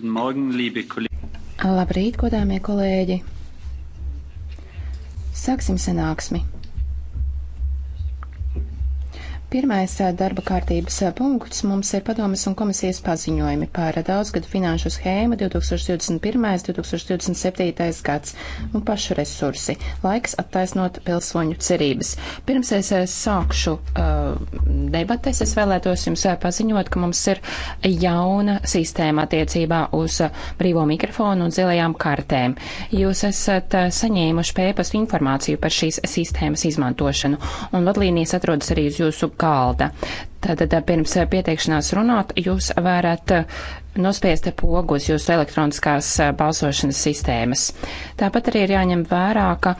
Guten Morgen, liebe Kollegen. Labrīt, godāmie kolēģi! Sāksim sanāksmi! Pirmais darba kārtības punkts mums ir padomas un komisijas paziņojumi par daudzgadu finanšu schēmu 2021-2027. gads un pašu resursi. Laiks attaisnot pilsoņu cerības. Pirms es sākšu uh, debates, es vēlētos jums paziņot, ka mums ir jauna sistēma attiecībā uz brīvo mikrofonu un zilajām kartēm. Jūs esat saņēmuši pēpastu informāciju par šīs sistēmas izmantošanu, un vadlīnijas atrodas arī uz jūsu kartēm kalda. Tātad pirms pieteikšanās runāt, jūs varat nospiest pogus jūsu elektroniskās balsošanas sistēmas. Tāpat arī ir jāņem vērā, ka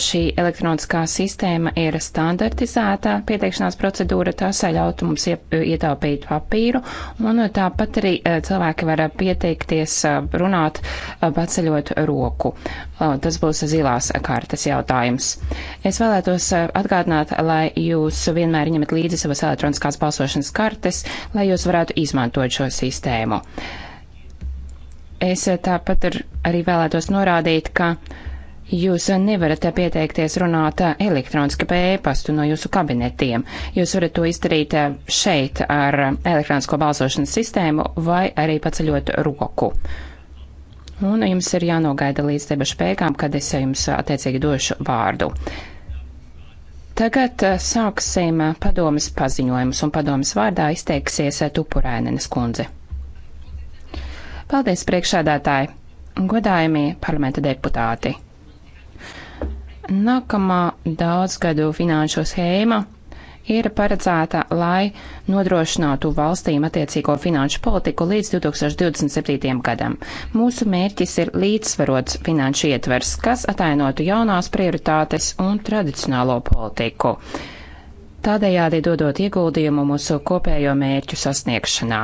šī elektroniskā sistēma ir standartizētā pieteikšanās procedūra, tas ļautu mums ietaupīt papīru, un tāpat arī cilvēki var pieteikties runāt paceļot roku. Tas būs zilās kartas jautājums. Es vēlētos atgādināt, lai jūs vienmēr ņemat līdzi savas elektroniskās elektroniskās balsošanas kartes, lai jūs varētu izmantot šo sistēmu. Es tāpat ar, arī vēlētos norādīt, ka Jūs nevarat pieteikties runāt elektroniski pa ēpastu no jūsu kabinetiem. Jūs varat to izdarīt šeit ar elektronisko balsošanas sistēmu vai arī paceļot roku. Un jums ir jānogaida līdz debašu beigām, kad es jums attiecīgi došu vārdu. Tagad eh, sāksim eh, padomas paziņojumus, un padomas vārdā izteiksies eh, Tupurainenes kundze. Paldies, priekšādātāji, godājumie parlamenta deputāti. Nākamā daudzgadu finanšu schēma ir paredzēta, lai nodrošinātu valstīm attiecīgo finanšu politiku līdz 2027. gadam. Mūsu mērķis ir līdzsvarots finanšu ietvers, kas atainotu jaunās prioritātes un tradicionālo politiku. Tādējādi dodot ieguldījumu mūsu kopējo mērķu sasniegšanā.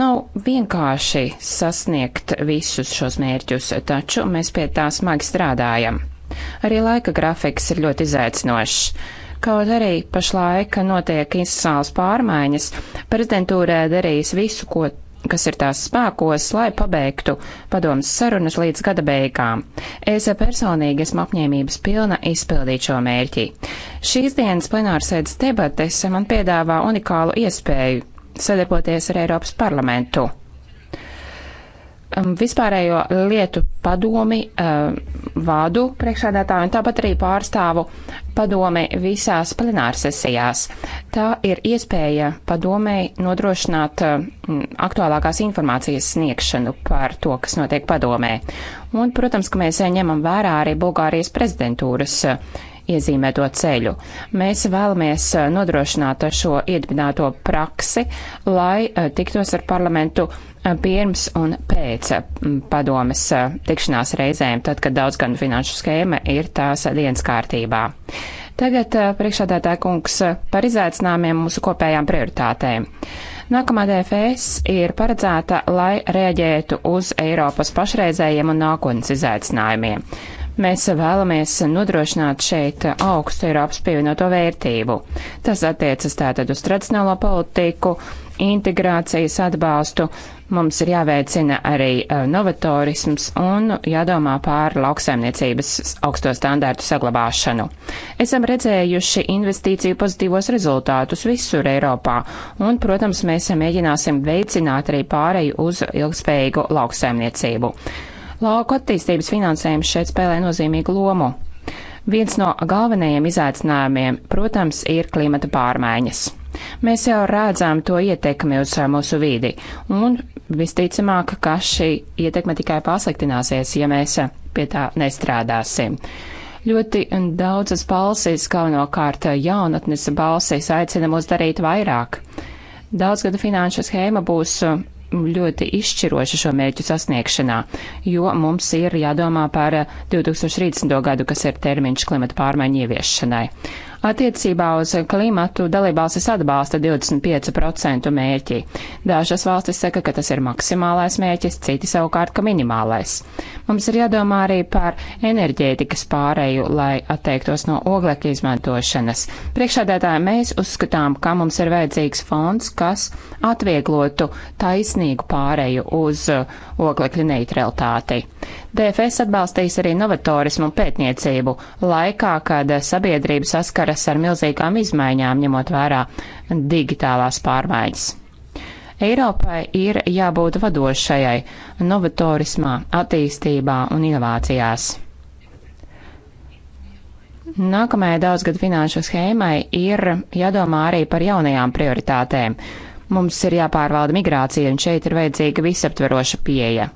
Nav vienkārši sasniegt visus šos mērķus, taču mēs pie tā smagi strādājam. Arī laika grafiks ir ļoti izaicinošs. Kaut arī pašlaik notiek institucionāls pārmaiņas, prezidentūrē darīs visu, ko, kas ir tās spēkos, lai pabeigtu padomas sarunas līdz gada beigām. Es personīgi esmu apņēmības pilna izpildīt šo mērķi. Šīs dienas plenārsēdes debates man piedāvā unikālu iespēju sadarboties ar Eiropas parlamentu. Um, vispārējo lietu padomi uh, vādu priekšādātāju un tāpat arī pārstāvu padomi visās plenārsesijās. Tā ir iespēja padomei nodrošināt uh, aktuālākās informācijas sniegšanu par to, kas notiek padomē. Un, protams, ka mēs ņemam vērā arī Bulgārijas prezidentūras uh, iezīmēto ceļu. Mēs vēlamies nodrošināt šo iedibināto praksi, lai tiktos ar parlamentu pirms un pēc mm, padomes eh, tikšanās reizēm, tad, kad daudz gan finanšu schēma ir tās dienas kārtībā. Tagad eh, priekšādātāja kungs eh, par izaicinājumiem mūsu kopējām prioritātēm. Nākamā DFS ir paredzēta, lai rēģētu uz Eiropas pašreizējiem un nākotnes izaicinājumiem. Mēs vēlamies nodrošināt šeit augstu Eiropas pievienoto vērtību. Tas attiecas tātad uz tradicionālo politiku, integrācijas atbalstu, Mums ir jāveicina arī uh, novatorisms un jādomā pār lauksaimniecības augsto standārtu saglabāšanu. Esam redzējuši investīciju pozitīvos rezultātus visur Eiropā, un, protams, mēs mēģināsim veicināt arī pāreju uz ilgspējīgu lauksaimniecību. Lauku attīstības finansējums šeit spēlē nozīmīgu lomu. Viens no galvenajiem izaicinājumiem, protams, ir klimata pārmaiņas. Mēs jau redzam to ietekmi uz eh, mūsu vīdi, un visticamāk, ka šī ietekme tikai pasliktināsies, ja mēs eh, pie tā nestrādāsim. Ļoti daudzas balsīs, galvenokārt eh, jaunatnes balsīs, aicina mūs darīt vairāk. Daudzgada finanšu schēma būs ļoti izšķiroša šo mērķu sasniegšanā, jo mums ir jādomā par 2030. gadu, kas ir termiņš klimata pārmaiņu ieviešanai. Attiecībā uz klimatu dalībvalstis atbalsta 25% mērķi. Dažas valstis saka, ka tas ir maksimālais mērķis, citi savukārt, ka minimālais. Mums ir jādomā arī par enerģētikas pārēju, lai atteiktos no oglekļa izmantošanas. Priekšādētāji mēs uzskatām, ka mums ir vajadzīgs fonds, kas atvieglotu taisnīgu pārēju uz oglekļa neutralitāti. DFS atbalstīs arī novatorismu un pētniecību laikā, kad sabiedrība saskaras ar milzīgām izmaiņām, ņemot vērā digitālās pārmaiņas. Eiropai ir jābūt vadošajai novatorismā, attīstībā un inovācijās. Nākamajai daudzgad finanšu schēmai ir jādomā arī par jaunajām prioritātēm. Mums ir jāpārvalda migrācija, un šeit ir vajadzīga visaptveroša pieeja.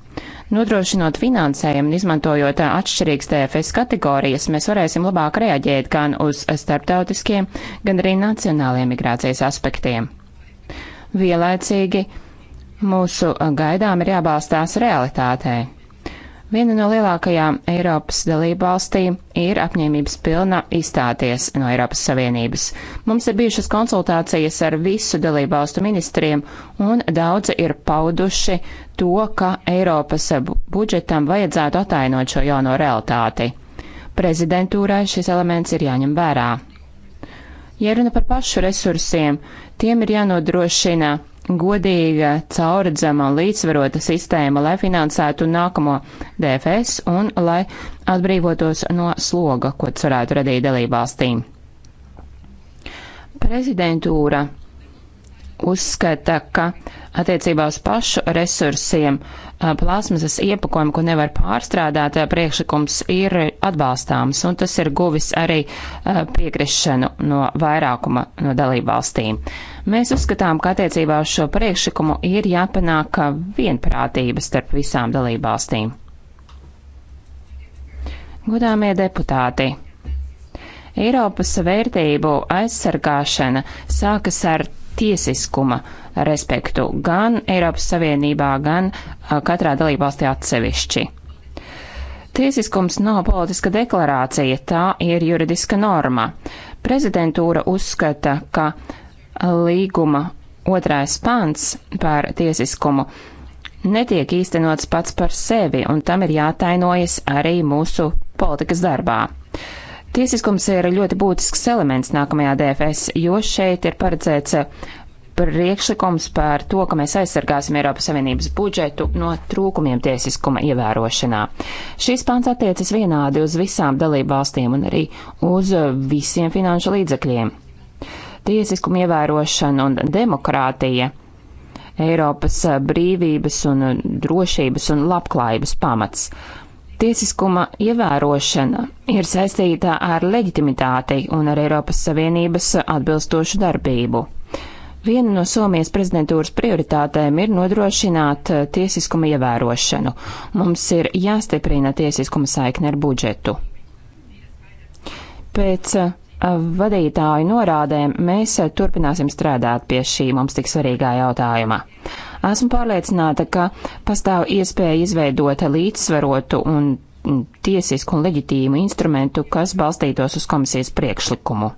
Nodrošinot finansējumu un izmantojot atšķirīgas TFS kategorijas, mēs varēsim labāk reaģēt gan uz starptautiskiem, gan arī nacionāliem migrācijas aspektiem. Vienlaicīgi mūsu gaidām ir jābalstās realitātei. Viena no lielākajām Eiropas dalībvalstīm ir apņēmības pilna izstāties no Eiropas Savienības. Mums ir bijušas konsultācijas ar visu dalībvalstu ministriem, un daudzi ir pauduši to, ka Eiropas budžetam vajadzētu atainot šo jauno realitāti. Prezidentūrai šis elements ir jāņem vērā. Ja runa par pašu resursiem, tiem ir jānodrošina godīga, cauredzama, līdzsvarota sistēma, lai finansētu nākamo DFS un lai atbrīvotos no sloga, ko tas varētu radīt dalībvalstīm. Prezidentūra uzskata, ka attiecībā uz pašu resursiem uh, Eh, plasmasas iepakojumu, ko nevar pārstrādāt, eh, priekšlikums ir atbalstāms, un tas ir guvis arī eh, piekrišanu no vairākuma no dalībvalstīm. Mēs uzskatām, ka attiecībā uz šo priekšlikumu ir jāpanāk vienprātība starp visām dalībvalstīm. Godāmie deputāti! Eiropas vērtību aizsargāšana sākas ar tiesiskuma respektu gan Eiropas Savienībā, gan katrā dalībvalstī atsevišķi. Tiesiskums nav politiska deklarācija, tā ir juridiska norma. Prezidentūra uzskata, ka līguma otrais pants par tiesiskumu netiek īstenots pats par sevi, un tam ir jātainojas arī mūsu politikas darbā. Tiesiskums ir ļoti būtisks elements nākamajā DFS, jo šeit ir paredzēts eh, priekšlikums par to, ka mēs aizsargāsim Eiropas Savienības budžetu no trūkumiem tiesiskuma ievērošanā. Šis pants attiecas vienādi uz visām dalību valstīm un arī uz visiem finanšu līdzekļiem. Tiesiskuma ievērošana un demokrātija Eiropas brīvības un drošības un labklājības pamats. Tiesiskuma ievērošana ir saistīta ar leģitimitāti un ar Eiropas Savienības atbilstošu darbību. Viena no Somijas prezidentūras prioritātēm ir nodrošināt eh, tiesiskuma ievērošanu. Mums ir jāstiprina tiesiskuma saikne ar budžetu. Pēc eh, vadītāju norādēm mēs turpināsim strādāt pie šī mums tik svarīgā jautājuma. Esmu pārliecināta, ka pastāv iespēja izveidot līdzsvarotu un tiesisku un leģitīmu instrumentu, kas balstītos uz komisijas priekšlikumu.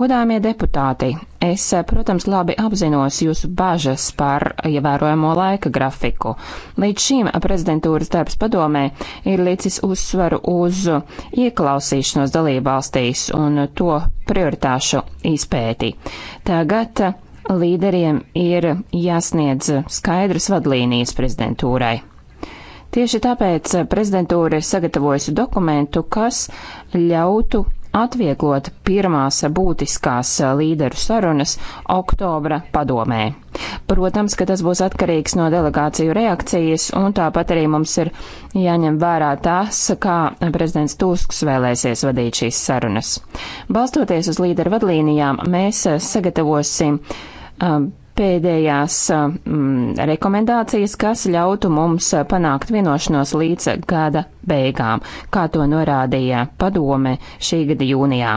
Godāmie deputāti, es, protams, labi apzinos jūsu bažas par ievērojamo laika grafiku. Līdz šim prezidentūras darbs padomē ir līdzis uzsvaru uz ieklausīšanos dalībvalstīs un to prioritāšu izpēti. Tagad līderiem ir jāsniedz skaidras vadlīnijas prezidentūrai. Tieši tāpēc prezidentūra ir sagatavojusi dokumentu, kas ļautu atvieglot pirmās būtiskās līderu sarunas oktobra padomē. Protams, ka tas būs atkarīgs no delegāciju reakcijas, un tāpat arī mums ir jāņem vērā tas, kā prezidents Tusks vēlēsies vadīt šīs sarunas. Balstoties uz līderu vadlīnijām, mēs sagatavosim um, pēdējās mm, rekomendācijas, kas ļautu mums panākt vienošanos līdz gada beigām, kā to norādīja padome šī gada jūnijā.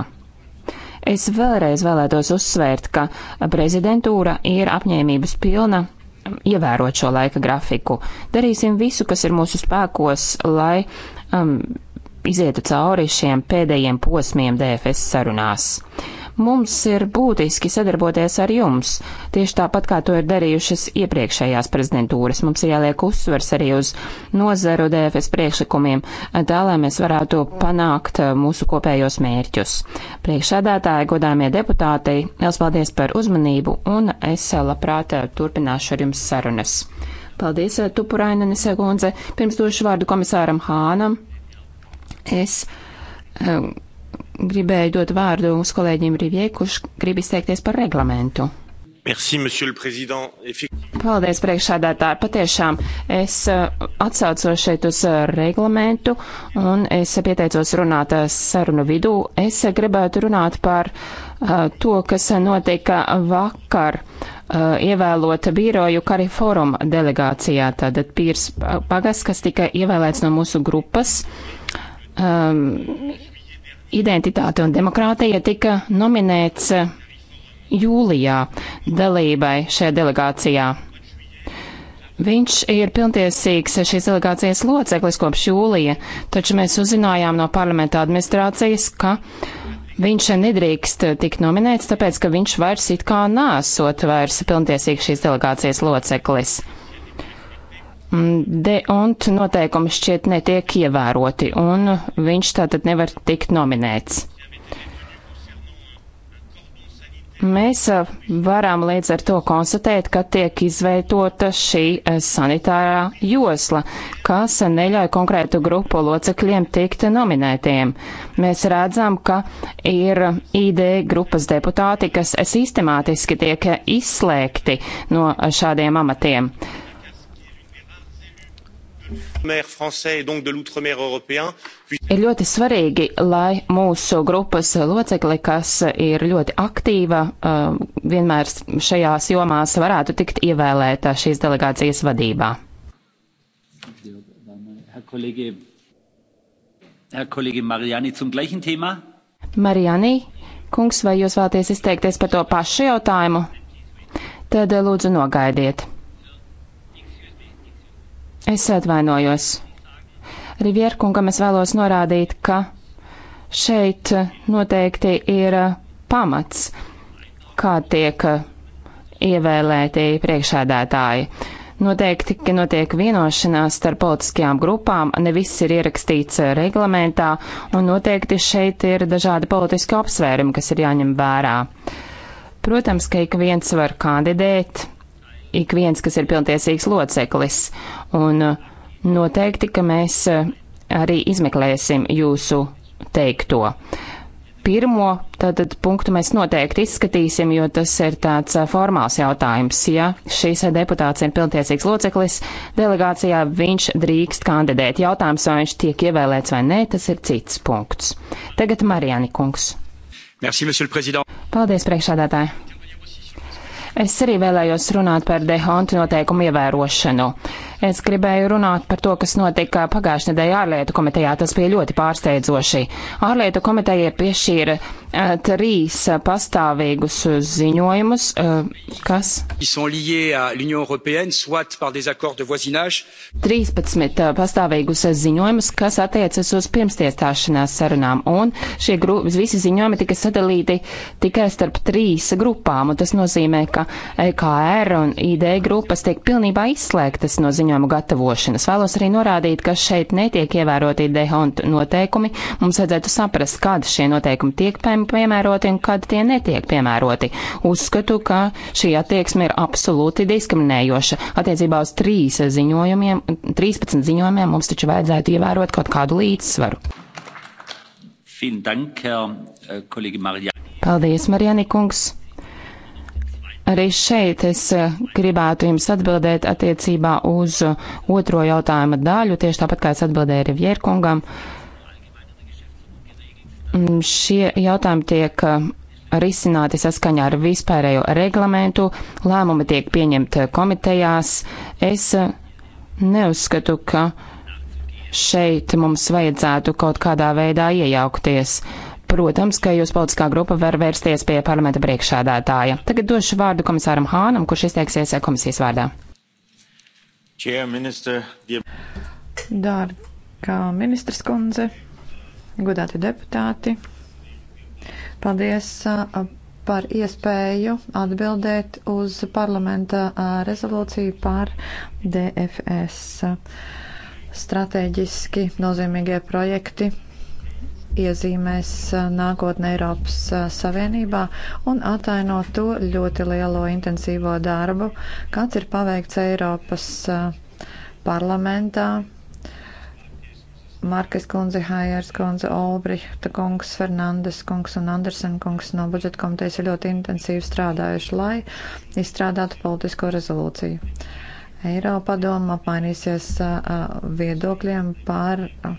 Es vēlreiz vēlētos uzsvērt, ka prezidentūra ir apņēmības pilna mm, ievērot šo laika grafiku. Darīsim visu, kas ir mūsu spēkos, lai um, izietu cauri šiem pēdējiem posmiem DFS sarunās. Uh, Mums ir būtiski sadarboties ar jums, tieši tāpat kā to ir darījušas iepriekšējās prezidentūras. Mums ir jāliek uzsvers arī uz nozaru DFS priekšlikumiem, tā lai mēs varētu panākt eh, mūsu kopējos mērķus. Priekšsēdētāji, godāmie deputāti, liels paldies par uzmanību un es labprāt eh, turpināšu ar jums sarunas. Paldies, eh, Tupurainene Segundze. Pirms došu vārdu komisāram Hānam. Es um, gribēju dot vārdu mūsu kolēģim Rivie, kurš grib izteikties par reglamentu. Merci, Paldies, priekšādātāji. Patiešām es eh, atsaucos šeit uz eh, reglamentu un es pieteicos runāt eh, sarunu vidū. Es gribētu runāt par to, kas notika vakar, ievēlot biroju Kariforuma delegācijā. Tātad Pīrs Pagas, kas tika ievēlēts no mūsu grupas um, identitāte un demokrātija tika nominēts jūlijā dalībai šajā delegācijā. Viņš ir pilntiesīgs šīs delegācijas loceklis kopš jūlija, taču mēs uzzinājām no parlamenta administrācijas, ka viņš nedrīkst tikt nominēts, tāpēc ka viņš vairs it kā nāsot vairs pilntiesīgs šīs delegācijas loceklis. Mm, Deont noteikumi šķiet netiek ievēroti, un viņš tātad nevar tikt nominēts. Mēs uh, varam līdz ar to konstatēt, ka tiek izveidota šī uh, sanitārā josla, kas neļauj konkrētu grupu locekļiem tikt nominētiem. Mēs redzam, ka ir ID grupas deputāti, kas sistemātiski tiek izslēgti no uh, šādiem amatiem. Ir ļoti svarīgi, lai mūsu grupas locekli, kas ir ļoti aktīva, um, vienmēr šajās jomās varētu tikt ievēlēta šīs delegācijas vadībā. Marijani, kungs, vai jūs vēlaties izteikties par to pašu jautājumu? Tad uh, lūdzu nogaidiet. Es atvainojos. Rivierkungam es vēlos norādīt, ka šeit noteikti ir pamats, kā tiek ievēlēti priekšādātāji. Noteikti, ka notiek vienošanās starp politiskajām grupām, ne viss ir ierakstīts reglamentā, un noteikti šeit ir dažādi politiski apsvērumi, kas ir jāņem vērā. Protams, ka ik viens var kandidēt, ik viens, kas ir pilntiesīgs loceklis. Un uh, noteikti, ka mēs uh, arī izmeklēsim jūsu teikto. Pirmo tātad punktu mēs noteikti izskatīsim, jo tas ir tāds uh, formāls jautājums. Ja šīs deputāts ir pilntiesīgs loceklis, delegācijā viņš drīkst kandidēt. Jautājums, vai viņš tiek ievēlēts vai nē, tas ir cits punkts. Tagad Marijani kungs. Merci, Paldies, priekšādātāji! Es arī vēlējos runāt par dehonta noteikumu ievērošanu. Es gribēju runāt par to, kas notika pagājušajā nedēļā ārlietu komitejā. Tas bija ļoti pārsteidzoši. Ārlietu komiteja piešķīra uh, trīs pastāvīgus ziņojumus, uh, kas. 13 eh, pastāvīgus ziņojumus, kas attiecas uz pirmstiestāšanās sarunām. Un šie gru... visi ziņojumi tika sadalīti tikai starp trīs grupām. Un tas nozīmē, ka EKR un ID grupas tiek pilnībā izslēgtas no ziņojumiem ziņojumu gatavošanas. Vēlos arī norādīt, ka šeit netiek ievēroti dehonta noteikumi. Mums vajadzētu saprast, kad šie noteikumi tiek piemēroti un kad tie netiek piemēroti. Uzskatu, ka šī attieksme ir absolūti diskriminējoša. Attiecībā uz trīs ziņojumiem, 13 ziņojumiem mums taču vajadzētu ievērot kaut kādu līdzsvaru. Dank, Herr, äh, Paldies, Marjani Kungs! Arī šeit es eh, gribētu jums atbildēt attiecībā uz eh, otro jautājuma daļu, tieši tāpat kā es atbildēju Rivjerkungam. Mm, šie jautājumi tiek eh, risināti saskaņā ar vispārējo reglamentu, lēmumi tiek pieņemti komitejās. Es neuzskatu, ka šeit mums vajadzētu kaut kādā veidā iejaukties. Uh, Protams, ka jūs politiskā grupa var vērsties pie parlamenta priekšādātāja. Tagad došu vārdu komisāram Hānam, kurš izteiksies komisijas vārdā. Dārgā ministrs kundze, godāti deputāti, paldies par iespēju atbildēt uz parlamenta rezolūciju par DFS. Stratēģiski nozīmīgie projekti iezīmēs nākotnē Eiropas Savienībā un ataino to ļoti lielo intensīvo darbu, kāds ir paveikts Eiropas parlamentā, Markas kundze, Haiers kundze, Olbrihta kungs, Fernandes kungs un Andersen kungs no budžeta komitejas ir ļoti intensīvi strādājuši, lai izstrādātu politisko rezolūciju. Eiropa doma apmainīsies viedokļiem par uh,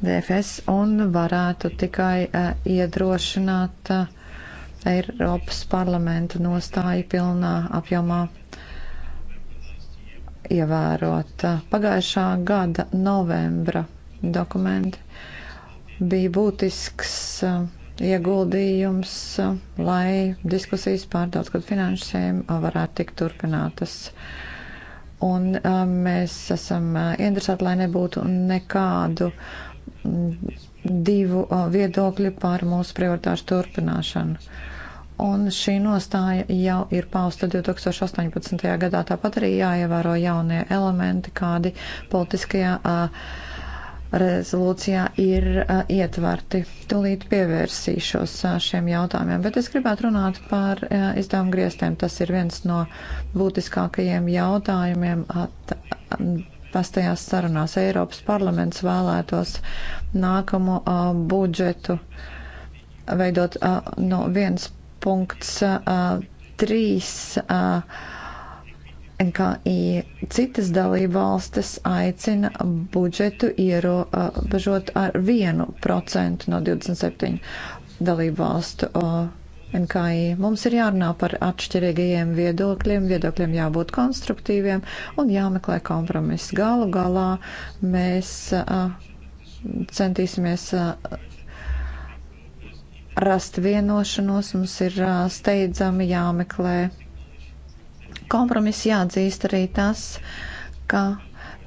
DFS un varētu tikai uh, iedrošināt uh, Eiropas parlamentu nostāju pilnā apjomā ievērot. Pagājušā gada novembra dokumenti bija būtisks eh, ieguldījums, lai diskusijas pār daudzgad finansēm varētu tikt turpinātas. Un mēs esam interesēti, lai nebūtu nekādu uh, divu viedokļu par mūsu prioritāšu turpināšanu. Un šī nostāja jau ir pausta 2018. gadā. Tāpat arī jāievēro jaunie elementi, kādi politiskajā uh, rezolūcijā ir uh, ietverti. Tūlīt pievērsīšos uh, šiem jautājumiem, bet es gribētu runāt par uh, izdevumu griestiem. Tas ir viens no būtiskākajiem jautājumiem. At, at, pastajās sarunās. Eiropas parlaments vēlētos nākamo uh, budžetu veidot uh, no 1.3. Uh, NKI citas dalība valstis aicina budžetu ierobežot ar 1% no 27 dalību valstu. Uh, NKI. Mums ir jārunā par atšķirīgajiem viedokļiem, viedokļiem jābūt konstruktīviem un jāmeklē kompromiss. Galu galā mēs uh, centīsimies uh, rast vienošanos, mums ir uh, steidzami jāmeklē kompromiss, jāatzīst arī tas, ka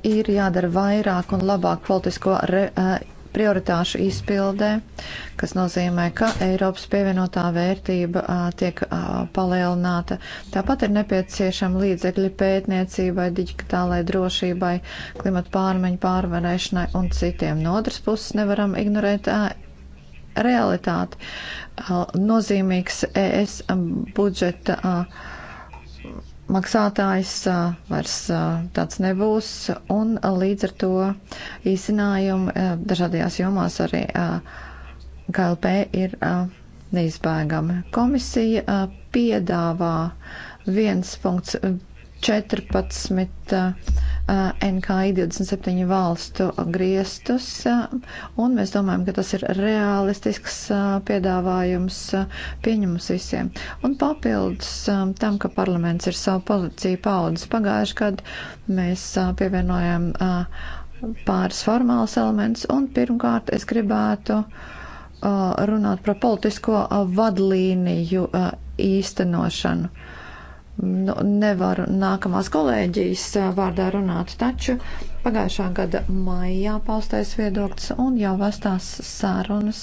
ir jādara vairāk un labāk politisko re, uh, prioritāšu izpildē, kas nozīmē, ka Eiropas pievienotā vērtība tiek palielināta. Tāpat ir nepieciešama līdzekļi pētniecībai, digitālai drošībai, klimata pārmaiņu pārvarēšanai un citiem. No otras puses nevaram ignorēt realitāti. Nozīmīgs ES budžeta. Uh, maksātājs vairs tāds nebūs, un līdz ar to īsinājumi dažādajās jomās arī KLP ir neizbēgami. Komisija piedāvā 1.14 Eh, NKI 27 valstu griestus, eh, un mēs domājam, ka tas ir realistisks eh, piedāvājums pieņemus visiem. Un papildus tam, ka parlaments ir savu pozīciju paudzes pagājuši, kad mēs pievienojam pāris formāls elements, un pirmkārt es gribētu runāt par politisko vadlīniju īstenošanu nu, nevaru nākamās kolēģijas uh, vārdā runāt, taču pagājušā gada maijā paustais viedoklis un jau vestās sarunas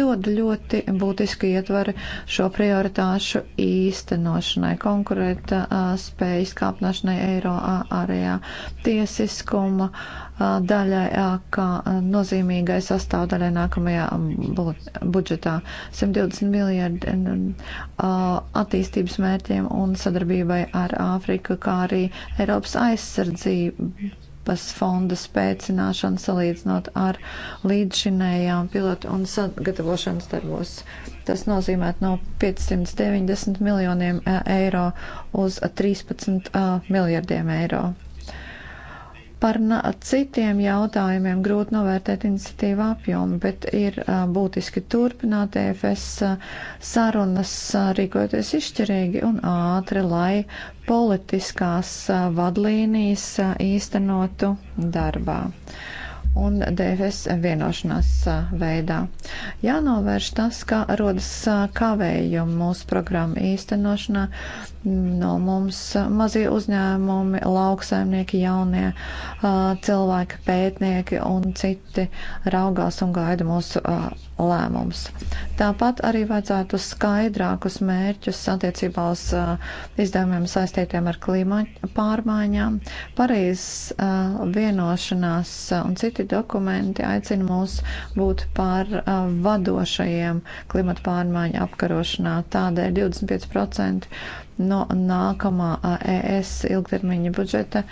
dod ļoti būtiski ietvari šo prioritāšu īstenošanai, konkurēt spējas kāpnašanai eiro ārējā tiesiskuma daļai, kā nozīmīgai sastāvdaļai nākamajā budžetā. 120 miljardi attīstības mērķiem un sadarbībai ar Āfriku, kā arī Eiropas aizsardzību Eiropas fonda spēcināšanu salīdzinot ar līdzšinējām pilotu un sagatavošanas darbos. Tas nozīmē no 590 miljoniem e, eiro uz 13 e, miljardiem eiro. Par citiem jautājumiem grūti novērtēt iniciatīvu apjomu, bet ir būtiski turpināt EFS sarunas, rīkoties izšķirīgi un ātri, lai politiskās vadlīnijas īstenotu darbā un DFS vienošanās veidā. Jānovērš tas, ka rodas kavējumi mūsu programmu īstenošanā. No mums mazie uzņēmumi, lauksaimnieki, jaunie cilvēki, pētnieki un citi raugās un gaida mūsu lēmums. Tāpat arī vajadzētu skaidrākus mērķus attiecībā uz uh, izdevumiem saistītiem ar klimatu pārmaiņām. Parīzes uh, vienošanās uh, un citi dokumenti aicina mūs būt par uh, vadošajiem klimatu pārmaiņu apkarošanā. Tādēļ 25% no nākamā uh, ES ilgtermiņa budžeta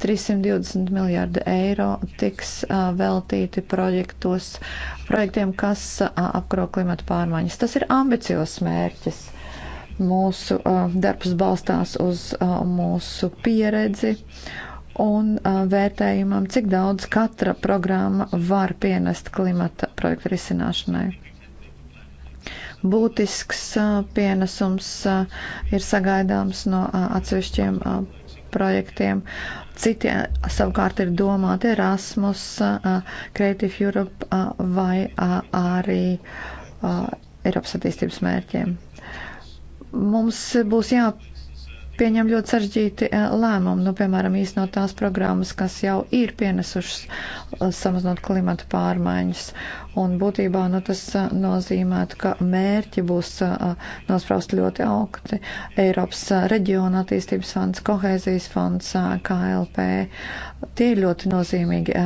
320 miljārdi eiro tiks uh, veltīti projektos, projektiem, kas kas apkaro klimatu pārmaiņas. Tas ir ambiciozs mērķis. Mūsu darbs balstās uz mūsu pieredzi un vērtējumam, cik daudz katra programma var pienest klimata projektu risināšanai. Būtisks pienesums ir sagaidāms no atsevišķiem projektiem. Citi eh, savukārt ir domāti Erasmus, eh, Creative Europe eh, vai arī Eiropas attīstības mērķiem. Mums būs jāpārāk pieņem ļoti sarežģīti eh, lēmumi, nu, piemēram, īstenot tās programmas, kas jau ir pienesušas eh, samazinot klimatu pārmaiņas. Un būtībā nu, tas eh, nozīmētu, ka mērķi būs nospraust ļoti augti. Eiropas reģiona attīstības fonds, kohēzijas fonds, KLP. Tie ir ļoti nozīmīgi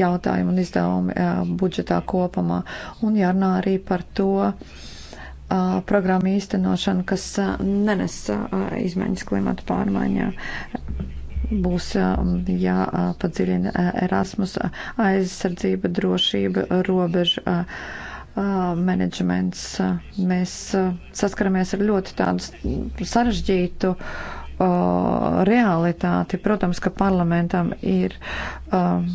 jautājumi un izdevumi budžetā kopumā. Un jārunā arī par to, uh, programmu īstenošanu, kas nenes izmaiņas klimata pārmaiņā. Būs jāpadziļina Erasmus aizsardzība, drošība, robeža menedžments. Mēs saskaramies ar ļoti tādu sarežģītu realitāti. Protams, ka parlamentam ir. Uh,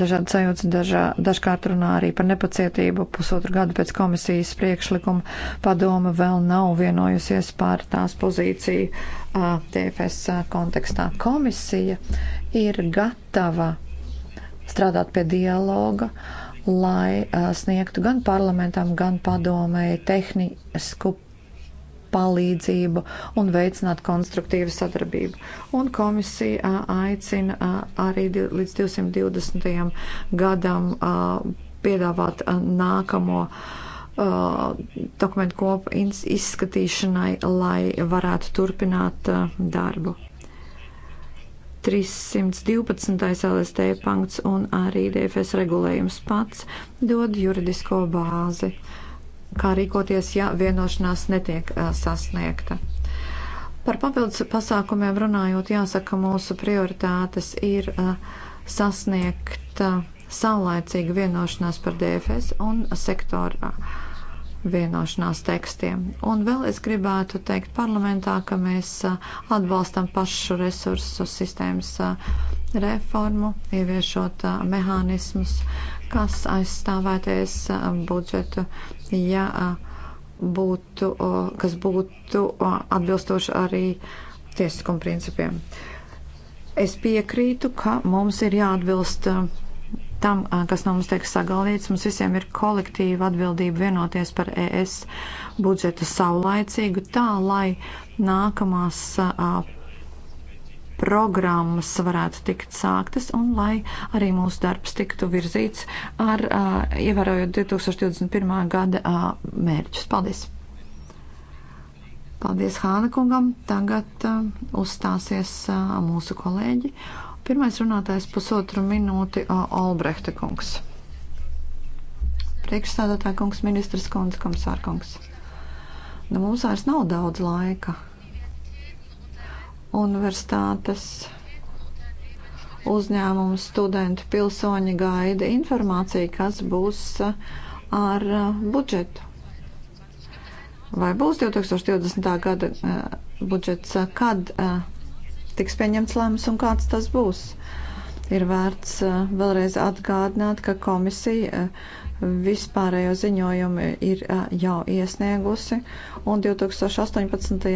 dažādi sajūtas, dažā, dažkārt runā arī par nepacietību. Pusotru gadu pēc komisijas priekšlikuma padoma vēl nav vienojusies par tās pozīciju uh, TFS kontekstā. Komisija ir gatava strādāt pie dialoga, lai uh, sniegtu gan parlamentam, gan padomēji tehnisku palīdzību un veicināt konstruktīvu sadarbību. Un komisija aicina arī līdz 220. gadam piedāvāt nākamo dokumentu kopu izskatīšanai, lai varētu turpināt darbu. 312. LST punkts un arī DFS regulējums pats dod juridisko bāzi. Uh, kā rīkoties, ja vienošanās netiek sasniegta. Par papildus pasākumiem runājot, jāsaka, mūsu prioritātes ir sasniegt saulēcīgu vienošanās par DFS un sektora vienošanās tekstiem. Un vēl es gribētu teikt parlamentā, ka mēs atbalstam pašu resursu sistēmas reformu, ieviešot mehānismus, kas aizstāvēties budžetu ja būtu, kas būtu atbilstoši arī tiesiskuma principiem. Es piekrītu, ka mums ir jāatbilst tam, kas no mums tiek sagalīts. Mums visiem ir kolektīva atbildība vienoties par ES budžetu saulaicīgu tā, lai nākamās programmas varētu tikt sāktas un lai arī mūsu darbs tiktu virzīts ar uh, ievērojot 2021. gada uh, mērķus. Paldies! Paldies Hāna kungam. Tagad uh, uzstāsies uh, mūsu kolēģi. Pirmais runātājs pusotru minūti uh, Olbrehta kungs. Priekšstādātā kungs, ministrs kundze, komisār kungs. Nu, mums vairs nav daudz laika universitātes, uzņēmumu studenti, pilsoņi gaida informāciju, kas būs uh, ar uh, budžetu. Vai būs 2020. gada uh, budžets, kad tiks pieņemts lēmums un kāds tas būs? Ir vērts vēlreiz atgādināt, ka komisija uh, vispārējo ziņojumu ir jau iesniegusi, un 2018.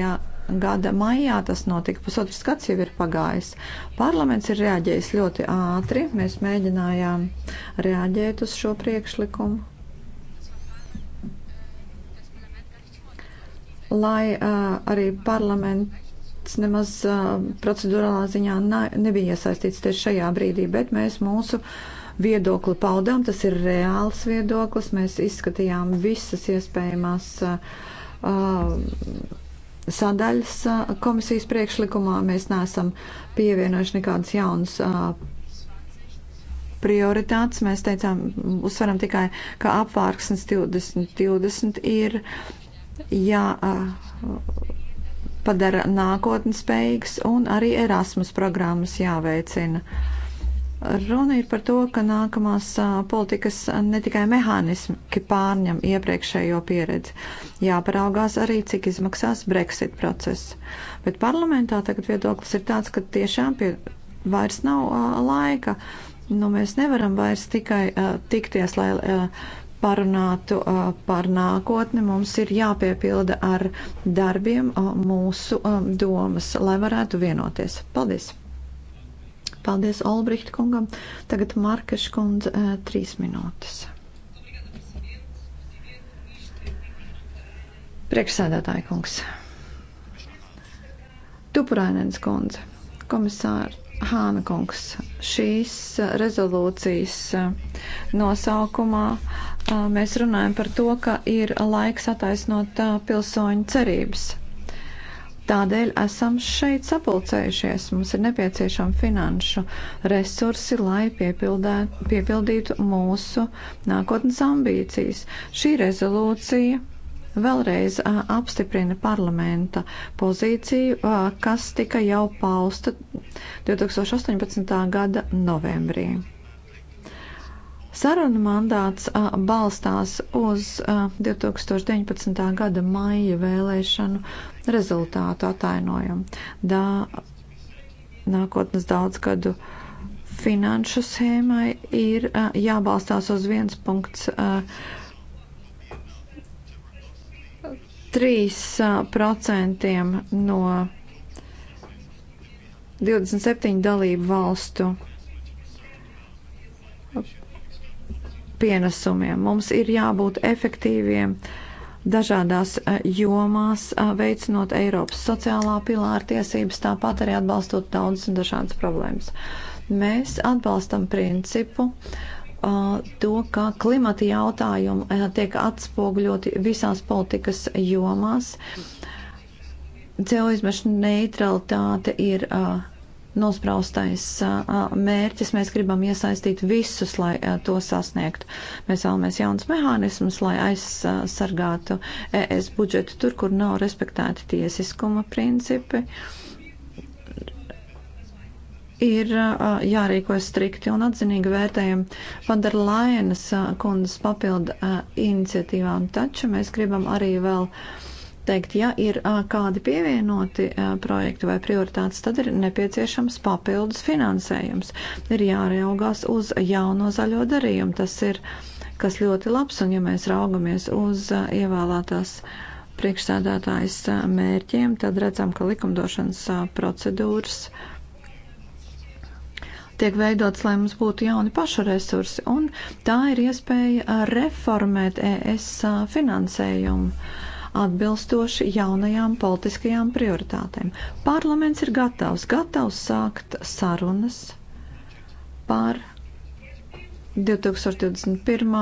gada maijā tas notika. Pusotrs gads jau ir pagājis. Parlaments ir reaģējis ļoti ātri. Mēs mēģinājām reaģēt uz šo priekšlikumu. Lai uh, arī parlaments nemaz uh, procedurālā ziņā ne, nebija iesaistīts tieši šajā brīdī, bet mēs mūsu uh, viedokli paudām. Tas ir reāls viedoklis. Mēs izskatījām visas iespējamās sadaļas komisijas priekšlikumā. Mēs neesam pievienojuši nekādas jaunas prioritātes. Mēs teicām, uzsveram tikai, ka apvārksnes 2020 ir jāpadara nākotnes spējīgs un arī Erasmus programmas jāveicina. Uh, Runa ir par to, ka nākamās politikas ne tikai mehānismi pārņem iepriekšējo pieredzi, jāparaugās arī, cik izmaksās Brexit process. Bet parlamentā tagad viedoklis ir tāds, ka tiešām pie vairs nav uh, laika. Nu, mēs nevaram vairs tikai uh, tikties, lai uh, parunātu uh, par nākotni. Mums ir jāpiepilda ar darbiem uh, mūsu um, domas, lai varētu vienoties. Paldies! Paldies Olbricht kungam. Tagad Markeša kundze eh, trīs minūtes. Priekšsēdētāja kungs. Tupurainens kundze, komisāri Hāna kungs, šīs eh, rezolūcijas eh, nosaukumā mēs runājam par to, ka ir laiks attaisnot pilsoņu cerības. Tādēļ esam šeit sapulcējušies. Mums ir nepieciešami finanšu resursi, lai piepildītu mūsu nākotnes ambīcijas. Šī rezolūcija vēlreiz apstiprina parlamenta pozīciju, kas tika jau pausta 2018. gada novembrī. Saruna mandāts a, balstās uz a, 2019. gada maija vēlēšanu rezultātu atainojumu. Dā, nākotnes daudzgadu finanšu schēmai ir jābalstās uz 1,3% no 27 dalību valstu pienesumiem. Mums ir jābūt efektīviem uh, dažādās eh, jomās, eh, veicinot Eiropas sociālā pilāra tiesības, tāpat arī atbalstot daudzas un dažādas problēmas. Mēs atbalstam principu eh, to, ka klimata jautājumi tiek atspoguļoti visās politikas jomās. CO izmešu neutralitāte ir uh, nospraustais mērķis. Mēs gribam iesaistīt visus, lai to sasniegtu. Mēs vēlamies jaunas mehānismus, lai aizsargātu ES budžetu tur, kur nav respektēti tiesiskuma principi. Ir jārīkojas strikti un atzinīgi vērtējam Vandara Lainas kundas papildu iniciatīvām, taču mēs gribam arī vēl uh, teikt, ja ir kādi pievienoti projekti vai prioritātes, tad ir nepieciešams papildus finansējums. Ir jāraugās uz jauno zaļo darījumu. Tas ir kas ļoti labs, un ja mēs raugamies uz ievēlētās priekšsēdētājas mērķiem, tad redzam, ka likumdošanas procedūras tiek veidots, lai mums būtu jauni pašu resursi, un tā ir iespēja reformēt ES finansējumu atbilstoši jaunajām politiskajām prioritātēm. Parlaments ir gatavs, gatavs sākt sarunas par 2021.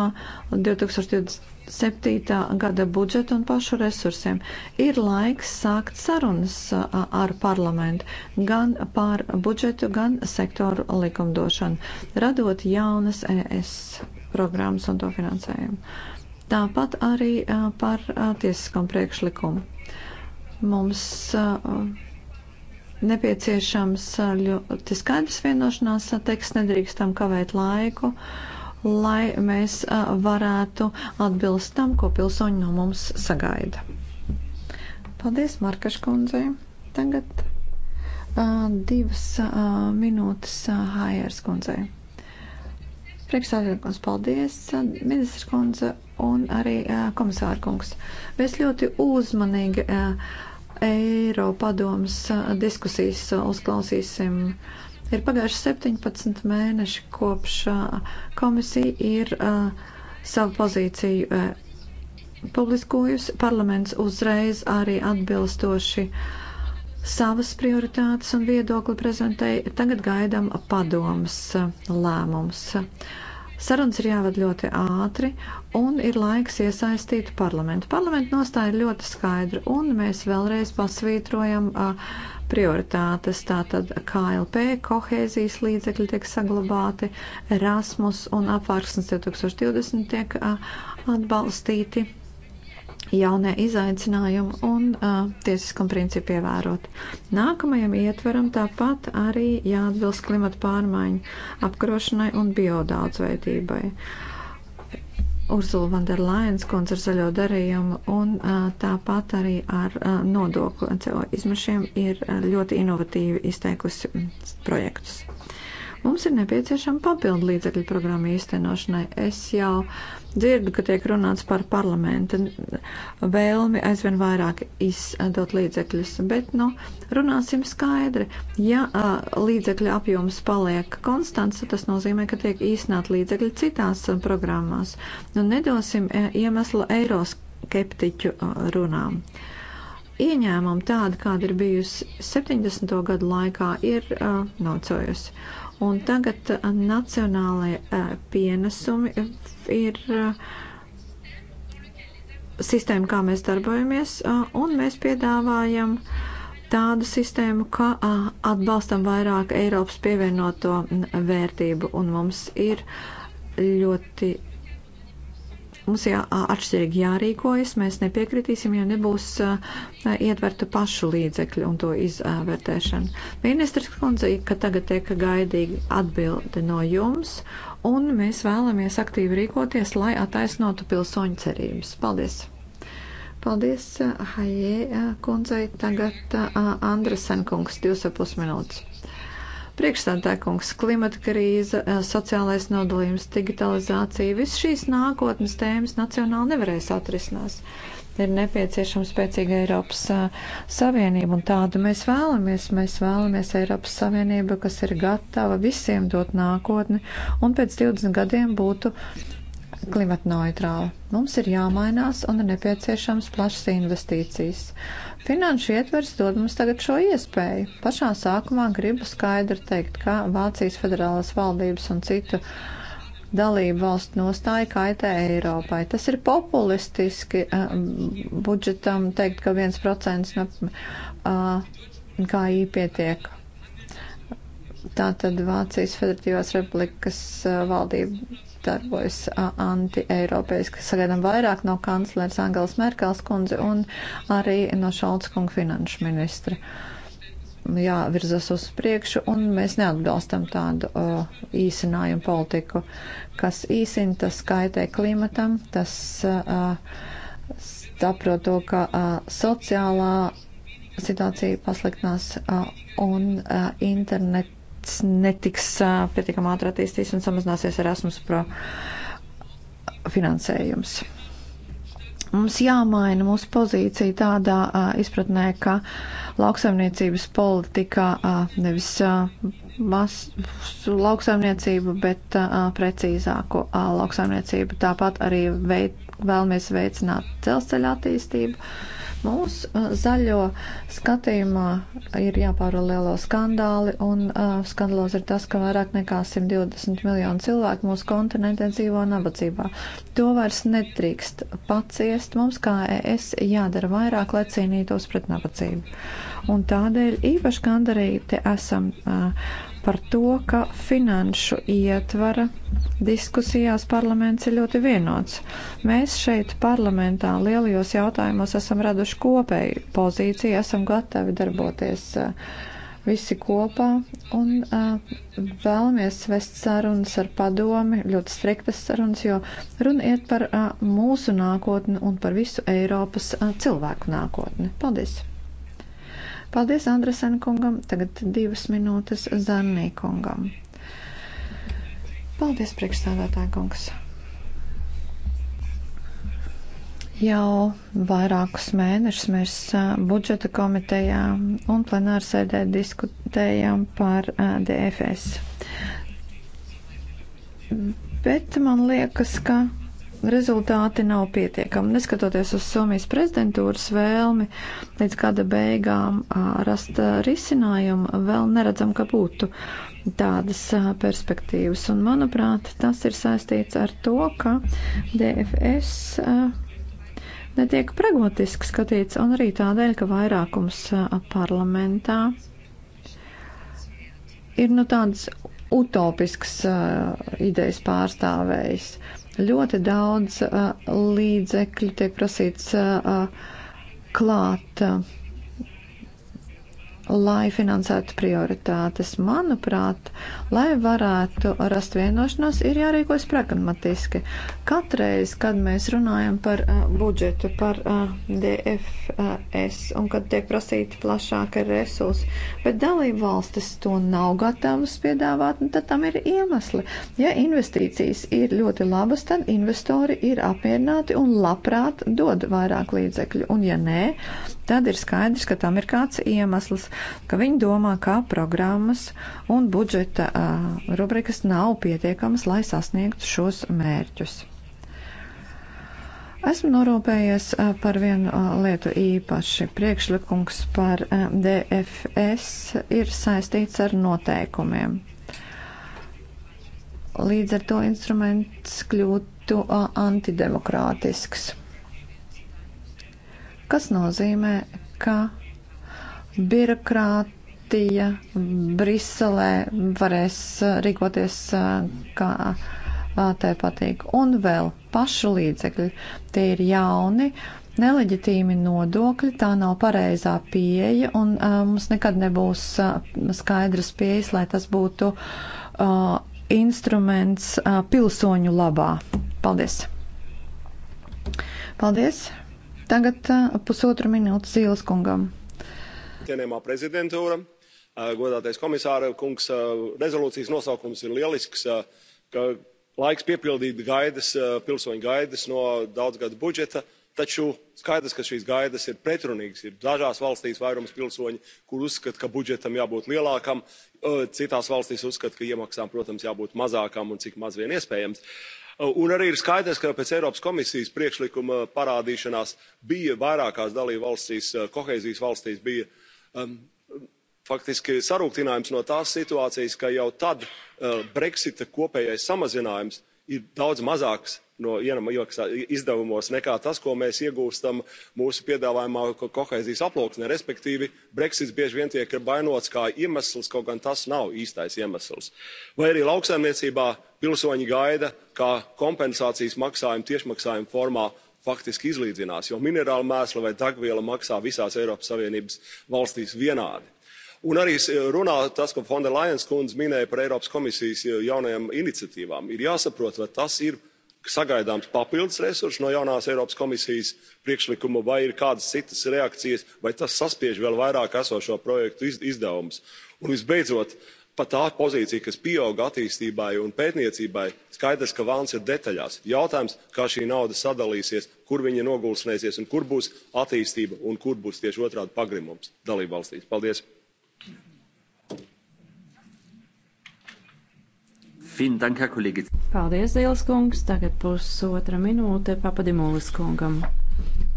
un 2027. gada budžetu un pašu resursiem. Ir laiks sākt sarunas ar parlamentu gan par budžetu, gan sektoru likumdošanu, radot jaunas ES programmas un to finansējumu. Tāpat arī par tiesiskam priekšlikumu. Mums nepieciešams ļoti skaidrs vienošanās teksts, nedrīkstam kavēt laiku, lai mēs varētu atbilst tam, ko pilsoņi no mums sagaida. Paldies, Markaškundzei. Tagad divas minūtes Hājērs kundzei. Priekšsādātājs, paldies. Ministrs kundze, un arī komisārkungs. Mēs ļoti uzmanīgi Eiro padomas diskusijas uzklausīsim. Ir pagājuši 17 mēneši kopš komisija ir savu pozīciju publiskojusi. Parlaments uzreiz arī atbilstoši savas prioritātes un viedokli prezentēja. Tagad gaidām padomas lēmums. Sarunas ir jāved ļoti ātri un ir laiks iesaistīt parlamentu. Parlamentu nostāja ir ļoti skaidra un mēs vēlreiz pasvītrojam prioritātes. Tātad KLP, kohēzijas līdzekļi tiek saglabāti, Erasmus un apvārksnes 2020 tiek atbalstīti jaunie izaicinājumi un uh, tiesiskam principu ievērot. Nākamajam ietveram tāpat arī jāatbilst klimata pārmaiņu apkarošanai un biodaudzveidībai. Urzula Vanderlains kundze ar zaļo darījumu un tāpat arī ar nodokļu CO izmešiem ir ļoti inovatīvi izteikusi projektus. Mums ir nepieciešama papildu līdzekļu programmu īstenošanai. Es jau dzirdu, ka tiek runāts par parlamenta vēlmi aizvien vairāk izdot līdzekļus, bet, nu, runāsim skaidri. Ja līdzekļu apjoms paliek konstants, tas nozīmē, ka tiek īstenāt līdzekļi citās programmās. Nu, nedosim iemeslu eiroskeptiķu runām ieņēmumi tādi, kāda ir bijusi 70. gadu laikā, ir uh, nocojusi. Un tagad uh, nacionālajie uh, pienesumi ir uh, sistēma, kā mēs darbojamies, un mēs piedāvājam tādu sistēmu, ka atbalstam vairāk Eiropas pievienoto mm, vērtību, un mums ir ļoti Mums jā, atšķirīgi jārīkojas, mēs nepiekritīsim, ja nebūs ietverta pašu līdzekļu un to izvērtēšana. Ministrs kundze, ka tagad tiek gaidīgi atbildi no jums, un mēs vēlamies aktīvi rīkoties, lai attaisnotu pilsoņu cerības. Paldies! Paldies, Haijē kundzei. Tagad Andresen kungs, divas ap pus minūtes. Priekšsādākums, klimata krīze, eh, sociālais nodalījums, digitalizācija, viss šīs nākotnes tēmas nacionāli nevarēs atrisinās. Ir nepieciešama spēcīga Eiropas eh, Savienība, un tādu mēs vēlamies. Mēs vēlamies Eiropas Savienību, kas ir gatava visiem dot nākotni, un pēc 20 gadiem būtu klimatneutrāla. Mums ir jāmainās un ir nepieciešams plašas investīcijas. Uh, Finanšu ietvers dod mums tagad šo iespēju. Pašā sākumā gribu skaidri teikt, ka Vācijas federālās valdības un citu dalību valstu nostāja kaitē Eiropai. Tas ir populistiski uh, budžetam teikt, ka viens procents no uh, ehm, KI pietiek. Tātad Vācijas Federatīvās Republikas uh, valdība darbojas anti-eiropeiski. Sagaidām vairāk no kanclers Angels Merkels kundze un arī no Šalts kunga finanšu ministra. Jā, virzas uz priekšu, un mēs neatbalstam tādu uh, īsinājumu politiku, kas īsina, tas kaitē klimatam, tas uh, saprot to, ka uh, sociālā situācija pasliktinās uh, un uh, internet projekts netiks pietiekami ātri attīstīts un samazināsies Erasmus pro finansējums. Mums jāmaina mūsu pozīcija tādā a, izpratnē, ka lauksaimniecības politikā a, nevis a, masu lauksaimniecību, bet a, precīzāku a, lauksaimniecību. Tāpat arī veid, vēlamies veicināt dzelzceļa attīstību. A, Mūsu uh, zaļo skatījumā ir jāpāro lielo skandāli, un uh, skandāls ir tas, ka vairāk nekā 120 miljonu cilvēku mūsu kontinentē dzīvo nabadzībā. To vairs netrīkst paciest. Mums kā ES jādara vairāk, lai cīnītos pret nabadzību. Un tādēļ īpaši gandarīti esam. Uh, par to, ka finanšu ietvara diskusijās parlaments ir ļoti vienots. Mēs šeit parlamentā lielajos jautājumos esam raduši kopēju pozīciju, esam gatavi darboties eh, visi kopā un eh, vēlamies vest sarunas ar padomi, ļoti striktas sarunas, jo runa iet par eh, mūsu nākotni un par visu Eiropas cilvēku nākotni. Paldies! Paldies Andresen kungam, tagad divas minūtes Zanī kungam. Paldies, priekšstādātāja kungs. Jau vairākus mēnešus mēs budžeta komitejā un plenārsēdē diskutējam par DFS. Bet man liekas, ka rezultāti nav pietiekami. Neskatoties uz Somijas prezidentūras vēlmi līdz gada beigām rast risinājumu, vēl neredzam, ka būtu tādas perspektīvas. Un, manuprāt, tas ir saistīts ar to, ka DFS netiek pragmatiski skatīts, un arī tādēļ, ka vairākums parlamentā ir nu tādas utopiskas uh, idejas pārstāvējs. Uh, Ļoti daudz uh, līdzekļu tiek prasīts uh, uh, klāt lai finansētu prioritātes. Manuprāt, lai varētu rast vienošanos, ir jārīkojas pragmatiski. Katreiz, kad mēs runājam par uh, budžetu, par uh, DFS un kad tiek prasīti plašāka resursi, bet dalību valstis to nav gatavas piedāvāt, tad tam ir iemesli. Ja investīcijas ir ļoti labas, tad investori ir apmierināti un labprāt dod vairāk līdzekļu. Un ja nē, tad ir skaidrs, ka tam ir kāds iemesls, ka viņi domā, ka programmas un budžeta uh, rubrikas nav pietiekamas, lai sasniegtu šos mērķus. Esmu norūpējies par vienu lietu īpaši. Priekšlikums par DFS ir saistīts ar noteikumiem. Līdz ar to instruments kļūtu antidemokrātisks kas nozīmē, ka birokrātija Briselē varēs rīkoties uh, kā uh, tai patīk. Un vēl pašu līdzekļi. Tie ir jauni, neleģitīmi nodokļi, tā nav pareizā pieeja, un uh, mums nekad nebūs uh, skaidras pieejas, lai tas būtu uh, instruments uh, pilsoņu labā. Paldies! Paldies! Tagad uh, pusotra minūte Zīles kungam. Cienējumā prezidentūra, uh, godātais komisāra kungs, uh, rezolūcijas nosaukums ir lielisks, ka laiks piepildīt gaidas, pilsoņu gaidas no daudzgada budžeta taču skaidrs ka šīs gaidas ir pretrunīgas ir dažās valstīs vairums pilsoņu kur uzskata ka budžetam jābūt lielākam citās valstīs uzskata ka iemaksām protams jābūt mazākām un cik maz vien iespējams un arī ir skaidrs ka pēc eiropas komisijas priekšlikuma parādīšanās bija vairākās dalībvalstīs eh, kohēzijas valstīs bija um, faktiski sarūktinājums no tās situācijas ka jau tad uh, eh, breksita kopējais samazinājums ir daudz mazāks no ienamjoks izdevumos nekā tas, ko mēs iegūstam mūsu piedāvājumā kohēzijas aploksnē. Respektīvi, Brexits bieži vien tiek vainots kā iemesls, kaut gan tas nav īstais iemesls. Vai arī lauksaimniecībā pilsoņi gaida, kā kompensācijas maksājumu tiešmaksājumu formā faktiski izlīdzinās, jo minerāla mēsla vai degviela maksā visās Eiropas Savienības valstīs vienādi. Un arī runā tas, ko Fonda Lajens kundze minēja par Eiropas komisijas e, jaunajām iniciatīvām. Ir jāsaprot, vai tas ir sagaidāms papildus resurss no jaunās Eiropas komisijas priekšlikuma, vai ir kādas citas reakcijas, vai tas saspiež vēl vairāk esošo projektu iz, izdevumus. Un visbeidzot, pat tā pozīcija, kas pieauga attīstībai un pētniecībai, skaidrs, ka vēlns ir detaļās. Jautājums, kā šī nauda sadalīsies, kur viņa nogulsnēsies un kur būs attīstība un kur būs tieši otrādi pagrimums dalībvalstīs. Paldies! Paldies, Zīles kungs. Tagad pusotra minūte papadimulis kungam.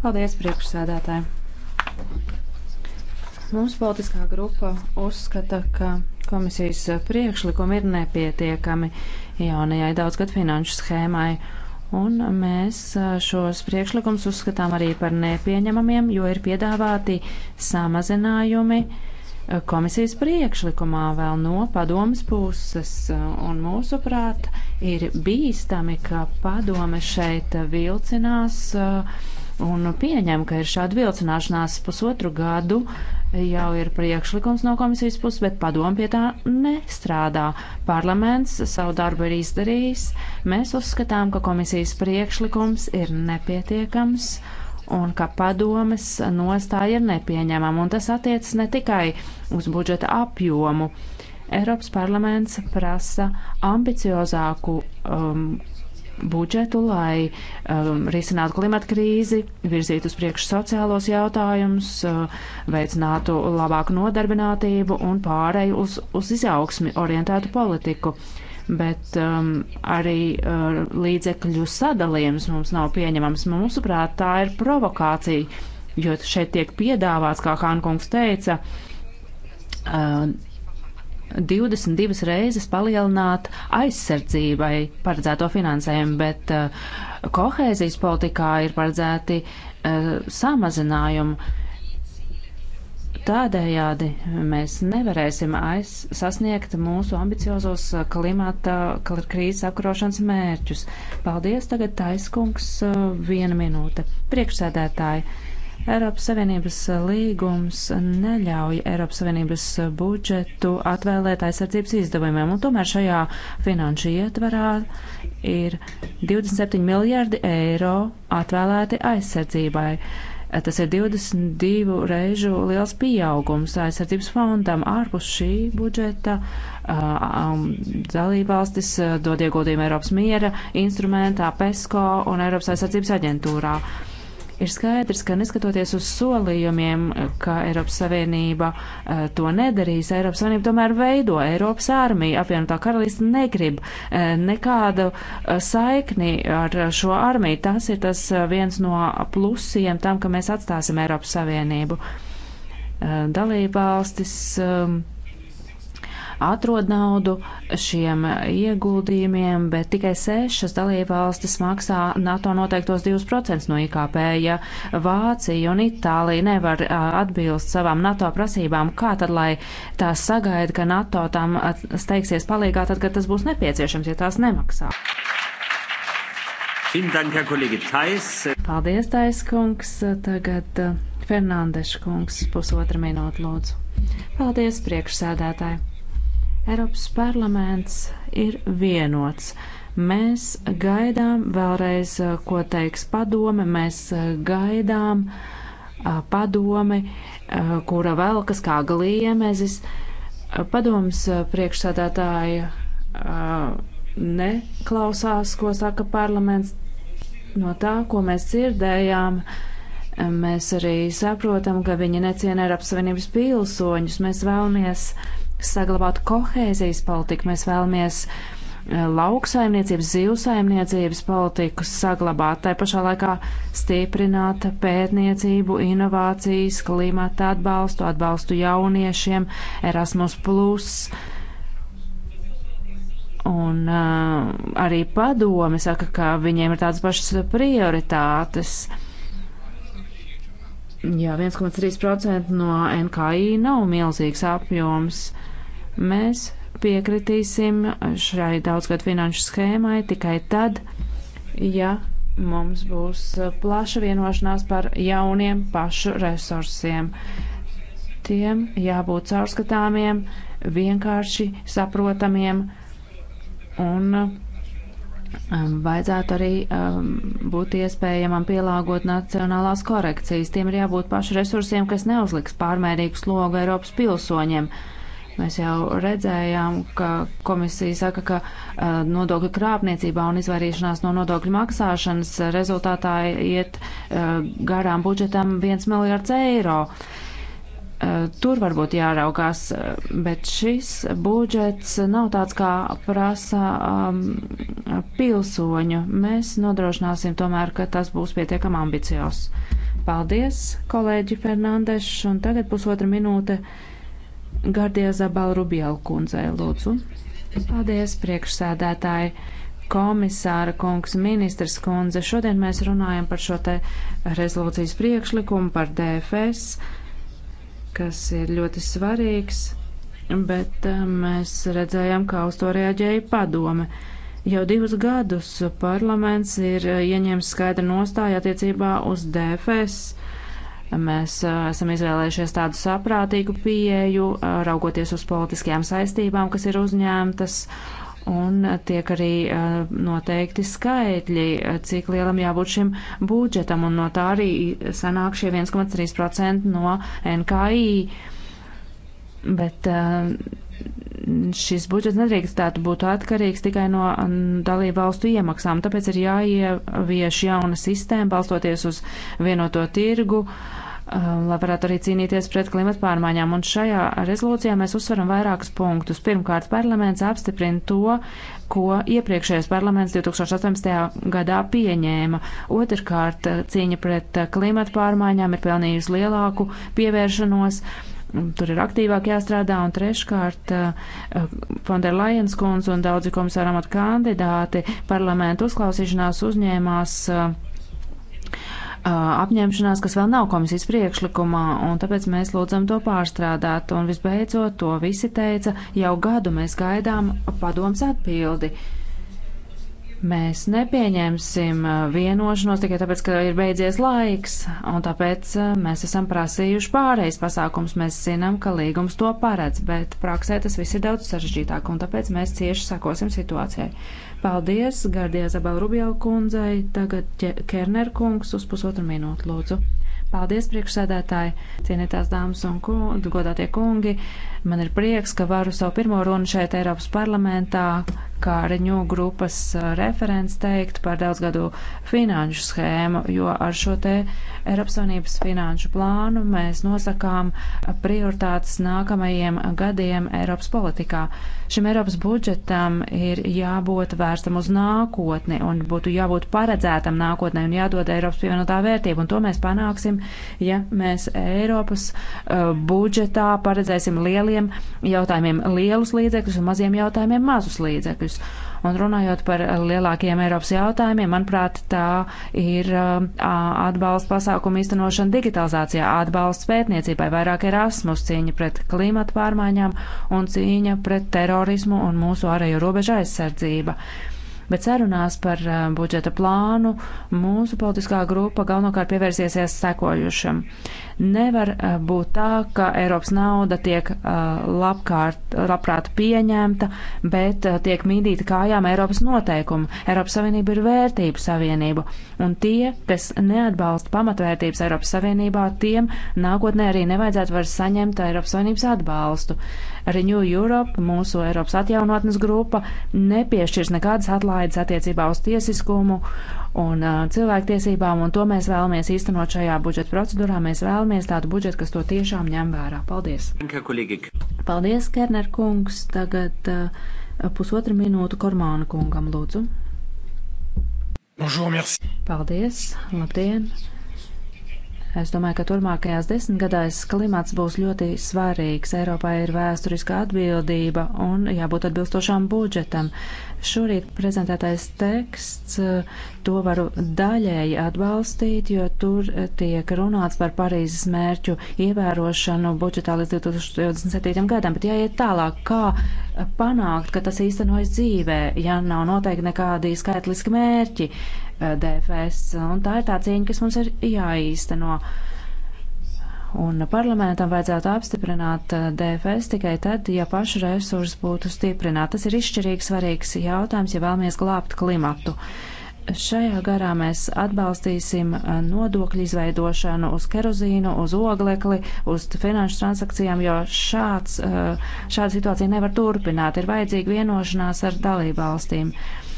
Paldies, priekšsēdētāji. Mūsu politiskā grupa uzskata, ka komisijas priekšlikumi ir nepietiekami jaunajai daudzgad finanšu schēmai. Un mēs šos priekšlikumus uzskatām arī par nepieņemamiem, jo ir piedāvāti samazinājumi komisijas priekšlikumā vēl no padomas puses, un mūsuprāt ir bīstami, ka padome šeit vilcinās uh, un pieņem, ka ir šāda vilcināšanās pusotru gadu, jau ir priekšlikums no komisijas puses, bet padome pie tā nestrādā. Parlaments savu darbu ir izdarījis, mēs uzskatām, ka komisijas priekšlikums ir nepietiekams un ka padomes nostāja ir nepieņemama, un tas attiecas ne tikai uz budžeta apjomu. Eiropas parlaments prasa ambiciozāku um, budžetu, lai um, risinātu klimata krīzi, virzītu uz priekšu sociālos jautājumus, uh, veicinātu labāku nodarbinātību un pārēju uz, uz izaugsmi orientētu politiku. Uh, bet um, arī uh, līdzekļu sadalījums mums nav pieņemams. Mūsuprāt, tā ir provokācija, jo šeit tiek piedāvāts, kā Hankungs teica, uh, 22 reizes palielināt aizsardzībai paredzēto finansējumu, bet uh, kohēzijas politikā ir paredzēti uh, samazinājumi. Tādējādi mēs nevarēsim aiz, sasniegt mūsu ambiciozos uh, klimata krīzes apkarošanas mērķus. Paldies, tagad taiskungs uh, viena minūte. Priekšsēdētāji. Eiropas Savienības uh, līgums neļauj Eiropas Savienības budžetu atvēlēt aizsardzības izdevumiem, un tomēr šajā finanšu ietvarā ir 27 miljārdi eiro atvēlēti aizsardzībai. Tas ir 22 reižu liels pieaugums aizsardzības fondam ārpus šī budžeta. Um, dalībvalstis dod ieguldījumu Eiropas miera instrumentā, PESCO un Eiropas aizsardzības aģentūrā. Ir skaidrs, ka neskatoties uz solījumiem, ka Eiropas Savienība uh, to nedarīs, Eiropas Savienība tomēr veido Eiropas armiju. Apvienotā karalista negrib uh, nekādu uh, saikni ar šo armiju. Tas ir tas uh, viens no plusiem tam, ka mēs atstāsim Eiropas Savienību. Uh, dalībvalstis. Um, atrod naudu šiem ieguldījumiem, bet tikai sešas dalībvalstis maksā NATO noteiktos 2% no IKP. Ja Vācija un Itālija nevar atbilst savām NATO prasībām, kā tad, lai tās sagaida, ka NATO tam steigsies palīgā, tad, kad tas būs nepieciešams, ja tās nemaksā? Paldies, Tais kungs. Tagad Fernandeša kungs pusotra minūte lūdzu. Paldies, priekšsēdētāji. Eiropas parlaments ir vienots. Mēs gaidām vēlreiz, eh, ko teiks padome, mēs eh, gaidām eh, padome, kura velkas kā gliemezis. Padoms priekšsādātāja neklausās, ko saka parlaments. No tā, ko mēs dzirdējām, mēs arī saprotam, ka viņi neciena Eiropas Savienības pilsoņus. Mēs vēlamies uh, saglabāt kohēzijas politiku, mēs vēlamies e, lauksaimniecības, zivsaimniecības politiku saglabāt, tai pašā laikā stiprināt pētniecību, inovācijas, klimata atbalstu, atbalstu jauniešiem, Erasmus. Un uh, arī padomi saka, ka viņiem ir tādas pašas prioritātes. Jā, 1,3% no NKI nav milzīgs apjoms. Mēs piekritīsim šai daudzgad finanšu schēmai tikai tad, ja mums būs plaša vienošanās par jauniem pašu resursiem. Tiem jābūt caurskatāmiem, vienkārši saprotamiem un um, vajadzētu arī um, būt iespējamam pielāgot nacionālās korekcijas. Tiem ir jābūt pašu resursiem, kas neuzliks pārmērīgu slogu Eiropas pilsoņiem. Uh, Mēs jau redzējām, ka komisija saka, ka uh, nodokļu krāpniecībā un izvairīšanās no nodokļu maksāšanas rezultātā iet uh, garām budžetam 1 miljārds eiro. Uh, tur varbūt jāraugās, uh, bet šis budžets nav tāds, kā prasa um, pilsoņu. Mēs nodrošināsim tomēr, ka tas būs pietiekam ambiciozs. Paldies, kolēģi Fernandeši, un tagad pusotra minūte. Uh, Gardie Zabalu Rubielu kundzei lūdzu. Paldies, priekšsēdētāji! Komisāra kungs, ministrs kundze, šodien mēs runājam par šo te rezolūcijas priekšlikumu, par DFS, kas ir ļoti svarīgs, bet eh, mēs redzējām, kā uz to reaģēja padome. Jau divus gadus parlaments ir eh, ieņēmis skaidru nostāju attiecībā uz DFS Mēs esam izvēlējušies tādu saprātīgu pieeju, raugoties uz politiskajām saistībām, kas ir uzņēmtas, un tiek arī noteikti skaitļi, cik lielam jābūt šim budžetam, un no tā arī sanāk šie 1,3% no NKI. Bet šis budžets nedrīkstētu būt atkarīgs tikai no dalību valstu iemaksām, tāpēc ir jāievieš jauna sistēma, balstoties uz vienoto tirgu. Uh, Um, lai varētu arī cīnīties pret klimatu pārmaiņām. Un šajā rezolūcijā mēs uzsveram vairākus punktus. Pirmkārt, parlaments apstiprina to, ko iepriekšējais parlaments 2018. gadā pieņēma. Otrkārt, cīņa pret klimatu pārmaiņām ir pelnījusi lielāku pievēršanos. Mm, tur ir aktīvāk jāstrādā, un treškārt, Fonderlajens uh, kundze un daudzi komisāram at kandidāti parlamentu uzklausīšanās uzņēmās uh, apņemšanās, kas vēl nav komisijas priekšlikumā, un tāpēc mēs lūdzam to pārstrādāt. Un visbeidzot, to visi teica, jau gadu mēs gaidām padoms atbildi. Mēs nepieņemsim vienošanos tikai tāpēc, ka ir beidzies laiks, un tāpēc mēs esam prasījuši pārējais pasākums. Mēs zinām, ka līgums to paredz, bet praksē tas viss ir daudz sarežģītāk, un tāpēc mēs cieši sakosim situācijai. Paldies, Gardijā Zabaurubjau kundzei. Tagad Kerner kungs uz pusotru minūtu, lūdzu. Paldies, priekšsēdētāji, cienītās dāmas un kungi, godātie kungi. Uh, Man ir prieks, ka varu savu pirmo runu šeit Eiropas parlamentā, kā Reņū grupas uh, referents teikt par daudzgadu finanšu schēmu, jo ar šo te Eiropas Savienības finanšu plānu mēs nosakām prioritātes nākamajiem gadiem Eiropas politikā. Šim Eiropas budžetam ir jābūt vērstam uz nākotni un būtu jābūt paredzētam nākotnē un jādod Eiropas pievienotā vērtība, un to mēs panāksim, ja mēs Eiropas uh, budžetā paredzēsim lielību lieliem jautājumiem lielus līdzekļus un maziem jautājumiem mazus līdzekļus. Un runājot par lielākiem Eiropas jautājumiem, manuprāt, tā ir um, atbalsts pasākumu īstenošana digitalizācijā, atbalsts pētniecībai, vairāk Erasmus, cīņa pret klimatu pārmaiņām un cīņa pret terorismu un mūsu ārējo robežu aizsardzību. Bet sarunās par eh, budžeta plānu mūsu politiskā grupa galvenokārt pievērsiesies sekojušam. Nevar eh, būt tā, ka Eiropas nauda tiek eh, labkārt, labprāt pieņemta, bet tiek mīdīta kājām Eiropas noteikumi. Eiropas Savienība ir vērtību savienība, un tie, kas neatbalsta pamatvērtības Eiropas Savienībā, tiem nākotnē arī nevajadzētu vairs saņemt Eiropas Savienības atbalstu. Renew Europe, mūsu Eiropas atjaunotnes grupa, nepiešķirs nekādas atlaides attiecībā uz tiesiskumu un uh, cilvēktiesībām, un to mēs vēlamies īstenot šajā budžeta procedūrā. Mēs vēlamies tādu budžetu, kas to tiešām ņem vērā. Paldies! Paldies, Kerner kungs! Tagad uh, pusotra minūte Kormāna kungam, lūdzu. Bonjour, merci. Paldies, labdien! Es domāju, ka turmākajās desmitgadēs klimats būs ļoti svarīgs. Eiropā ir vēsturiska atbildība un jābūt atbilstošām budžetam. Šorīt prezentētais teksts to varu daļēji atbalstīt, jo tur tiek runāts par Parīzes mērķu ievērošanu budžetā līdz 2027. gadam, bet jāiet tālāk, kā panākt, ka tas īstenojas dzīvē, ja nav noteikti nekādi skaitliski mērķi. Uh, Eh, DFS. Un tā ir tā cīņa, kas mums ir jāīsteno. Un parlamentam vajadzētu apstiprināt eh, DFS tikai tad, ja pašu resursus būtu stiprināt. Tas ir izšķirīgi svarīgs jautājums, ja vēlamies glābt klimatu. Šajā garā mēs atbalstīsim eh, nodokļu izveidošanu uz kerozīnu, uz oglekli, uz finanšu transakcijām, jo šāds, šāda situācija nevar turpināt. Ir vajadzīga vienošanās ar dalībvalstīm. valstīm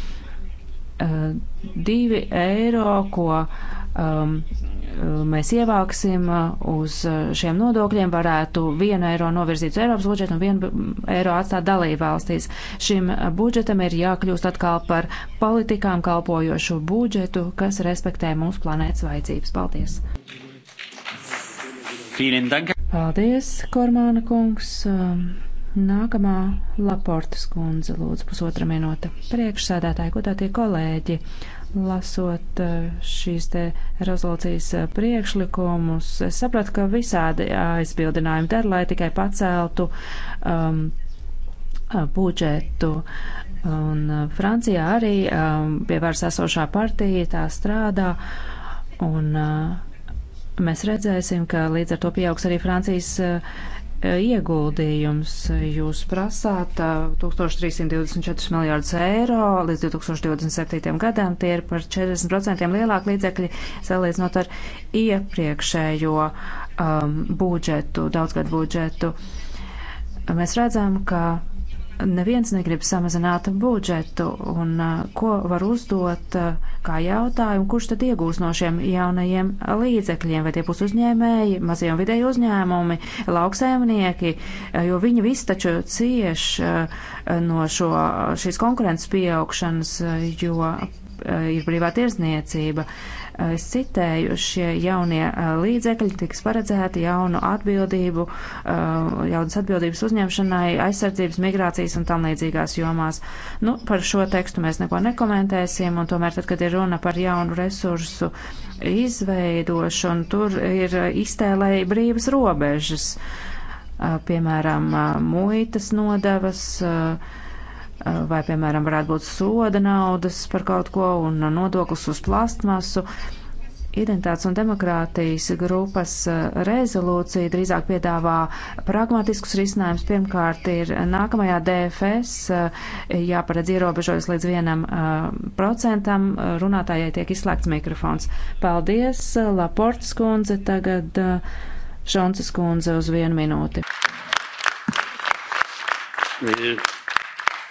Eh, divi eiro, ko um, mēs ievāksim eh, uz šiem nodokļiem, varētu vienu eiro novirzīt uz Eiropas budžetu un vienu eiro atstāt dalībvalstīs. Šim budžetam ir jākļūst atkal par politikām kalpojošu budžetu, kas respektē mūsu planētas vajadzības. Paldies! Paldies, Kormāna kungs! Ehm, Nākamā Laporta skundze, lūdzu, pusotra minūte. Priekšsēdētāji, godātie kolēģi, lasot eh, šīs te rezolūcijas eh, priekšlikumus, es sapratu, ka visādi aizbildinājumi der, lai tikai paceltu um, eh, budžetu. Un Francijā arī um, pie varas esošā partija tā strādā. Un, uh, mēs redzēsim, ka līdz ar to pieaugs arī Francijas uh, ieguldījums. Jūs prasāt 1324 miljārdus eiro līdz 2027. gadam. Tie ir par 40% lielāki līdzekļi salīdzinot ar iepriekšējo um, budžetu, daudzgadu budžetu. Mēs redzam, ka neviens negrib samazināt budžetu, un ko var uzdot kā jautājumu, kurš tad iegūs no šiem jaunajiem līdzekļiem, vai tie būs uzņēmēji, mazie un vidēji uzņēmumi, lauksaimnieki, jo viņi visi taču cieš no šo, šīs konkurences pieaugšanas, jo ir brīvā tirzniecība. Uh, Es citēju, šie jaunie līdzekļi tiks paredzēti jaunu atbildību, jaunas atbildības uzņemšanai, aizsardzības, migrācijas un tam līdzīgās jomās. Nu, par šo tekstu mēs neko nekomentēsim, un tomēr tad, kad ir runa par jaunu resursu izveidošanu, tur ir iztēlēji brīvas robežas, piemēram, muitas nodevas, vai, piemēram, varētu būt soda naudas par kaut ko un nodoklis uz plastmasu. Identitātes un demokrātijas grupas eh, rezolūcija drīzāk piedāvā pragmatiskus risinājumus. Pirmkārt, ir nākamajā DFS eh, jāparedz ierobežojas līdz vienam eh, procentam. Runātājai tiek izslēgts mikrofons. Paldies, Laportas kundze. Tagad Šonces kundze uz vienu minūti. Yeah.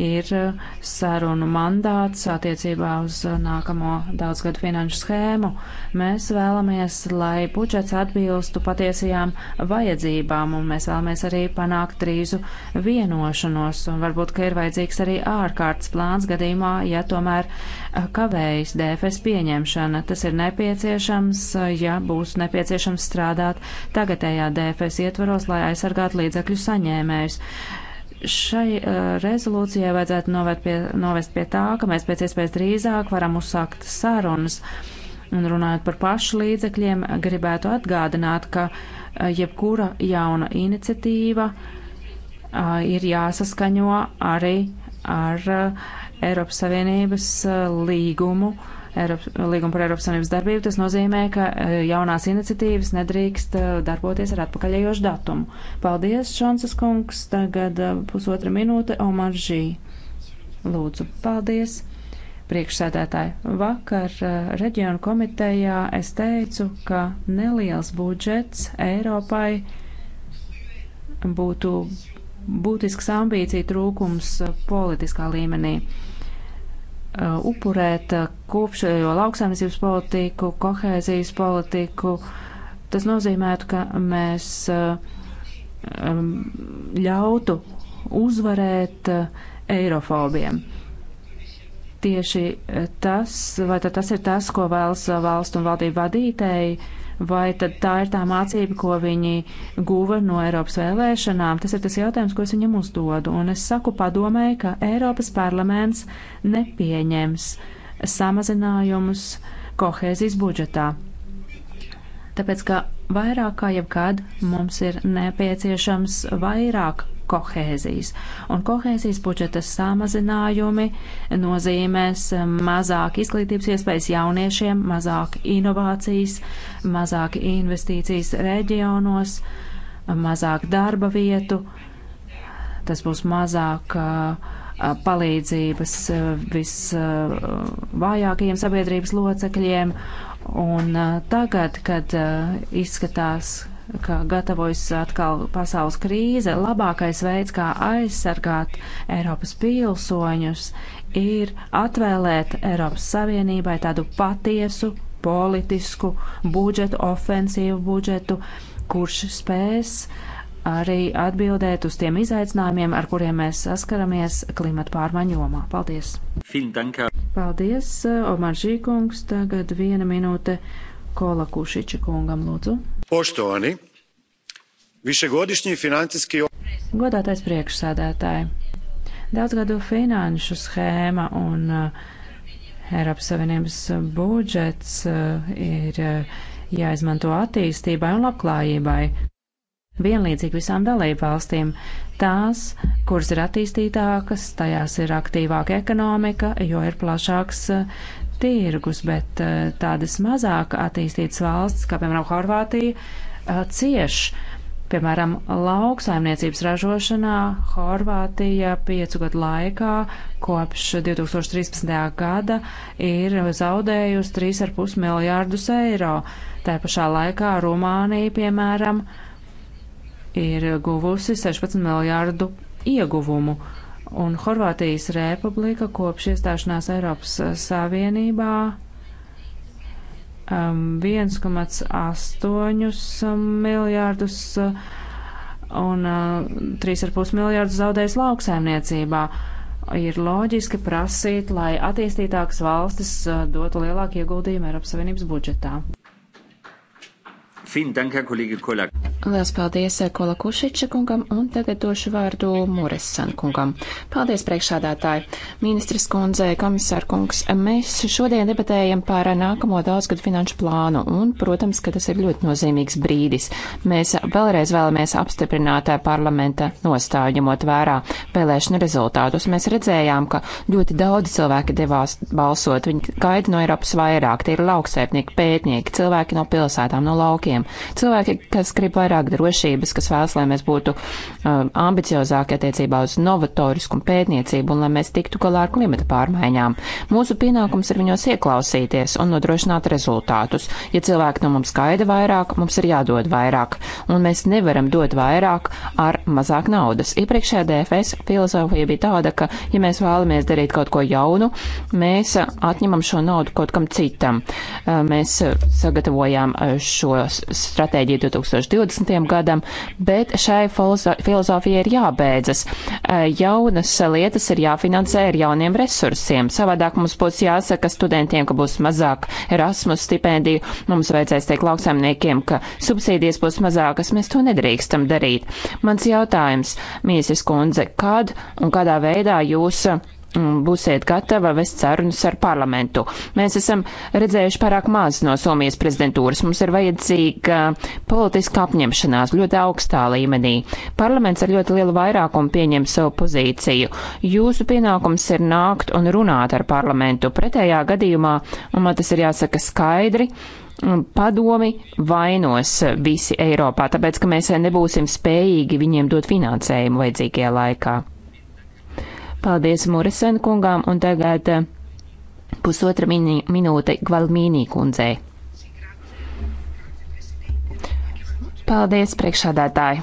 ir eh, sarunu mandāts attiecībā uz eh, nākamo daudzgadu finanšu schēmu. Mēs vēlamies, lai budžets atbilstu patiesajām vajadzībām, un mēs vēlamies arī panākt drīzu vienošanos, un varbūt, ka ir vajadzīgs arī ārkārtas plāns gadījumā, ja tomēr eh, kavējas DFS pieņemšana. Tas ir nepieciešams, ja būs nepieciešams strādāt tagadējā DFS ietvaros, lai aizsargātu līdzekļu saņēmējus. Šai uh, rezolūcijai vajadzētu novest pie, novest pie tā, ka mēs pēc iespējas drīzāk varam uzsākt sarunas. Un runājot par pašu līdzekļiem, gribētu atgādināt, ka uh, jebkura jauna iniciatīva uh, ir jāsaskaņo arī ar Eiropas Savienības līgumu uh, Eiropas, līgumu par Eiropas Savienības darbību, tas nozīmē, ka e, jaunās iniciatīvas nedrīkst e, darboties ar atpakaļējošu datumu. Paldies, Šonsas kungs, tagad e, pusotra minūte, Omaržī. Lūdzu, paldies. Priekšsēdētāji, vakar reģionu komitejā es teicu, ka neliels budžets Eiropai būtu būtisks ambīcija trūkums politiskā līmenī. Uh, upurēt uh, kopšējo lauksaimniecības politiku, kohēzijas politiku. Tas nozīmētu, ka mēs uh, um, ļautu uzvarēt eirofobiem. Tieši tas, vai tas ir tas, ko vēlas valstu un valdību vadītēji, vai tad tā ir tā mācība, ko viņi guva no Eiropas vēlēšanām? Tas ir tas jautājums, ko es viņam uzdodu. Un es saku padomēju, ka Eiropas parlaments nepieņems samazinājumus kohēzijas budžetā. Tāpēc, ka vairāk kā jebkad mums ir nepieciešams vairāk kohēzijas. Un kohēzijas budžeta samazinājumi nozīmēs mazāk izglītības iespējas jauniešiem, mazāk inovācijas, mazāk investīcijas reģionos, mazāk darba vietu. Tas būs mazāk uh, palīdzības uh, visvājākajiem sabiedrības locekļiem. Un uh, tagad, kad uh, izskatās, ka gatavojas atkal pasaules krīze, labākais veids, kā aizsargāt Eiropas pilsoņus, ir atvēlēt Eiropas Savienībai tādu patiesu politisku budžetu, ofensīvu budžetu, kurš spēs arī atbildēt uz tiem izaicinājumiem, ar kuriem mēs saskaramies klimata pārmaiņu jomā. Paldies! Paldies, Omar Žīkungs. Tagad viena minūte Kola Kušiča kungam lūdzu. Poštovani, višegodišnji financijski. Godātais priekšsādātāji, daudzgadu finanšu schēma un uh, Eiropas Savienības budžets uh, ir uh, jāizmanto attīstībai un labklājībai. Vienlīdzīgi visām dalību valstīm, tās, kuras ir attīstītākas, tajās ir aktīvāka ekonomika, jo ir plašāks tirgus, bet eh, tādas mazāk attīstītas valsts, kā piemēram Horvātija, eh, cieš. Piemēram, lauksaimniecības ražošanā Horvātija piecu gadu laikā kopš 2013. gada ir zaudējusi 3,5 miljārdus eiro. Tā pašā laikā Rumānija, piemēram, ir guvusi 16 miljārdu ieguvumu. Un Horvātijas republika kopš iestāšanās Eiropas Savienībā 1,8 um, miljārdus un 3,5 uh, miljārdus zaudējis lauksaimniecībā ir loģiski prasīt, lai attīstītākas valstis uh, dotu lielāku ieguldījumu Eiropas Savienības budžetā. Lielas paldies eh, Kola Kušiča kungam un tagad došu vārdu Muresan kungam. Paldies priekšādātāji. Ministres kundze, komisār kungs, mēs šodien debatējam par nākamo daudzgadu finanšu plānu un, protams, ka tas ir ļoti nozīmīgs brīdis. Mēs vēlreiz vēlamies apstiprināt eh, parlamenta nostāju, ņemot vērā vēlēšanu rezultātus. Mēs redzējām, ka ļoti daudz cilvēki devās balsot. Viņi gaida no Eiropas vairāk. Tie ir lauksēpnieki, pētnieki, cilvēki no pilsētām, no laukiem tiesībām. Cilvēki, kas grib vairāk drošības, kas vēlas, lai mēs būtu um, ambiciozāki attiecībā uz novatorisku un pētniecību un lai mēs tiktu galā ar klimata pārmaiņām. Mūsu pienākums ir viņos ieklausīties un nodrošināt rezultātus. Ja cilvēki no mums gaida vairāk, mums ir jādod vairāk, un mēs nevaram dot vairāk ar mazāk naudas. Iepriekšējā DFS filozofija bija tāda, ka, ja mēs vēlamies darīt kaut ko jaunu, mēs atņemam šo naudu kaut kam citam. Uh, mēs sagatavojām uh, šos stratēģiju 2020. gadam, bet šai filozofijai ir jābeidzas. Eh, jaunas lietas ir jāfinansē ar jauniem resursiem. Savādāk mums būs jāsaka studentiem, ka būs mazāk Erasmus stipendiju, mums vajadzēs teikt lauksaimniekiem, ka subsīdijas būs mazākas, mēs to nedrīkstam darīt. Mans jautājums, Mīsis Kundze, kad un kādā veidā jūs Mm, būsiet gatava vest sarunas ar parlamentu. Mēs esam redzējuši pārāk maz no Somijas prezidentūras. Mums ir vajadzīga politiska apņemšanās ļoti augstā līmenī. Parlaments ar ļoti lielu vairākumu pieņem savu pozīciju. Jūsu pienākums ir nākt un runāt ar parlamentu. Pretējā gadījumā, un man tas ir jāsaka skaidri, mm, padomi vainos visi Eiropā, tāpēc, ka mēs nebūsim spējīgi viņiem dot finansējumu vajadzīgajā laikā. Paldies Murisen kungām un tagad eh, pusotra mini, minūte Gvalmīnī kundzei. Paldies priekšādātāji.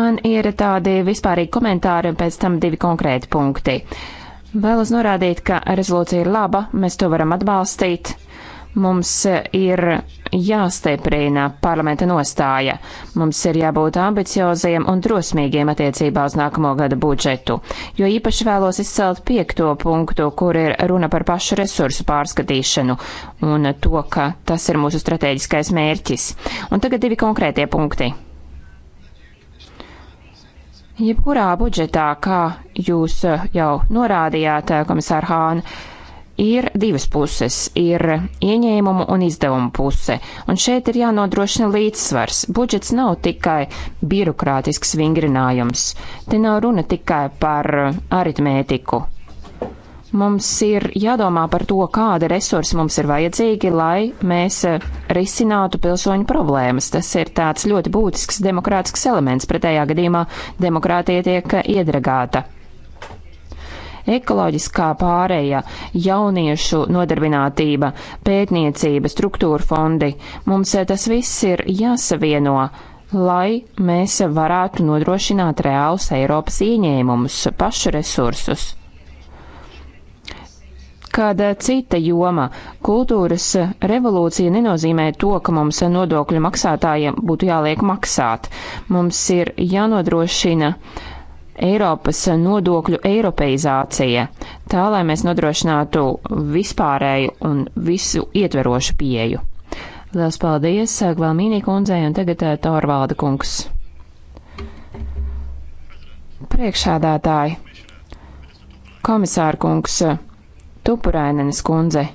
Man ir tādi vispārīgi komentāri un pēc tam divi konkrēti punkti. Vēlos norādīt, ka rezolūcija ir laba, mēs to varam atbalstīt. Mums ir jāstieprina parlamenta nostāja. Mums ir jābūt ambiciozajiem un drosmīgiem attiecībā uz nākamo gada budžetu, jo īpaši vēlos izcelt piekto punktu, kur ir runa par pašu resursu pārskatīšanu un to, ka tas ir mūsu strateģiskais mērķis. Un tagad divi konkrētie punkti. Jebkurā budžetā, kā jūs jau norādījāt, komisār Hāna, ir divas puses - ir ieņēmumu un izdevumu puse, un šeit ir jānodrošina līdzsvars. Budžets nav tikai birokrātisks vingrinājums, te nav runa tikai par aritmētiku. Mums ir jādomā par to, kāda resursa mums ir vajadzīgi, lai mēs risinātu pilsoņu problēmas. Tas ir tāds ļoti būtisks demokrātisks elements, pretējā gadījumā demokrātija tiek iedragāta ekoloģiskā pārēja, jauniešu nodarbinātība, pētniecība, struktūra fondi. Mums eh, tas viss ir jāsavieno lai mēs varētu nodrošināt reālus Eiropas ieņēmumus, pašu resursus. Kāda eh, cita joma - kultūras revolūcija nenozīmē to, ka mums nodokļu maksātājiem būtu jāliek maksāt. Mums ir jānodrošina uh, Eiropas nodokļu eiropeizācija, tā lai mēs nodrošinātu vispārēju un visu ietverošu pieju. Lielas paldies Gvalmīnī kundzei un tagad eh, Torvalda kungs. Priekšādātāji, komisāra kungs, Tupurainenes kundze.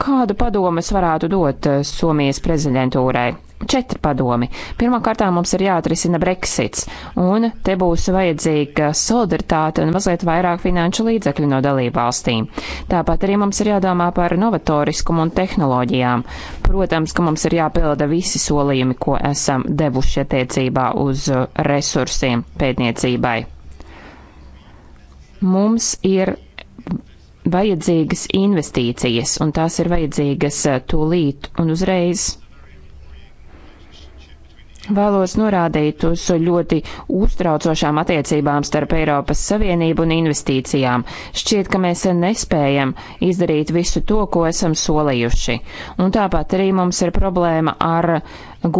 Kādu padomu es varētu dot eh, Somijas prezidentūrai? četri padomi. Pirmkārt, mums ir jāatrisina Brexits, un te būs vajadzīga solidaritāte un mazliet vairāk finanšu līdzekļu no dalībvalstīm. Tāpat arī mums ir jādomā par novatoriskumu un tehnoloģijām. Protams, ka mums ir jāpilda visi solījumi, ko esam devuši attiecībā uz uh, resursiem pētniecībai. Mums ir vajadzīgas investīcijas, un tās ir vajadzīgas uh, tūlīt un uzreiz. Vēlos norādīt uz ļoti uztraucošām attiecībām starp Eiropas Savienību un investīcijām. Šķiet, ka mēs nespējam izdarīt visu to, ko esam solījuši. Un tāpat arī mums ir problēma ar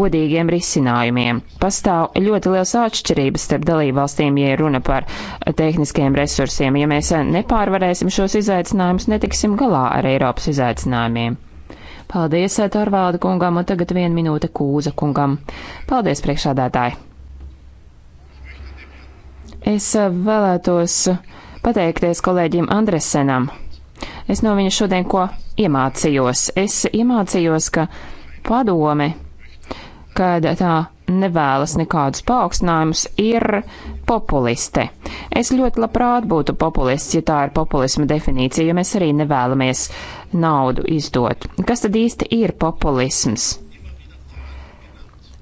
godīgiem risinājumiem. Pastāv ļoti liels atšķirības starp dalībvalstīm, ja runa par tehniskiem resursiem. Ja mēs nepārvarēsim šos izaicinājumus, netiksim galā ar Eiropas izaicinājumiem. Paldies Torvalda kungam un tagad viena minūte Kūza kungam. Paldies priekšādātāji! Es eh, vēlētos pateikties kolēģim Andresenam. Es no viņa šodien ko iemācījos. Es iemācījos, ka padome, kad tā nevēlas nekādus paaugstinājumus, ir populiste. Es ļoti labprāt būtu populists, ja tā ir populisma definīcija, jo mēs arī nevēlamies naudu izdot. Kas tad īsti ir populisms?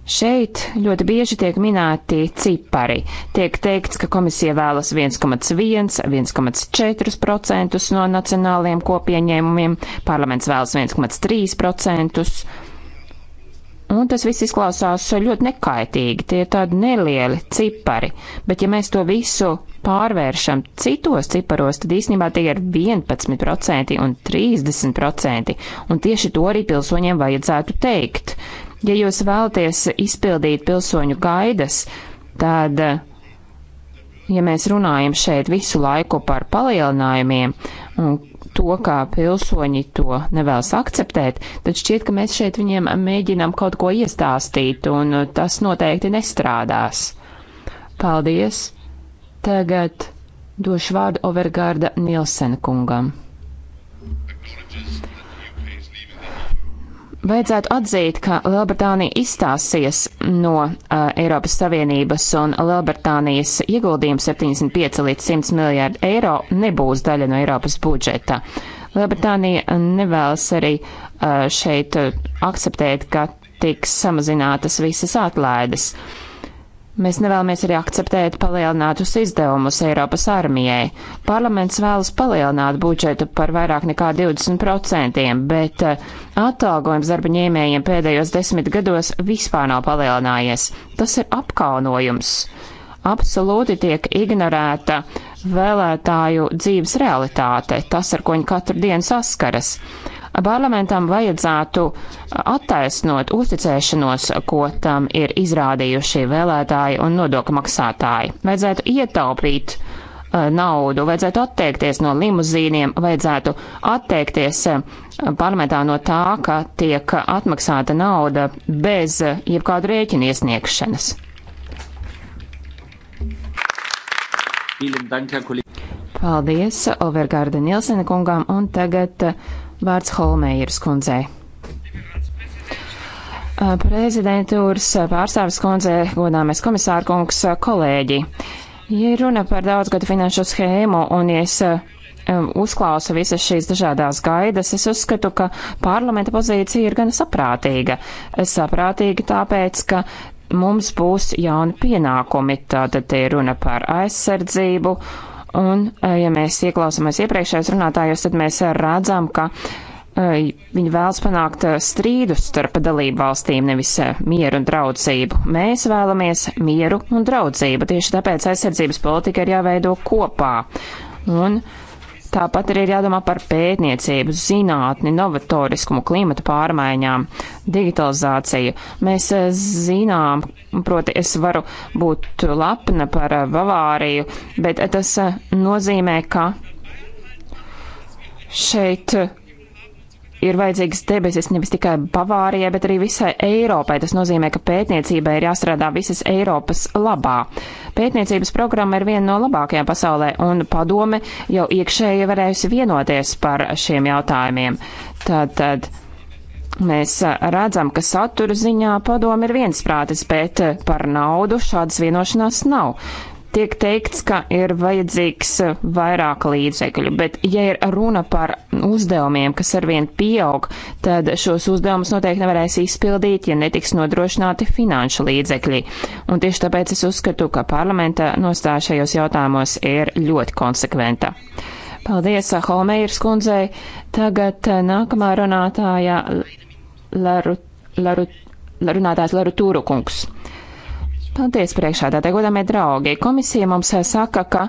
Šeit ļoti bieži tiek minēti cipari. Tiek teikts, ka komisija vēlas 1,1, 1,4% no nacionālajiem kopieņēmumiem, parlaments vēlas 1,3%. Un tas viss izklausās ļoti nekaitīgi, tie ir tādi nelieli cipari, bet ja mēs to visu pārvēršam citos ciparos, tad īsnībā tie ir 11% un 30%, un tieši to arī pilsoņiem vajadzētu teikt. Ja jūs vēlaties izpildīt pilsoņu gaidas, tad ja mēs runājam šeit visu laiku par palielinājumiem un to, kā pilsoņi to nevēlas akceptēt, tad šķiet, ka mēs šeit viņiem mēģinām kaut ko iestāstīt, un tas noteikti nestrādās. Paldies! Tagad došu vārdu Overgārda Nielsen kungam. Vajadzētu atzīt, ka Lielbritānija izstāsies no uh, Eiropas Savienības un Lielbritānijas ieguldījums 75 līdz 100 miljārdu eiro nebūs daļa no Eiropas budžeta. Lielbritānija nevēlas arī uh, šeit akceptēt, ka tiks samazinātas visas atlaides. Uh, Mēs nevēlamies arī akceptēt palielinātus izdevumus Eiropas armijai. Parlaments vēlas palielināt budžetu par vairāk nekā 20%, bet eh, atalgojums darba ņēmējiem pēdējos desmit gados vispār nav palielinājies. Tas ir apkaunojums. Absolūti tiek ignorēta vēlētāju dzīves realitāte, tas, ar ko viņi katru dienu saskaras parlamentam vajadzētu attaisnot uzticēšanos, ko tam ir izrādījuši vēlētāji un nodokļu maksātāji. Vajadzētu ietaupīt eh, naudu, vajadzētu atteikties no limuzīniem, vajadzētu atteikties eh, parlamentā no tā, ka tiek atmaksāta nauda bez jebkādu rēķinu iesniegšanas. Paldies Overgārda Nielsena kungām un tagad eh, Vārds Holmējeras kundzei. Prezidentūras pārstāvis kundze, godāmais komisārkungs, kolēģi. Ja runa par daudzgadu finanšu schēmu un ja es uzklausa visas šīs dažādās gaidas, es uzskatu, ka parlamenta pozīcija ir gan saprātīga. Saprātīga tāpēc, ka mums būs jauni pienākumi, tātad ir runa par aizsardzību Un, eh, ja mēs ieklausāmies iepriekšējos runātājos, tad mēs redzam, ka eh, viņi vēlas panākt eh, strīdus starp dalību valstīm, nevis mieru un draudzību. Mēs vēlamies mieru un draudzību, tieši tāpēc aizsardzības politika ir jāveido kopā. Un Tāpat arī ir jādomā par pētniecību, zinātni, novatoriskumu, klimatu pārmaiņām, digitalizāciju. Mēs eh, zinām, proti, es varu būt lepna par eh, Bavāriju, bet eh, tas nozīmē, ka šeit ir vajadzīgas debesis nevis tikai Bavārijai, bet arī visai Eiropai. Tas nozīmē, ka pētniecībai ir jāstrādā visas Eiropas labā. Pētniecības programma ir viena no labākajām pasaulē, un padome jau iekšēji varējusi vienoties par šiem jautājumiem. Tad, tad mēs redzam, ka satura ziņā padome ir viensprātis, bet par naudu šādas vienošanās nav tiek teikts, ka ir vajadzīgs eh, vairāk līdzekļu, bet ja ir runa par uzdevumiem, kas arvien pieaug, tad šos uzdevumus noteikti nevarēs izpildīt, ja netiks nodrošināti finanšu līdzekļi. Un tieši tāpēc es uzskatu, ka parlamenta nostāja šajos jautājumos ir ļoti konsekventa. Paldies eh, Holmeiras kundzei. Tagad eh, nākamā runātāja Laru, Laru, Laru, runātājs Laru Tūru kungs. Paldies, priekšādātāji, godāmie draugi. Komisija mums eh, saka, ka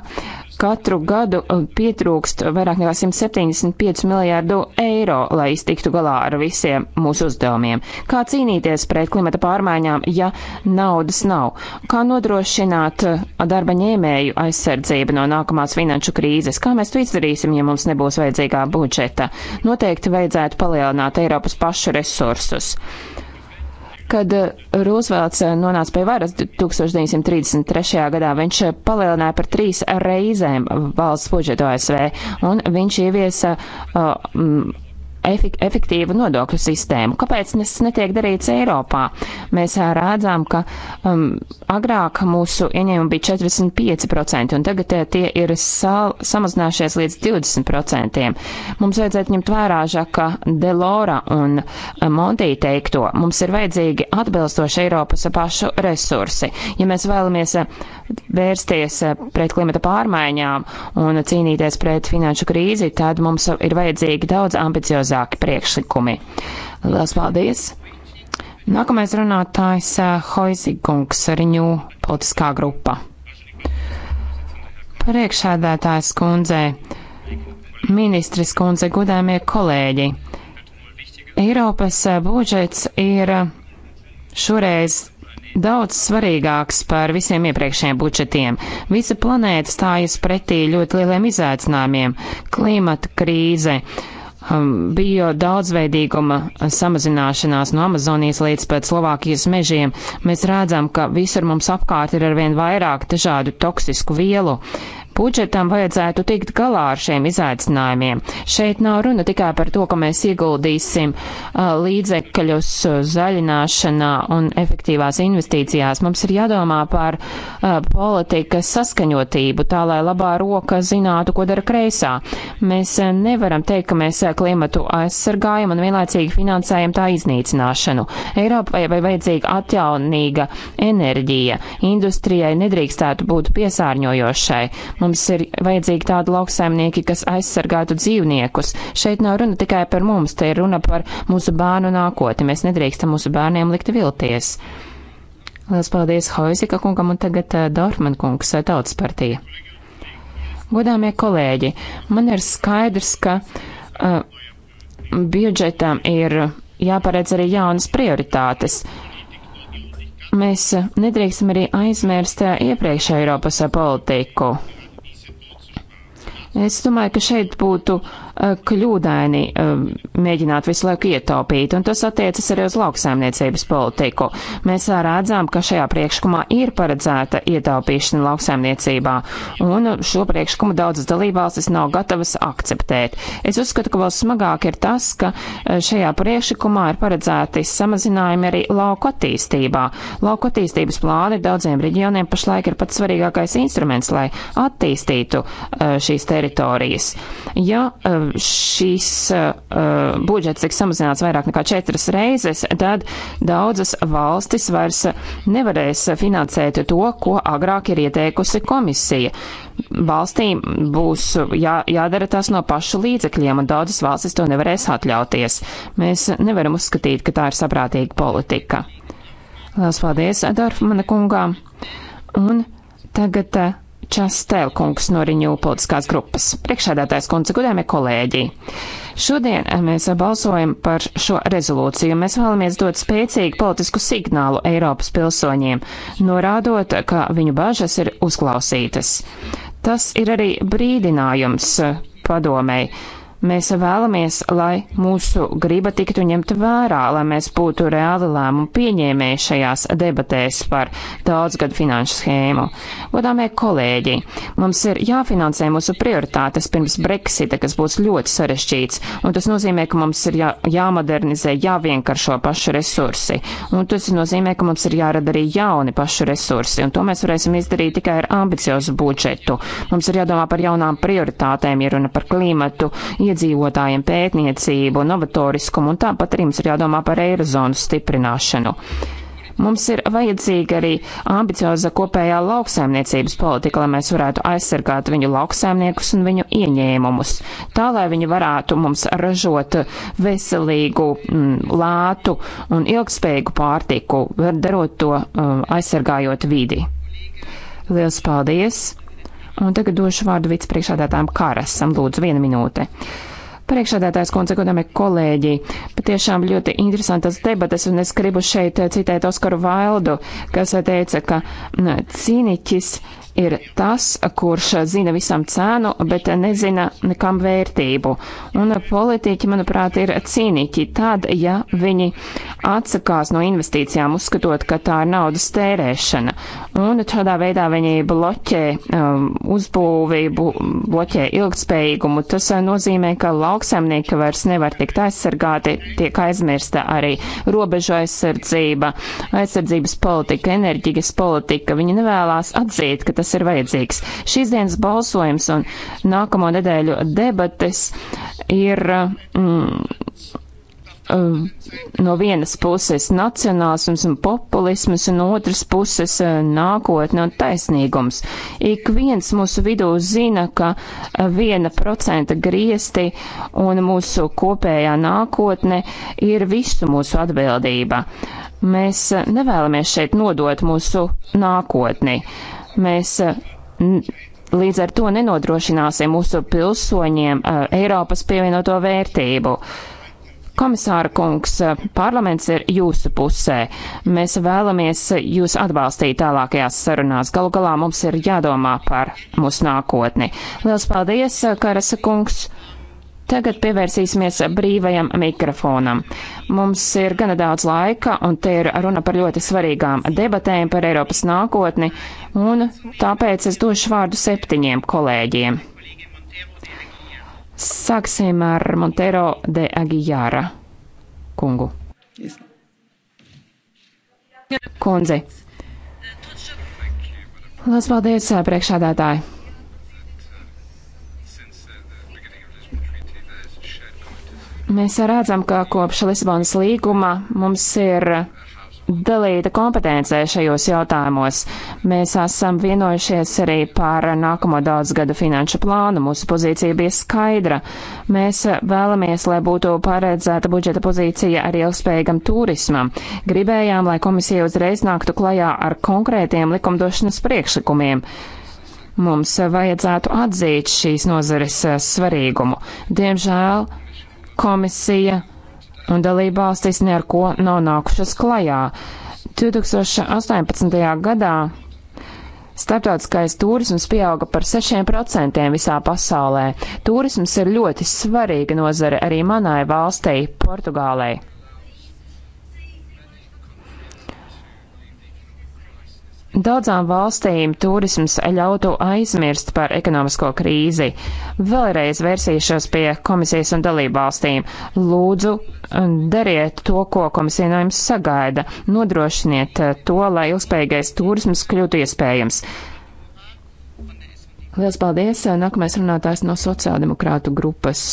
katru gadu eh, pietrūkst vairāk nekā 175 miljārdu eiro, lai iztiktu galā ar visiem mūsu uzdevumiem. Kā cīnīties pret klimata pārmaiņām, ja naudas nav? Kā nodrošināt eh, darba ņēmēju aizsardzību no nākamās finanšu krīzes? Kā mēs to izdarīsim, ja mums nebūs vajadzīgā budžeta? Noteikti vajadzētu palielināt Eiropas pašu resursus. Kad eh, Rūzvelts eh, nonāca pie varas 1933. gadā, viņš eh, palielināja par trīs reizēm valsts budžetu ASV, un viņš ieviesa uh, efektīvu nodokļu sistēmu. Kāpēc tas netiek darīts Eiropā? Mēs rādzām, ka um, agrāk mūsu ieņēmumi bija 45%, un tagad tie ir sal, samazinājušies līdz 20%. Mums vajadzētu ņemt vērā Žaka Delora un Monti teikto. Mums ir vajadzīgi atbilstoši Eiropas pašu resursi. Ja mēs vēlamies vērsties eh, pret klimata pārmaiņām un cīnīties pret finanšu krīzi, tad mums ir vajadzīgi daudz ambiciozāki priekšlikumi. Lielas paldies! Nākamais runātājs eh, Hoizigungs, Riņu politiskā grupa. Priekšādātājs kundze, ministres kundze, godāmie kolēģi. Eiropas eh, budžets ir šoreiz daudz svarīgāks par visiem iepriekšējiem budžetiem. Visa planēta stājas pretī ļoti lieliem izaicinājumiem - klimata krīze, um, bio daudzveidīguma samazināšanās no Amazonijas līdz pat Slovākijas mežiem. Mēs redzam, ka visur mums apkārt ir arvien vairāk dažādu toksisku vielu. Budžetam vajadzētu tikt galā ar šiem izaicinājumiem. Šeit nav runa tikai par to, ka mēs ieguldīsim uh, līdzekļus zaļināšanā un efektīvās investīcijās. Mums ir jādomā par uh, politikas saskaņotību, tā lai labā roka zinātu, ko dara kreisā. Mēs uh, nevaram teikt, ka mēs klimatu aizsargājam un vienlaicīgi finansējam tā iznīcināšanu. Eiropai vai vajadzīga atjaunīga enerģija. Industrijai nedrīkstētu būt piesārņojošai. Mums Mums ir vajadzīgi tādi lauksaimnieki, kas aizsargātu dzīvniekus. Šeit nav runa tikai par mums, te ir runa par mūsu bērnu nākotni. Mēs nedrīkstam mūsu bērniem likt vilties. Lielas paldies Hoizika kungam un tagad eh, Dorfman kungs, eh, Tautas partija. Godāmie kolēģi, man ir skaidrs, ka uh, eh, budžetam ir jāparedz arī jaunas prioritātes. Mēs nedrīkstam arī aizmirst iepriekšējo Eiropas politiku. Es domāju, ka šeit būtu Eh, kļūdaini eh, mēģināt visu laiku ietaupīt, un tas attiecas arī uz lauksaimniecības politiku. Mēs redzam, ka šajā priekšlikumā ir paredzēta ietaupīšana lauksaimniecībā, un šo priekšlikumu daudzas dalībvalstis nav gatavas akceptēt. Es uzskatu, ka vēl smagāk ir tas, ka eh, šajā priekšlikumā ir paredzēti samazinājumi arī lauku attīstībā. Lauku attīstības plāni daudziem reģioniem pašlaik ir pats svarīgākais instruments, lai attīstītu šīs teritorijas. Ja šis uh, uh, budžets tiks samazināts vairāk nekā četras reizes, tad daudzas valstis vairs nevarēs finansēt to, ko agrāk ir ieteikusi komisija. Valstīm būs jā, jādara tas no pašu līdzekļiem, un daudzas valstis to nevarēs atļauties. Mēs nevaram uzskatīt, ka tā ir saprātīga politika. Lielas paldies, Dārfmana kungām! Un tagad uh, Častēlkungs no Riņu politiskās grupas. Priekšādātājs kundze, gudējami kolēģi. Šodien eh, mēs balsojam par šo rezolūciju. Mēs vēlamies dot spēcīgu politisku signālu Eiropas pilsoņiem, norādot, ka viņu bažas ir uzklausītas. Tas ir arī brīdinājums eh, padomēji Mēs vēlamies, lai mūsu griba tiktu ņemta vērā, lai mēs būtu reāli lēmumu pieņēmēji šajās debatēs par daudzgadu finanšu schēmu. Godāmie kolēģi, mums ir jāfinansē mūsu prioritātes pirms Brexita, kas būs ļoti sarežģīts, un tas nozīmē, ka mums ir jā, jāmodernizē, jāvienkāršo pašu resursi, un tas nozīmē, ka mums ir jārada arī jauni pašu resursi, un to mēs varēsim izdarīt tikai ar ambiciozu budžetu. Mums ir jādomā par jaunām prioritātēm, ja runa par klimatu, iedzīvotājiem pētniecību, novatoriskumu un tāpat arī mums ir jādomā par eirozonas stiprināšanu. Mums ir vajadzīga arī ambicioza kopējā lauksaimniecības politika, lai mēs varētu aizsargāt viņu lauksaimniekus un viņu ieņēmumus. Tā, lai viņi varētu mums ražot veselīgu, mm, lātu un ilgspējīgu pārtiku, darot to mm, aizsargājot vidi. Liels paldies! Un tagad došu vārdu vicepriekšādātājiem Kārasam. Lūdzu, viena minūte. Uh, Priekšādātājs kundze, godamie kolēģi, patiešām ļoti interesantas debatas, un es gribu šeit citēt Oskaru Vaildu, kas teica, ka cīniķis ir tas, kurš zina visam cēnu, bet nezina nekam vērtību. Un politiķi, manuprāt, ir cīniķi tad, ja viņi atsakās no investīcijām, uzskatot, ka tā ir naudas tērēšana. Un šādā veidā viņi bloķē um, uzbūvību, bloķē ilgspējīgumu. Tas nozīmē, ka lauk lauksaimnieki vairs nevar tikt aizsargāti, tiek aizmirsta arī robežu aizsardzība, aizsardzības politika, enerģijas politika. Viņi nevēlās atzīt, ka tas ir vajadzīgs. Šīs dienas balsojums un nākamo nedēļu debates ir. Mm, Um, no vienas puses nacionālisms un populisms, un otras puses uh, nākotne un taisnīgums. Ik viens mūsu vidū zina, ka uh, viena procenta griesti un mūsu kopējā nākotne ir visu mūsu atbildība. Mēs uh, nevēlamies šeit nodot mūsu nākotni. Mēs līdz ar to nenodrošināsim mūsu pilsoņiem Eiropas pievienoto vērtību. Uh, Komisāra kungs, parlaments ir jūsu pusē. Mēs vēlamies jūs atbalstīt tālākajās sarunās. Galu galā mums ir jādomā par mūsu nākotni. Liels paldies, Karasa kungs! Tagad pievērsīsimies brīvajam mikrofonam. Mums ir gana daudz laika, un te ir runa par ļoti svarīgām debatēm par Eiropas nākotni, un tāpēc es došu vārdu septiņiem kolēģiem. Sāksim ar Montero de Aguijāra kungu. Kundzi. Lielas paldies, priekšādātāji! Mēs redzam, ka kopš Lisabonas līguma mums ir dalīta kompetencē šajos jautājumos. Mēs esam vienojušies arī par nākamo daudzgadu finanšu plānu. Mūsu pozīcija bija skaidra. Mēs vēlamies, lai būtu paredzēta budžeta pozīcija arī ilgspējīgam turismam. Gribējām, lai komisija uzreiz nāktu klajā ar konkrētiem likumdošanas priekšlikumiem. Mums vajadzētu atzīt šīs nozares svarīgumu. Diemžēl komisija un dalībvalstis ne ar ko nav nākušas klajā. 2018. gadā starptautiskais turisms pieauga par 6% visā pasaulē. Turisms ir ļoti svarīga nozare arī manai valstī, Portugālei. Daudzām valstīm turisms ļautu aizmirst par ekonomisko krīzi. Vēlreiz vērsīšos pie komisijas un dalību valstīm. Lūdzu, um, dariet to, ko komisija no jums sagaida. Nodrošiniet uh, to, lai ilgspējīgais turisms kļūtu iespējams. Lielas paldies! Nākamais runātājs no sociāldemokrātu grupas.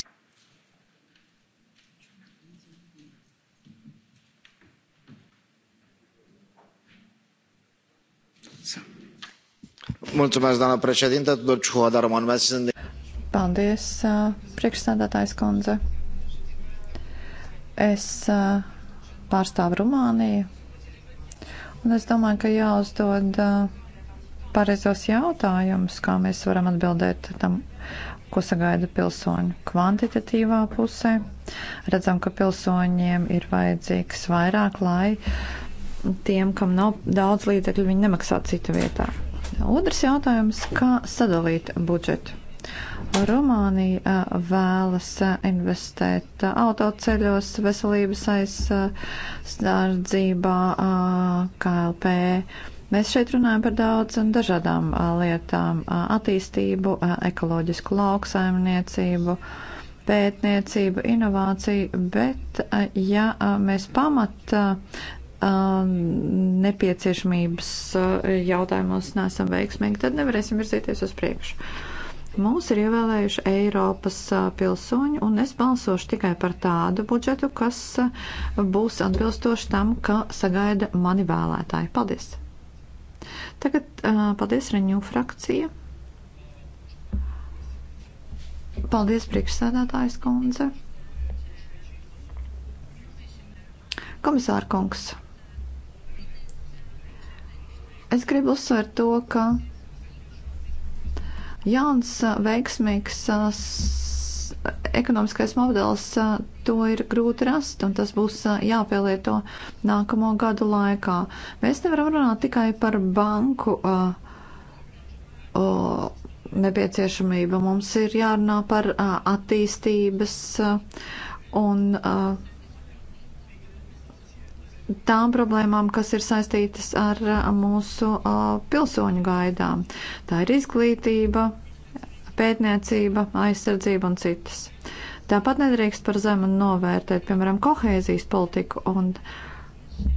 doamnă președintă, Doču Hodarman, mēs esam. Paldies, priekšsēdētājs kundze. Es pārstāvu Rumāniju, un es domāju, ka jāuzdod pareizos jautājumus, kā mēs varam atbildēt tam, ko sagaida pilsoņu kvantitatīvā pusē. Redzam, ka pilsoņiem ir vajadzīgs vairāk, lai tiem, kam nav daudz līdzekļu, viņi nemaksā citu vietā. Otrs jautājums - kā sadalīt budžetu? Rumānija eh, vēlas eh, investēt eh, autoceļos, veselības aizsardzībā, KLP. Mēs šeit runājam par daudz un dažādām lietām - attīstību, ekoloģisku lauksaimniecību, pētniecību, inovāciju, bet ja mēs pamat Um, nepieciešamības uh, jautājumos nesam veiksmīgi, tad nevarēsim virzīties uz priekšu. Mūs ir ievēlējuši Eiropas uh, pilsoņi, un es balsošu tikai par tādu budžetu, kas uh, būs atbilstoši tam, ka sagaida mani vēlētāji. Paldies! Tagad paldies Reņu frakcija. Paldies, priekšsēdētājs kundze. Komisāra kungs. Es gribu uzsvērt to, ka jauns veiksmīgs ekonomiskais modelis to ir grūti rast, un tas būs jāpielieto nākamo gadu laikā. Mēs nevaram runāt tikai par banku nepieciešamību. Mums ir jārunā par attīstības un uh, tām problēmām, kas ir saistītas ar mūsu pilsoņu gaidām. Tā ir izglītība, pētniecība, aizsardzība un citas. Tāpat nedrīkst par zemu novērtēt, piemēram, kohēzijas politiku un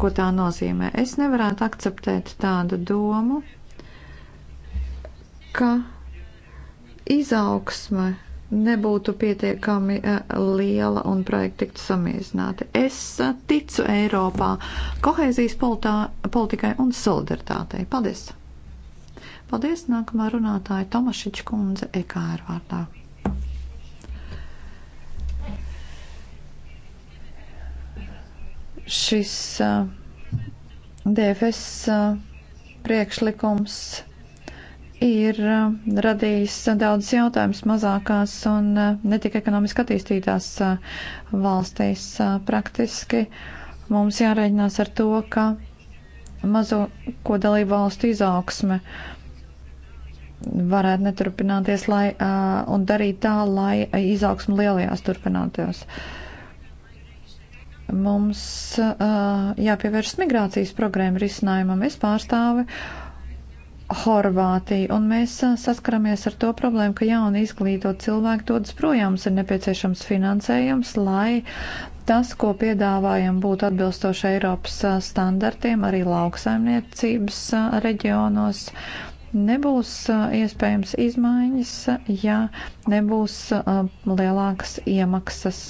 ko tā nozīmē. Es nevarētu akceptēt tādu domu, ka izaugsme nebūtu pietiekami eh, liela un projekti tiktu samīsināti. Es eh, ticu Eiropā kohēzijas politā, politikai un solidaritātei. Paldies! Paldies! Nākamā runātāja Tomašiņš kundze EKR vārdā. Šis uh, eh, DFS uh, priekšlikums ir eh, radījis daudz jautājumus mazākās un eh, ne tikai ekonomiski attīstītās eh, valstīs. Praktiski mums jārēķinās ar to, ka mazo ko dalību valstu izaugsme varētu neturpināties lai, un darīt tā, lai izaugsme lielajās turpinātos. Mums jāpievērš migrācijas programmu risinājumam. Es pārstāvu Horvātiju, un mēs saskaramies ar to problēmu, ka jauni izglītot cilvēki dodas projām, ir nepieciešams finansējums, lai tas, ko piedāvājam, būtu atbilstoši Eiropas standartiem arī lauksaimniecības reģionos. Nebūs iespējams izmaiņas, ja nebūs lielākas iemaksas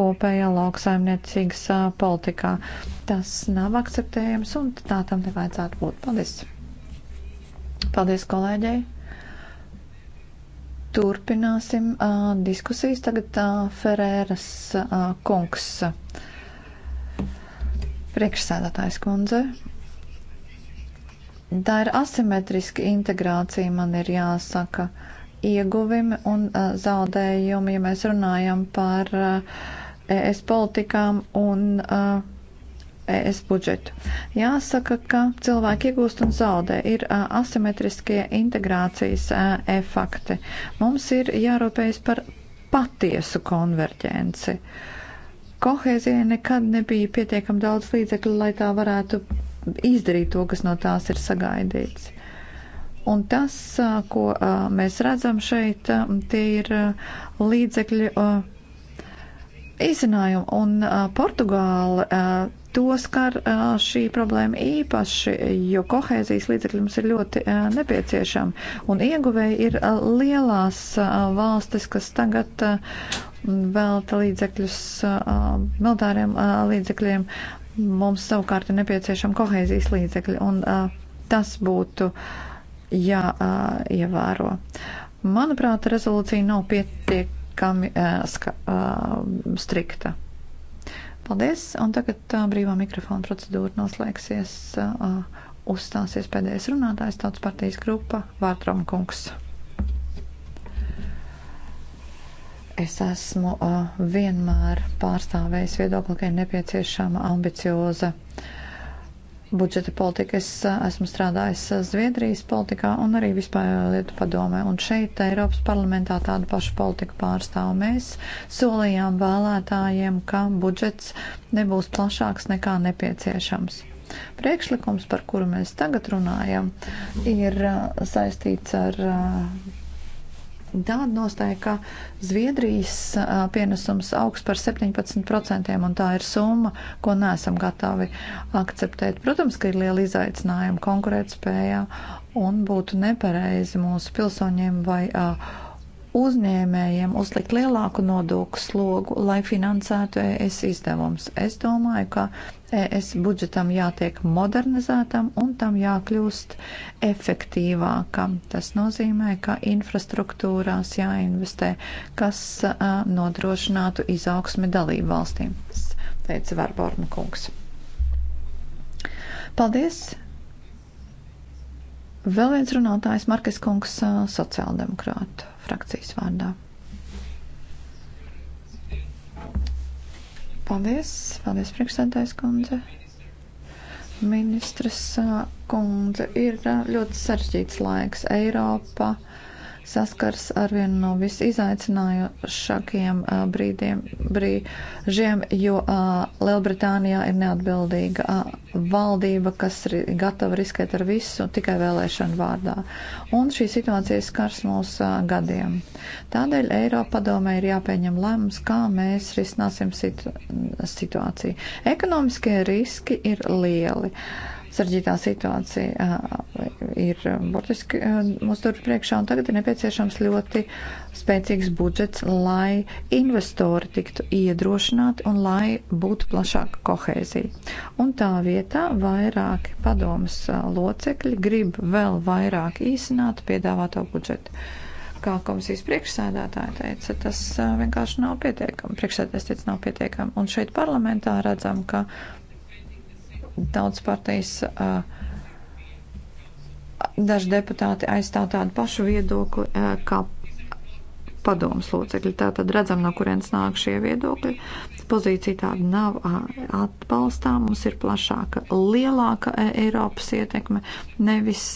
kopējā lauksaimniecības politikā. Tas nav akceptējams un tā tam nevajadzētu būt. Paldies! Paldies kolēģei. Turpināsim uh, diskusijas. Tagad uh, Ferēras uh, kungs. Priekšsēdētājs kundze. Tā ir asimetriska integrācija, man ir jāsaka, ieguvimi un uh, zaudējumi, ja mēs runājam par uh, ES politikām un uh, ES budžetu. Jāsaka, ka cilvēki iegūst un zaudē. Ir asimetriskie integrācijas efekti. Mums ir jārūpējas par patiesu konverģenci. Kohēzijai nekad nebija pietiekami daudz līdzekļu, lai tā varētu izdarīt to, kas no tās ir sagaidīts. Un tas, ko mēs redzam šeit, tie ir līdzekļi izcinājumu, un Portugāli to skar šī problēma īpaši, jo kohēzijas līdzekļi mums ir ļoti nepieciešami. Un ieguvēji ir lielās valstis, kas tagad velta līdzekļus militāriem līdzekļiem. Mums savukārt ir nepieciešama kohēzijas līdzekļi, un tas būtu jāievēro. Manuprāt, rezolūcija nav pietiek pietiekami uh, ska, uh, strikta. Paldies, un tagad uh, brīvā mikrofona procedūra noslēgsies. Uh, uzstāsies pēdējais runātājs tautas partijas grupa Vārtrom kungs. Es esmu uh, vienmēr pārstāvējis viedokli, ka ir nepieciešama ambicioza uh, budžeta politika. Es esmu strādājis Zviedrijas politikā un arī vispārējo lietu padomē. Un šeit Eiropas parlamentā tādu pašu politiku pārstāv. Mēs solījām vēlētājiem, ka budžets nebūs plašāks nekā nepieciešams. Priekšlikums, par kuru mēs tagad runājam, ir saistīts ar tāda nostāja, ka Zviedrijas pienesums augsts par 17%, un tā ir summa, ko neesam gatavi akceptēt. Protams, ka ir liela izaicinājuma konkurētspējā, un būtu nepareizi mūsu pilsoņiem vai uzņēmējiem uzlikt lielāku nodokļu slogu, lai finansētu ES izdevums. Es domāju, ka ES budžetam jātiek modernizētam un tam jākļūst efektīvākam. Tas nozīmē, ka infrastruktūrās jāinvestē, kas nodrošinātu izaugsmi dalību valstīm, teica Verborna kungs. Paldies! Vēl viens runātājs Markes kungs sociāldemokrātu frakcijas vārdā. Paldies, paldies priekšsēdājas kundze. Ministras kundze ir ļoti sarežģīts laiks Eiropa saskars ar vienu no visizaicinājošākajiem brīdiem, brīžiem, jo Lielbritānijā ir neatbildīga valdība, kas ir gatava riskēt ar visu tikai vēlēšanu vārdā. Un šī situācija skars mūs gadiem. Tādēļ Eiropa padomē ir jāpieņem lēmums, kā mēs risināsim situ situāciju. Ekonomiskie riski ir lieli. Uh, sarģītā situācija ir burtiski mūsu durvju priekšā, un tagad ir nepieciešams ļoti spēcīgs budžets, lai investori tiktu iedrošināti un lai būtu plašāka kohēzija. Un tā vietā vairāki padomas locekļi grib vēl vairāk īsināt piedāvāto budžetu. Kā komisijas priekšsēdētāja teica, tas vienkārši nav pietiekami. Priekšsēdētājs teica, nav pietiekami. Un šeit parlamentā redzam, ka tautas partijas daži deputāti aizstāv tādu pašu viedokli kā padomas locekļi. Tātad redzam, no kurienes nāk šie viedokļi. Pozīcija tāda nav atbalstām. Mums ir plašāka, lielāka Eiropas ietekme, nevis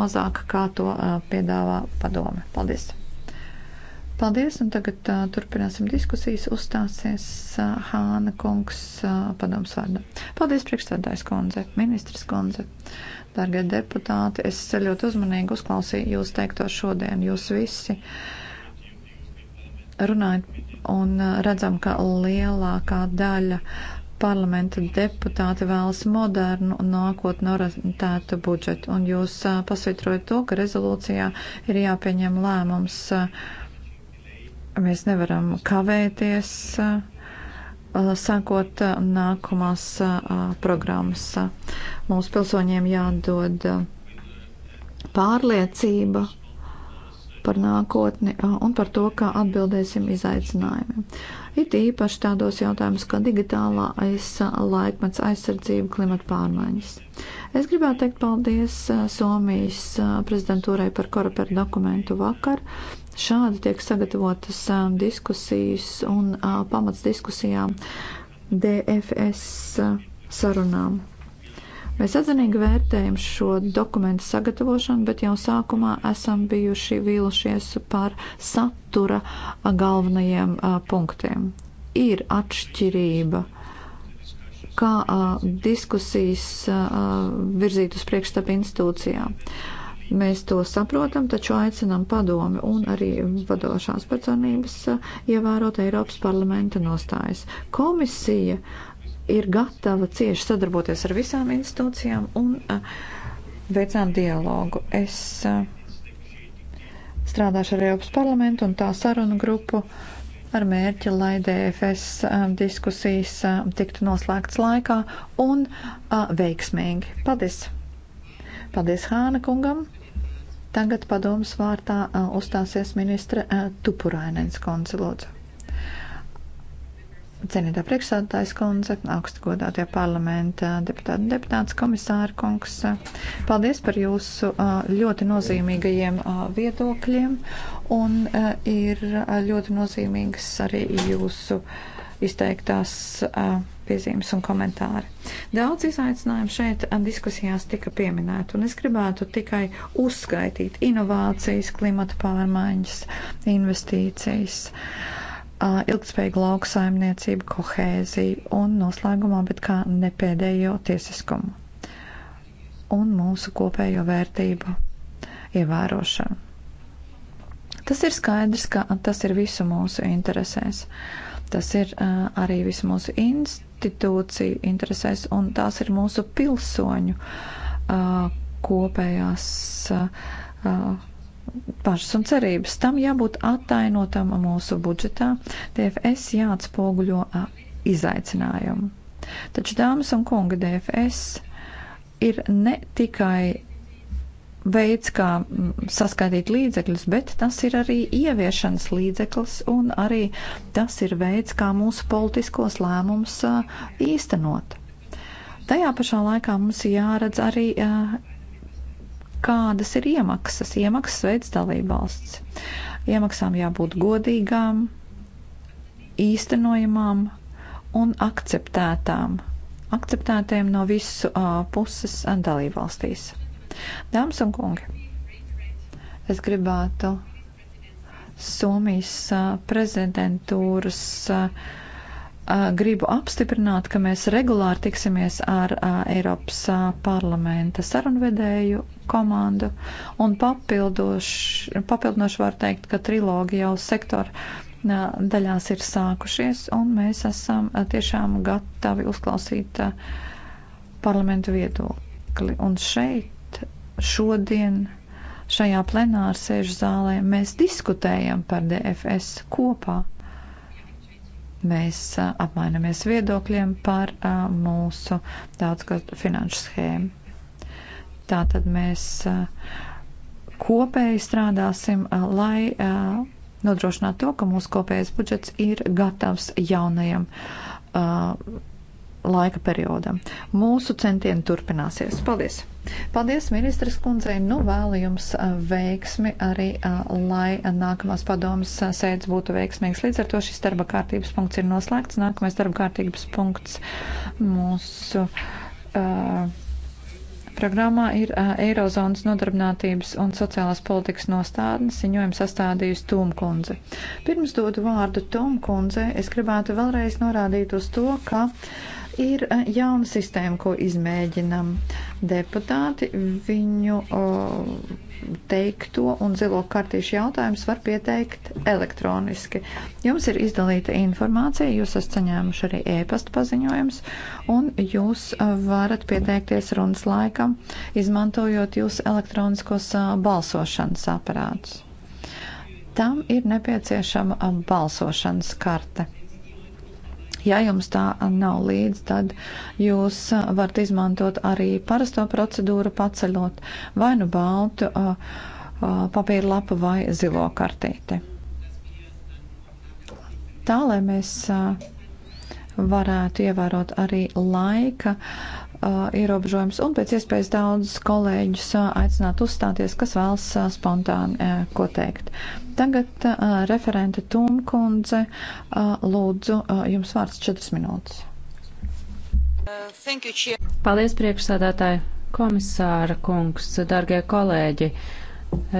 mazāka, kā to piedāvā padome. Paldies! Paldies, un tagad uh, turpināsim diskusijas. Uzstāsies uh, Hāna kungs uh, padoms vārdā. Paldies, priekšstādājs kundze, ministrs kundze, dargie deputāti. Es ļoti uzmanīgi uzklausīju jūs teikto šodien. Jūs visi runājat un uh, redzam, ka lielākā daļa parlamenta deputāti vēlas modernu un nākotnē orientētu budžetu. Un jūs uh, pasvitrojat to, ka rezolūcijā ir jāpieņem lēmums. Uh, Mēs nevaram kavēties, sākot nākamās programmas. Mūsu pilsoņiem jādod pārliecība par nākotni un par to, kā atbildēsim izaicinājumiem. It īpaši tādos jautājumus kā digitālā aiz, laikmets aizsardzība, klimata pārmaiņas. Es gribētu teikt paldies Somijas prezidentūrai par koreperu dokumentu vakar Šādi tiek sagatavotas diskusijas un pamats diskusijām DFS sarunām. Mēs atzinīgi vērtējam šo dokumentu sagatavošanu, bet jau sākumā esam bijuši vīlušies par satura galvenajiem punktiem. Ir atšķirība, kā diskusijas virzīt uz priekšstāp institūcijām. Mēs to saprotam, taču aicinām padomi un arī vadošās personības uh, ievērot Eiropas parlamenta nostājas. Komisija ir gatava cieši sadarboties ar visām institūcijām un uh, veicām dialogu. Es uh, strādāšu ar Eiropas parlamentu un tā sarunu grupu ar mērķi, lai DFS diskusijas tiktu noslēgts laikā un veiksmīgi. Paldies! Paldies Hāna kungam! Tagad padomas vārtā uzstāsies ministre Tupurainens konce lūdzu. Cienītā priekšsādātājs kundze, augstu godātie parlamenta deputāti, deputāts komisāra kungs, paldies par jūsu ļoti nozīmīgajiem viedokļiem un ir ļoti nozīmīgas arī jūsu uh, izteiktās piezīmes un komentāri. Daudz izaicinājumu šeit diskusijās tika pieminēta, un es gribētu tikai uzskaitīt inovācijas, klimata pārmaiņas, investīcijas, ilgspējīgu lauksaimniecību, kohēziju un noslēgumā, bet kā nepēdējo tiesiskumu un mūsu kopējo vērtību ievērošanu. Tas ir skaidrs, ka tas ir visu mūsu interesēs. Uh, Tas ir uh, arī visu mūsu institūciju interesēs, un tās ir mūsu pilsoņu uh, kopējās uh, pašas un cerības. Tam jābūt attainotam mūsu budžetā. DFS jāatspoguļo uh, izaicinājumu. Taču, dāmas un kungi, DFS ir ne tikai veids, kā mm, saskaitīt līdzekļus, bet tas ir arī ieviešanas līdzeklis un arī tas ir veids, kā mūsu politiskos lēmumus īstenot. Tajā pašā laikā mums jāredz arī kādas ir iemaksas. Iemaksas veids dalībvalsts. Iemaksām jābūt godīgām, īstenojamām un akceptētām. Akceptētiem no visu uh, puses dalībvalstīs. Dāmas un kungi, es gribētu Somijas prezidentūras gribu apstiprināt, ka mēs regulāri tiksimies ar Eiropas parlamenta sarunvedēju komandu un papildinoši var teikt, ka trilogi jau sektora daļās ir sākušies un mēs esam tiešām gatavi uzklausīt parlamentu viedokli. Un šeit šodien šajā plenāra sēžu zālē mēs diskutējam par DFS kopā. Mēs apmainamies viedokļiem par mūsu daudzgad finanšu schēmu. Tātad mēs kopēji strādāsim, lai nodrošinātu to, ka mūsu kopējais budžets ir gatavs jaunajam uh, laika periodam. Mūsu centieni turpināsies. Paldies! Paldies, ministras kundzei! Nu, vēlu jums veiksmi arī, lai nākamās padomas sēdes būtu veiksmīgs. Līdz ar to šis darba kārtības punkts ir noslēgts. Nākamais darba kārtības punkts mūsu. Uh, Programmā ir uh, Eirozonas nodarbinātības un sociālās politikas nostādnes ziņojums sastādījusi Tūmkundze. Pirms dodu vārdu Tūmkundze, es gribētu vēlreiz norādīt uz to, ka uh, ir eh, jauna sistēma, ko izmēģinam. Deputāti viņu o, teikto un zilo kartīšu jautājumus var pieteikt elektroniski. Jums ir izdalīta informācija, jūs esat saņēmuši arī ēpastu paziņojums, un jūs varat pieteikties runas laikam, izmantojot jūsu elektroniskos balsošanas aparātus. Tam ir nepieciešama balsošanas karte. Ja jums tā nav līdz, tad jūs uh, varat izmantot arī parasto procedūru paceļot vai nu baltu uh, uh, papīra lapu vai zilo kartīti. Tā, lai mēs varētu ievērot arī laika Uh, ierobežojums un pēc iespējas daudz kolēģus uh, aicināt uzstāties, kas vēlas uh, spontāni ko teikt. Tagad referente Tūnkundze, lūdzu, jums vārds 4 minūtes. Paldies, priekšsādātāji, komisāra kungs, dargie kolēģi.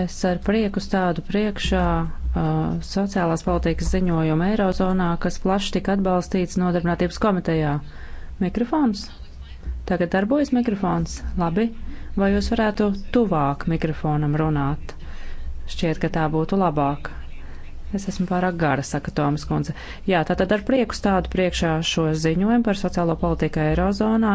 Es ar prieku stādu priekšā uh, sociālās politikas ziņojumu Eirozonā, kas plaši tika atbalstīts nodarbinātības komitejā. Mikrofons? Tagad darbojas mikrofons. Labi. Vai jūs varētu tuvāk mikrofonam runāt? Šķiet, ka tā būtu labāk. Es esmu pārāk gara, saka Tomas Kunze. Jā, tātad ar prieku stādu priekšā šo ziņojumu par sociālo politiku Eirozonā.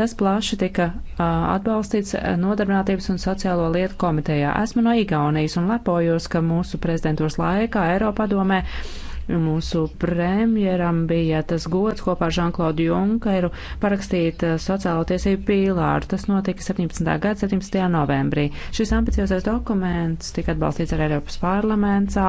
Tas plaši tika uh, atbalstīts Nodarbinātības un sociālo lietu komitejā. Esmu no Igaunijas un lepojos, ka mūsu prezidentūras laikā Eiropadomē uh, Mūsu premjeram bija tas gods kopā ar Žanklodu Junkeru parakstīt eh, sociālo tiesību pīlāru. Tas notika 17. gada 17. novembrī. Šis ambiciozais dokuments tika atbalstīts ar Eiropas parlamentā,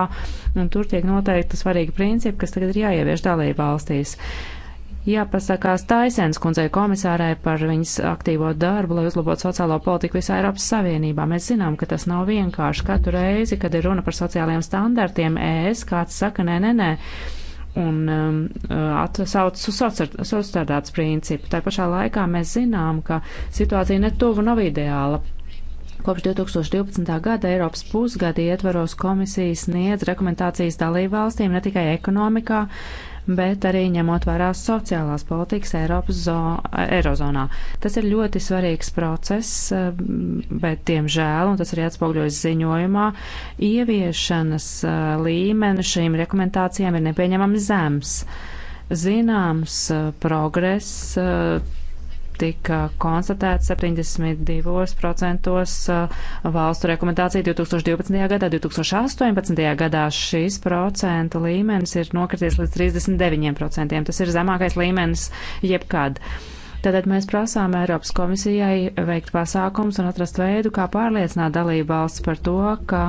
un tur tiek noteikti svarīgi principi, kas tagad ir jāievieš dalību valstīs. Uh, jāpasakās Taisens kundzei komisārai par viņas aktīvo darbu, lai uzlabotu sociālo politiku visā Eiropas Savienībā. Mēs zinām, ka tas nav vienkārši. Katru reizi, kad ir runa par sociālajiem standartiem, ES kāds saka, nē, nē, nē. Un um, atsaucas uz sociālās principu. Tā pašā laikā mēs zinām, ka situācija netuvu nav ideāla. Kopš 2012. gada Eiropas pusgada ietvaros komisijas sniedz rekomendācijas dalību valstīm ne tikai ekonomikā, bet arī ņemot vērā sociālās politikas Eiropas Eirozonā. Tas ir ļoti svarīgs process, eh, bet, diemžēl, un tas arī atspogļojas ziņojumā, ieviešanas eh, līmeni šīm rekomendācijām ir nepieņemami zems zināms eh, progress tika konstatēts 72% uh, valstu rekomendācija 2012. gadā, 2018. gadā šīs procenta līmenis ir nokrities līdz 39%. Tas ir zemākais līmenis jebkad. Uh, Tātad mēs prasām Eiropas komisijai veikt pasākums un atrast veidu, kā pārliecināt dalību valsts par to, ka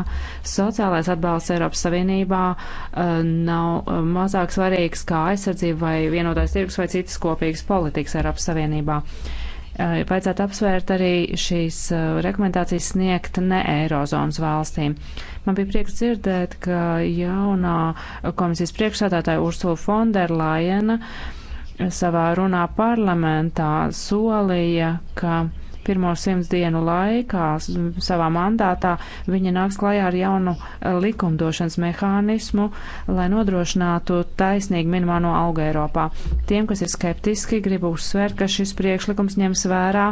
sociālais atbalsts Eiropas Savienībā uh, nav uh, mazāk svarīgs kā aizsardzība vai vienotais tirgus vai citas kopīgas politikas Eiropas Savienībā. Uh, Paidzētu apsvērt arī šīs uh, rekomendācijas sniegt ne Eirozonas valstīm. Man bija prieks dzirdēt, ka jaunā komisijas priekšsādātāja Ursula Fonderlajena uh, savā runā parlamentā solīja, ka pirmo simts dienu laikā savā mandātā viņa nāks klajā ar jaunu eh, likumdošanas mehānismu, lai nodrošinātu taisnīgu minimālo algu Eiropā. Tiem, kas ir skeptiski, gribu uzsvērt, ka šis priekšlikums ņems vērā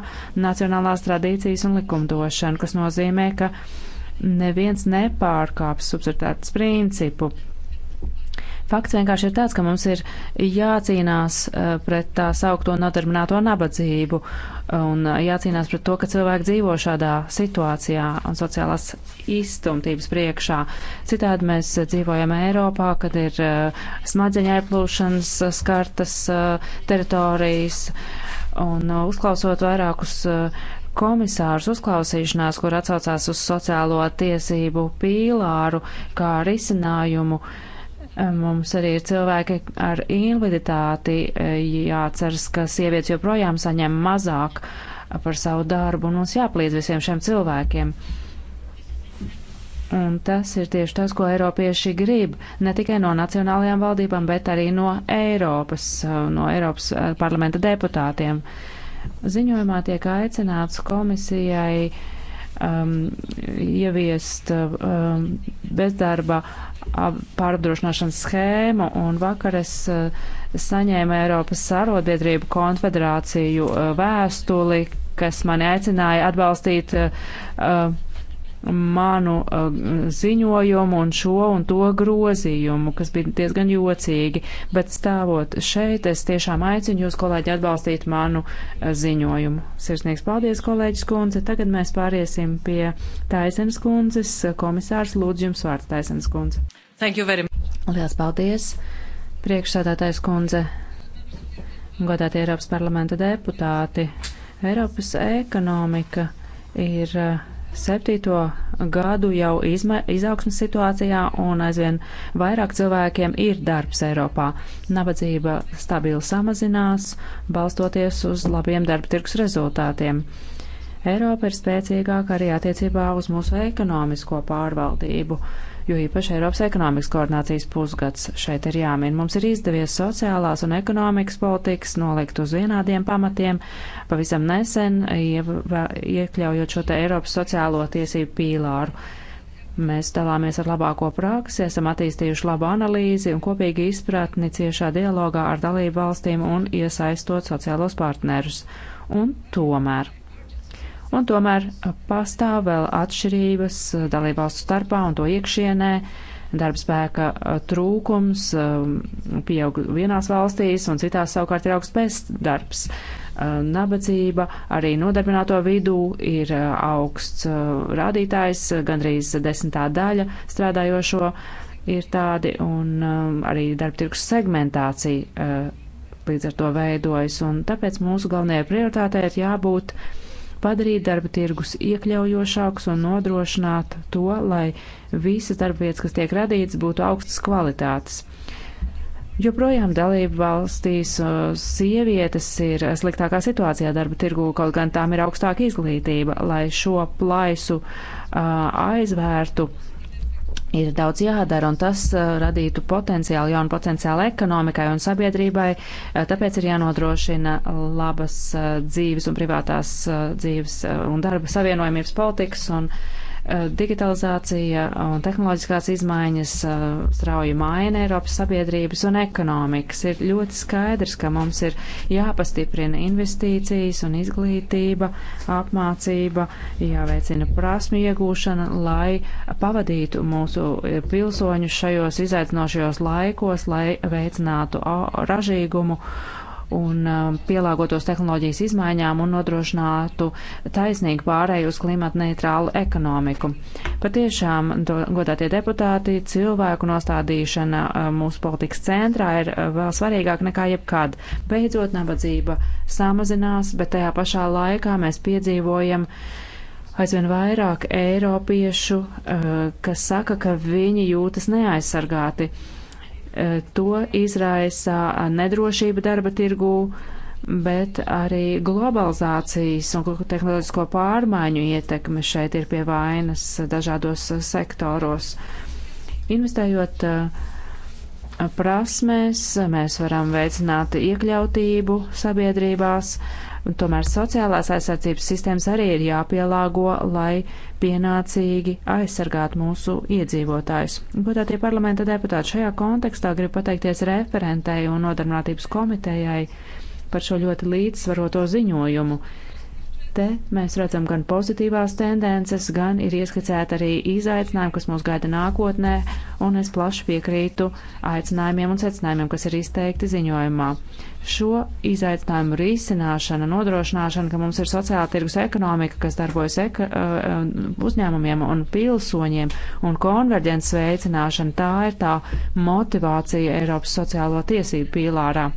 nacionālās tradīcijas un likumdošanu, kas nozīmē, ka neviens nepārkāps subsidētas principu. Fakts vienkārši ir tāds, ka mums ir jācīnās eh, pret tā saukto nodarbināto nabadzību un eh, jācīnās pret to, ka cilvēki dzīvo šādā situācijā un sociālās izstumtības priekšā. Citādi mēs eh, dzīvojam Eiropā, kad ir smadzeņa aizplūšanas skartas teritorijas un uzklausot vairākus komisārs uzklausīšanās, kur atsaucās uz sociālo tiesību pīlāru kā risinājumu, uh, Mums arī ir cilvēki ar invaliditāti e, jāceras, ka sievietes joprojām saņem mazāk par savu darbu, un mums jāplīdz visiem šiem cilvēkiem. Un tas ir tieši tas, ko eiropieši grib, ne tikai no nacionālajām valdībām, bet arī no Eiropas, e, no Eiropas e, parlamenta deputātiem. Ziņojumā tiek aicināts komisijai uh, um, ieviest um, bezdarba pārdrošināšanas schēmu, un vakar es uh, saņēmu Eiropas Sārotbiedrību konfederāciju uh, vēstuli, kas mani aicināja atbalstīt uh, uh manu eh, ziņojumu un šo un to grozījumu, kas bija diezgan jocīgi, bet stāvot šeit, es tiešām aicinu jūs, kolēģi, atbalstīt manu eh, ziņojumu. Sirsnīgs paldies, kolēģis kundze. Tagad mēs pāriesim pie Taisenes kundzes. Komisārs lūdzu jums vārds, Taisenes kundze. Thank you very much. Lielas paldies, priekšsādātais kundze, godātie Eiropas parlamenta deputāti. Eiropas ekonomika ir uh, septīto gadu jau izma, izaugsmas situācijā un aizvien vairāk cilvēkiem ir darbs Eiropā. Nabadzība stabili samazinās, balstoties uz labiem darba tirgus rezultātiem. Eiropa ir spēcīgāka arī attiecībā uz mūsu ekonomisko pārvaldību. Uh, jo īpaši Eiropas ekonomikas koordinācijas pusgads šeit ir jāmin. Mums ir izdevies sociālās un ekonomikas politikas nolikt uz vienādiem pamatiem, pavisam nesen iekļaujot šo te Eiropas sociālo tiesību pīlāru. Mēs dalāmies ar labāko praksi, esam attīstījuši labu analīzi un kopīgi izpratni ciešā dialogā ar dalību valstīm un iesaistot sociālos partnerus. Un tomēr un tomēr uh, pastāv vēl atšķirības uh, dalībvalstu starpā un to iekšienē. Darbspēka uh, trūkums um, pieaug vienās valstīs un citās savukārt ir augsts bezdarbs. Nabadzība arī nodarbināto vidū ir augsts rādītājs, gandrīz desmitā daļa strādājošo ir tādi un um, arī darbtirkus segmentācija līdz ar to veidojas. Un tāpēc mūsu galvenajai prioritātei ir jābūt uh, padarīt darba tirgus iekļaujošāks un nodrošināt to, lai visas darbvietas, kas tiek radītas, būtu augstas kvalitātes. Joprojām dalību valstīs uh, sievietes ir sliktākā situācijā darba tirgū, kaut gan tām ir augstāka izglītība, lai šo plaisu uh, aizvērtu ir daudz jādara, un tas uh, radītu potenciālu, jaunu potenciālu ekonomikai un sabiedrībai. Uh, tāpēc ir jānodrošina labas uh, dzīves un privātās dzīves un darba savienojumības politikas un Eh, digitalizācija un tehnoloģiskās izmaiņas eh, strauji maina Eiropas sabiedrības un ekonomikas. Ir ļoti skaidrs, ka mums ir jāpastiprina investīcijas un izglītība, apmācība, jāveicina prasmu iegūšana, lai pavadītu mūsu eh, pilsoņus šajos izaicinošajos laikos, lai veicinātu ražīgumu un um, pielāgotos tehnoloģijas izmaiņām un nodrošinātu taisnīgu pārēju uz klimatu neitrālu ekonomiku. Patiešām, godātie deputāti, cilvēku nostādīšana um, mūsu politikas centrā ir uh, vēl svarīgāk nekā jebkad. Beidzot, nabadzība samazinās, bet tajā pašā laikā mēs piedzīvojam aizvien vairāk eiropiešu, uh, kas saka, ka viņi jūtas neaizsargāti. E, to izraisa nedrošība darba tirgū, bet arī globalizācijas un tehnoloģisko pārmaiņu ietekme šeit ir pie vainas dažādos sektoros. Investējot e, prasmēs, mēs varam veicināt iekļautību sabiedrībās, Tomēr sociālās aizsardzības sistēmas arī ir jāpielāgo, lai pienācīgi aizsargātu mūsu iedzīvotājus. Godātie parlamenta deputāti, šajā kontekstā gribu pateikties referentei un nodarbinātības komitejai par šo ļoti līdzsvaroto ziņojumu Te mēs redzam gan pozitīvās tendences, gan ir ieskicēta arī izaicinājumi, kas mūs gaida nākotnē, un es plaši piekrītu aicinājumiem un secinājumiem, kas ir izteikti ziņojumā. Šo izaicinājumu risināšana, nodrošināšana, ka mums ir sociāla tirgus ekonomika, kas darbojas eka, uh, uzņēmumiem un pilsoņiem, un konverģences veicināšana, tā ir tā motivācija Eiropas sociālo tiesību pīlārā.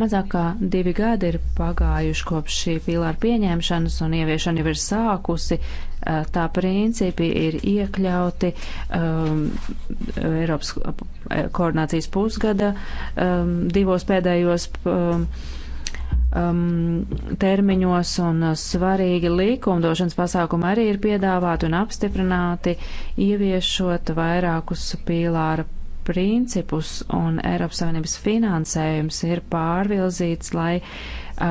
Mazāk kā divi gadi ir pagājuši kopš šī pīlāra pieņemšanas un ieviešana jau ir sākusi. Eh, tā principi ir iekļauti um, Eiropas eh, koordinācijas pusgada um, divos pēdējos. Um, um, termiņos un svarīgi likumdošanas pasākumi arī ir piedāvāti un apstiprināti, ieviešot vairākus pīlāra principus un Eiropas Savienības finansējums ir pārvilzīts, lai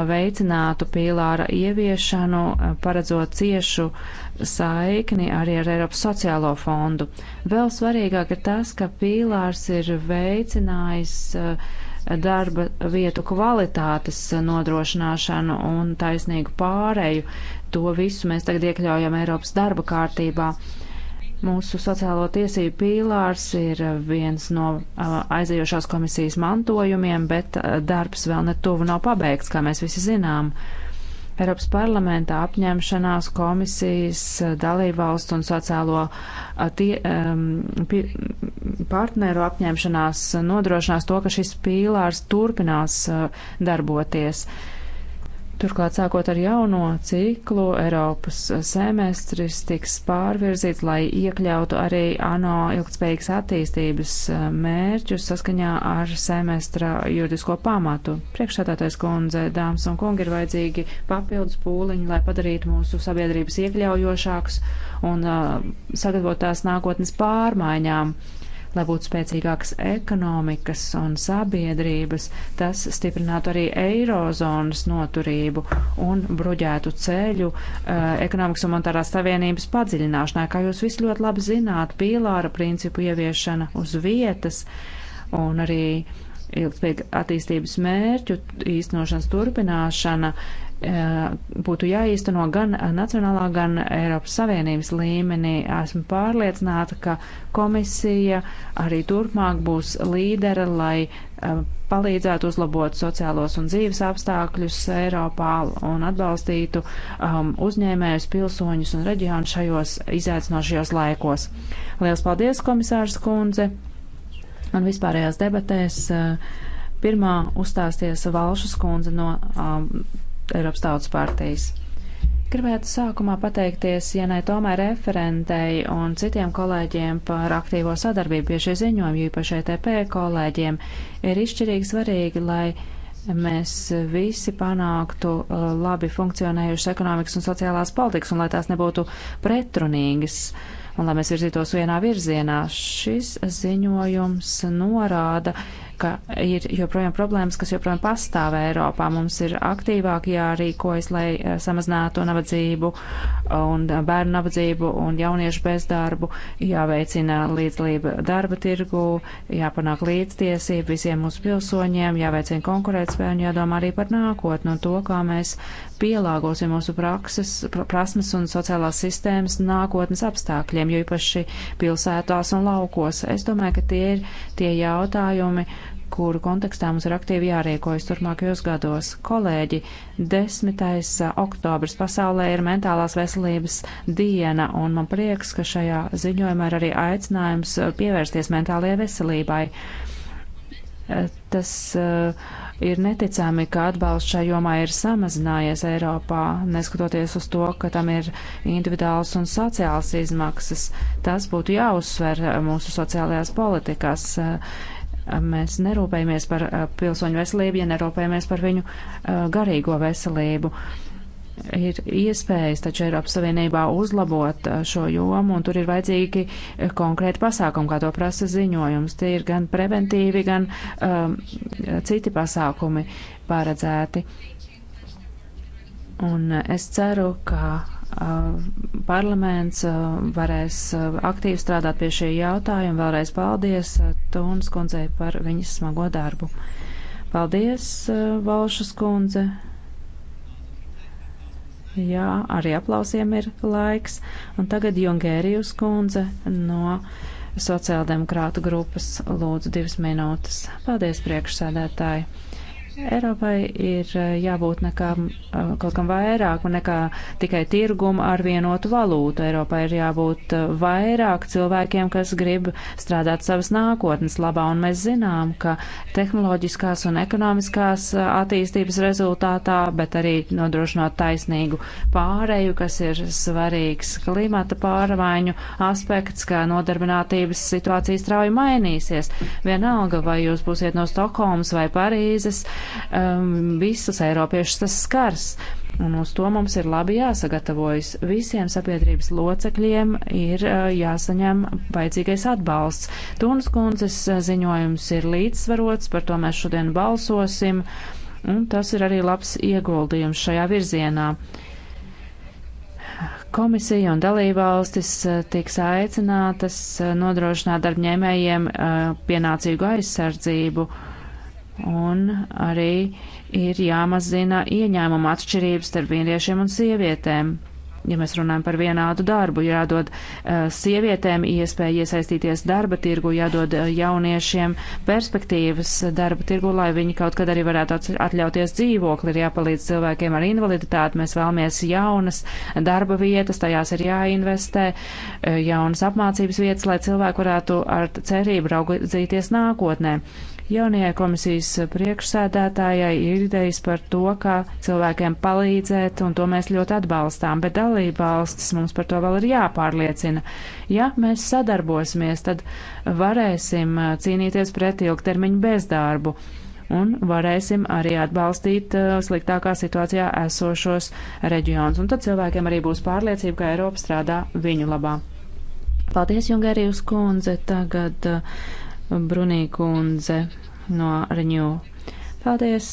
veicinātu pīlāra ieviešanu, paredzot ciešu saikni arī ar Eiropas sociālo fondu. Vēl svarīgāk ir tas, ka pīlārs ir veicinājis darba vietu kvalitātes nodrošināšanu un taisnīgu pāreju. To visu mēs tagad iekļaujam Eiropas darba kārtībā. Mūsu sociālo tiesību pīlārs ir viens no aizējošās komisijas mantojumiem, bet darbs vēl netuvu nav pabeigts, kā mēs visi zinām. Eiropas parlamentā apņemšanās komisijas dalībvalstu un sociālo tie, um, pi, partneru apņemšanās nodrošinās to, ka šis pīlārs turpinās uh, darboties. Uh, Turklāt, sākot ar jauno ciklu, Eiropas semestris tiks pārvirzīts, lai iekļautu arī ANO ilgtspējīgas attīstības eh, mērķus saskaņā ar semestra juridisko pamatu. Priekšsādātais kundze, dāmas un kungi, ir vajadzīgi papildus pūliņi, lai padarītu mūsu sabiedrības iekļaujošāks un uh, sagatavot tās nākotnes pārmaiņām. Uh, lai būtu spēcīgākas ekonomikas un sabiedrības, tas stiprinātu arī eirozonas noturību un bruģētu ceļu eh, ekonomikas un monetārās savienības padziļināšanai. Kā jūs visi ļoti labi zināt, pīlāra principu ieviešana uz vietas un arī ilgspējīga attīstības mērķu īstenošanas turpināšana Eh, būtu jāīsteno gan nacionālā, gan Eiropas Savienības līmenī. Esmu pārliecināta, ka komisija arī turpmāk būs līdera, lai eh, palīdzētu uzlabot sociālos un dzīves apstākļus Eiropā un atbalstītu um, uzņēmējus, pilsoņus un reģionus šajos izaicinošajos laikos. Lielas paldies, komisārs Kundze! Un vispārējās debatēs uh, pirmā uzstāsties Valšas kundze no um, Eiropas Tautas partijas. Gribētu sākumā pateikties Janai Tomai referentei un citiem kolēģiem par aktīvo sadarbību pie šī ziņojuma, jo īpaši ETP kolēģiem ir izšķirīgi svarīgi, lai mēs visi panāktu uh, labi funkcionējušas ekonomikas un sociālās politikas un lai tās nebūtu pretrunīgas un lai mēs virzītos vienā virzienā. Šis ziņojums norāda, ka ir joprojām problēmas, kas joprojām pastāv Eiropā. Mums ir aktīvāk jārīkojas, lai eh, samazinātu nabadzību un bērnu nabadzību un jauniešu bezdarbu, jāveicina līdzlība darba tirgu, jāpanāk līdztiesība visiem mūsu pilsoņiem, jāveicina konkurētspēja un jādomā arī par nākotnu un to, kā mēs pielāgosim mūsu prakses, prasmes un sociālās sistēmas nākotnes apstākļiem, jo īpaši pilsētās un laukos. Es domāju, ka tie ir tie jautājumi, kuru kontekstā mums ir aktīvi jārīkojas turpmākajos gados. Kolēģi, 10. oktobris pasaulē ir mentālās veselības diena, un man prieks, ka šajā ziņojumā ir arī aicinājums pievērsties mentālajai veselībai. Tas uh, Ir neticami, ka atbalsts šajā jomā ir samazinājies Eiropā, neskatoties uz to, ka tam ir individuāls un sociāls izmaksas. Tas būtu jāuzsver mūsu sociālajās politikās mēs nerūpējamies par pilsoņu veselību, ja nerūpējamies par viņu eh, garīgo veselību ir iespējas taču Eiropas Savienībā uzlabot uh, šo jomu, un tur ir vajadzīgi uh, konkrēti pasākumi, kā to prasa ziņojums. Tie ir gan preventīvi, gan um, citi pasākumi paredzēti. Un uh, es ceru, ka uh, parlaments uh, varēs uh, aktīvi strādāt pie šī jautājuma. Vēlreiz paldies uh, Tūnas kundzei par viņas smago darbu. Paldies, uh, Valšas kundze! Jā, arī aplausiem ir laiks. Un tagad Jungērijus kundze no sociāldemokrātu grupas lūdzu divas minūtes. Paldies, priekšsēdētāji! Eiropai ir eh, jābūt nekam, eh, kaut kam vairāk nekā tikai tirguma ar vienotu valūtu. Eiropai ir jābūt eh, vairāk cilvēkiem, kas grib strādāt savas nākotnes labā, un mēs zinām, ka tehnoloģiskās un ekonomiskās attīstības rezultātā, bet arī nodrošinot taisnīgu pāreju, kas ir svarīgs klimata pārmaiņu aspekts, ka nodarbinātības situācija strauji mainīsies. Vienalga, vai jūs būsiet no Stokholmas vai Parīzes, um, visus eiropiešus tas skars. Un uz to mums ir labi jāsagatavojas. Visiem sabiedrības locekļiem ir uh, jāsaņem vajadzīgais atbalsts. Tunas kundzes uh, ziņojums ir līdzsvarots, par to mēs šodien balsosim, un tas ir arī labs ieguldījums šajā virzienā komisija un dalībvalstis uh, tiks aicinātas uh, nodrošināt darbņēmējiem pienācīgu aizsardzību. Uh, Un arī ir jāmazina ieņēmuma atšķirības starp vīriešiem un sievietēm. Ja mēs runājam par vienādu darbu, jādod uh, sievietēm iespēju iesaistīties darba tirgu, jādod uh, jauniešiem perspektīvas darba tirgu, lai viņi kaut kad arī varētu atļauties dzīvokli, ir jāpalīdz cilvēkiem ar invaliditāti, mēs vēlamies jaunas darba vietas, tajās ir jāinvestē, uh, jaunas apmācības vietas, lai cilvēki varētu ar cerību raugzīties nākotnē. Uh, Jaunajai komisijas priekšsēdētājai ir idejas par to, kā cilvēkiem palīdzēt, un to mēs ļoti atbalstām, bet dalībvalstis mums par to vēl ir jāpārliecina. Ja mēs sadarbosimies, tad varēsim uh, cīnīties pret ilgtermiņu bezdarbu un varēsim arī atbalstīt uh, sliktākā situācijā esošos reģionus. Un tad cilvēkiem arī būs pārliecība, ka Eiropa strādā viņu labā. Paldies, Jungerijus kundze. Tagad uh, Brunī kundze no Reņū. Paldies,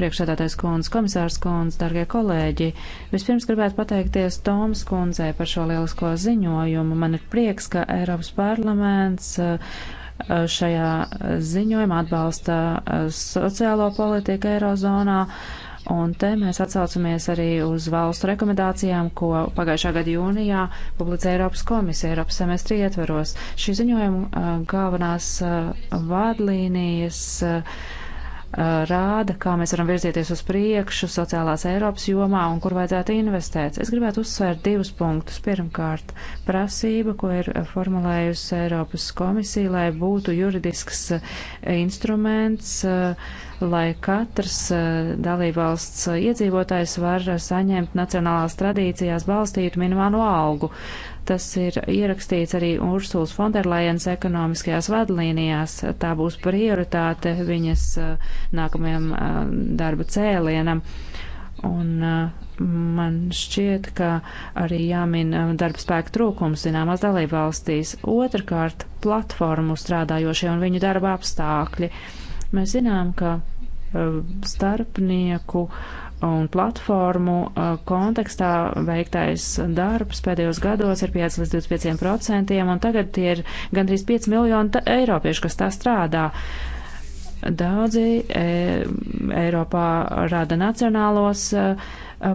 priekšsēdātais kundze, komisārs kundze, dargie kolēģi. Vispirms gribētu pateikties Toms kundzei par šo lielisko ziņojumu. Man ir prieks, ka Eiropas parlaments šajā ziņojumā atbalsta sociālo politiku Eirozonā Un te mēs atsaucamies arī uz valstu rekomendācijām, ko pagājušā gada jūnijā publicēja Eiropas komisija Eiropas semestri ietvaros. Šī ziņojuma uh, galvenās uh, vārdlīnijas uh, Uh, rāda, kā mēs varam virzieties uz priekšu sociālās Eiropas jomā un kur vajadzētu investēt. Es gribētu uzsvērt divus punktus. Pirmkārt, prasība, ko ir formulējusi Eiropas komisija, lai būtu juridisks uh, instruments, uh, lai katrs dalībvalsts iedzīvotājs var saņemt nacionālās tradīcijās balstītu minimālo algu. Tas ir ierakstīts arī Ursulas Fonderlajens ekonomiskajās vadlīnijās. Tā būs prioritāte viņas uh, nākamajam uh, darba cēlienam. Un uh, man šķiet, ka arī jāmin darba spēka trūkums zināmās dalībvalstīs. Otrakārt, platformu strādājošie un viņu darba apstākļi. Mēs zinām, ka starpnieku uh, un platformu uh, kontekstā veiktais darbs pēdējos gados ir 5 līdz 25 procentiem, un tagad tie ir gandrīz 5 miljoni eiropiešu, kas tā strādā. Daudzi e, Eiropā rada nacionālos e,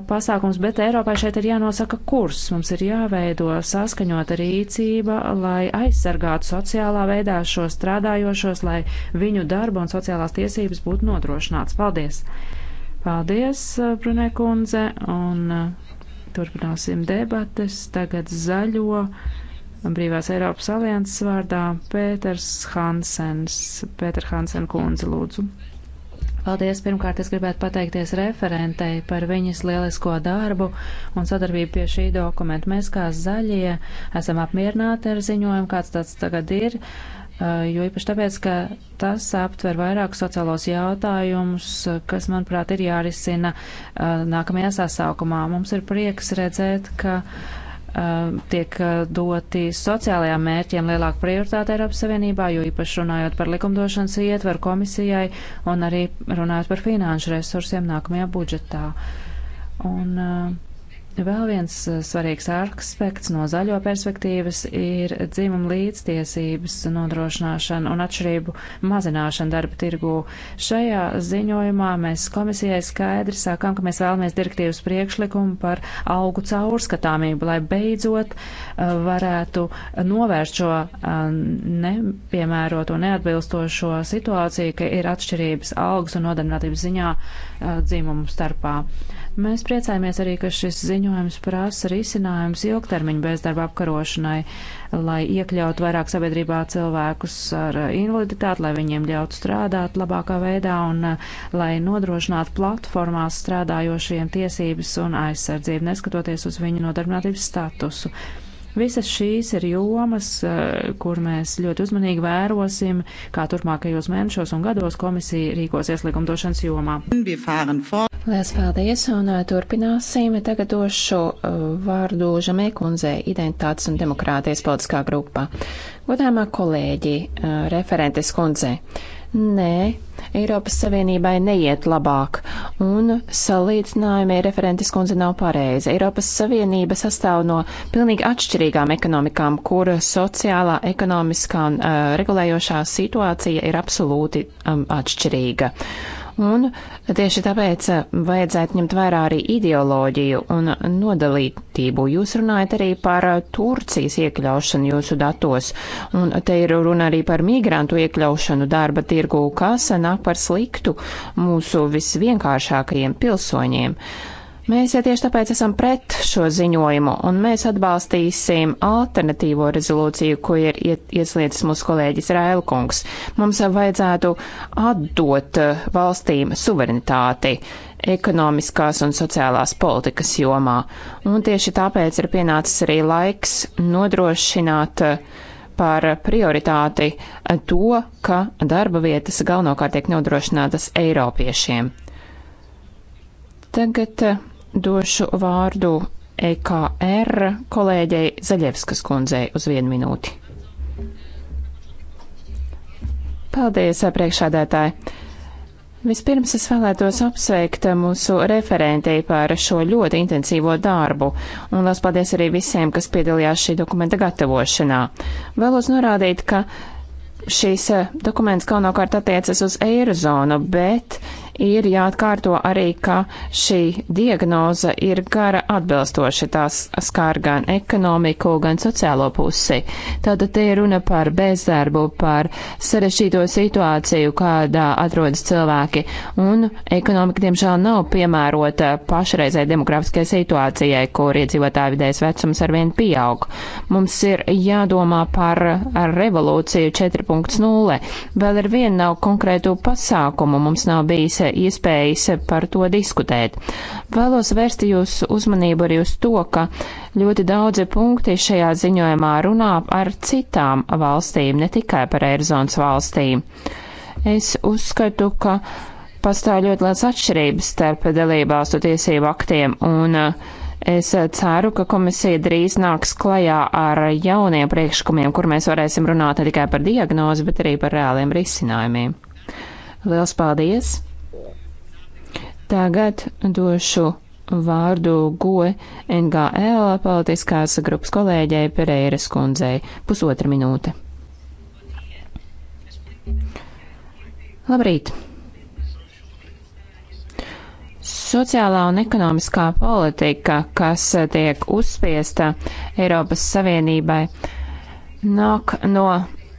pasākums, bet Eiropai šeit ir jānosaka kurs. Mums ir jāveido saskaņota rīcība, lai aizsargātu sociālā veidā šos strādājošos, lai viņu darba un sociālās tiesības būtu nodrošināts. Paldies! Paldies, eh, Brunē kundze, un eh, turpināsim debates. Tagad zaļo Brīvās Eiropas alianses vārdā Pēters Hansens. Pēter Hansen kundze, lūdzu. Paldies! Pirmkārt, es gribētu pateikties referentei par viņas lielisko darbu un sadarbību pie šī dokumenta. Mēs kā zaļie esam apmierināti ar ziņojumu, kāds tāds tagad ir. Uh, jo īpaši tāpēc, ka tas aptver vairāk sociālos jautājumus, kas, manuprāt, ir jārisina uh, nākamajā sasaukumā. Mums ir prieks redzēt, ka uh, tiek doti sociālajām mērķiem lielāka prioritāte Eiropas Savienībā, jo īpaši runājot par likumdošanas ietveru komisijai un arī runājot par finanšu resursiem nākamajā budžetā. Un Vēl viens eh, svarīgs aspekts no zaļo perspektīvas ir dzimuma līdztiesības nodrošināšana un atšķirību mazināšana darba tirgū. Šajā ziņojumā mēs komisijai skaidri sākam, ka mēs vēlamies direktīvas priekšlikumu par augu caurskatāmību, lai beidzot eh, varētu novērst šo eh, nepiemēroto, neatbilstošo situāciju, ka ir atšķirības algas un nodarbinātības ziņā dzimumu starpā. Mēs priecājamies arī, ka šis ziņojums prasa risinājums ilgtermiņu bezdarba apkarošanai, lai iekļautu vairāk sabiedrībā cilvēkus ar invaliditāti, lai viņiem ļautu strādāt labākā veidā un eh, lai nodrošinātu platformās strādājošiem tiesības un aizsardzību, neskatoties uz viņu nodarbinātības statusu. Visas šīs ir jomas, eh, kur mēs ļoti uzmanīgi vērosim, kā turpmākajos mēnešos un gados komisija rīkosies likumdošanas jomā. Lielas paldies un eh, turpināsim. Tagad došu eh, vārdu Žamē kundzei identitātes un demokrātijas politiskā grupā. Godāmā kolēģi, referentes kundzei. Nē, Eiropas Savienībai neiet labāk, un salīdzinājumi referentes kundze nav pareizi. Eiropas Savienība sastāv no pilnīgi atšķirīgām ekonomikām, kur sociālā, ekonomiskā un uh, regulējošā situācija ir absolūti um, atšķirīga un tieši tāpēc eh, vajadzētu ņemt vērā arī ideoloģiju un nodalītību. Jūs runājat arī par eh, Turcijas iekļaušanu jūsu datos, un te ir runa arī par migrantu iekļaušanu darba tirgū, kas nāk par sliktu mūsu visvienkāršākajiem pilsoņiem. Uh, Mēs tieši tāpēc esam pret šo ziņojumu, un mēs atbalstīsim alternatīvo rezolūciju, ko ir iesliedzis mūsu kolēģis Rēlkungs. Mums vajadzētu atdot eh, valstīm suverenitāti ekonomiskās un sociālās politikas jomā, un tieši tāpēc ir pienācis arī laiks nodrošināt eh, par prioritāti eh, to, ka darba vietas galvenokārt tiek nodrošinātas Eiropiešiem. Tagad došu vārdu EKR kolēģei Zaļevskas kundzei uz vienu minūti. Paldies, priekšādētāji! Vispirms es vēlētos apsveikt mūsu referentei par šo ļoti intensīvo darbu, un liels paldies arī visiem, kas piedalījās šī dokumenta gatavošanā. Vēlos norādīt, ka šīs dokuments galvenokārt attiecas uz eirozonu, bet ir jāatkārto arī, ka šī diagnoza ir gara atbilstoši tās skār gan ekonomiku, gan sociālo pusi. Tātad te ir runa par bezdarbu, par sarešķīto situāciju, kādā atrodas cilvēki, un ekonomika, diemžēl, nav piemērota pašreizai demografiskajai situācijai, kur iedzīvotāju vidējais vecums arvien pieaug. Mums ir jādomā par revolūciju 4.0. Vēl ar vienu nav konkrētu pasākumu, mums nav bijis iespējas par to diskutēt. Vēlos vērst jūsu uzmanību arī uz to, ka ļoti daudzi punkti šajā ziņojumā runā ar citām valstīm, ne tikai par Eirozonas valstīm. Es uzskatu, ka pastāv ļoti liels atšķirības starp dalībvalstu tiesību aktiem un eh, Es ceru, ka komisija drīz nāks klajā ar jauniem priekšlikumiem, kur mēs varēsim runāt ne tikai par diagnozi, bet arī par reāliem risinājumiem. Liels paldies! Tagad došu vārdu GOE NGL politiskās grupas kolēģei Pereiras kundzei. Pusotra minūte. Labrīt! Sociālā un ekonomiskā politika, kas tiek uzspiesta Eiropas Savienībai, nāk no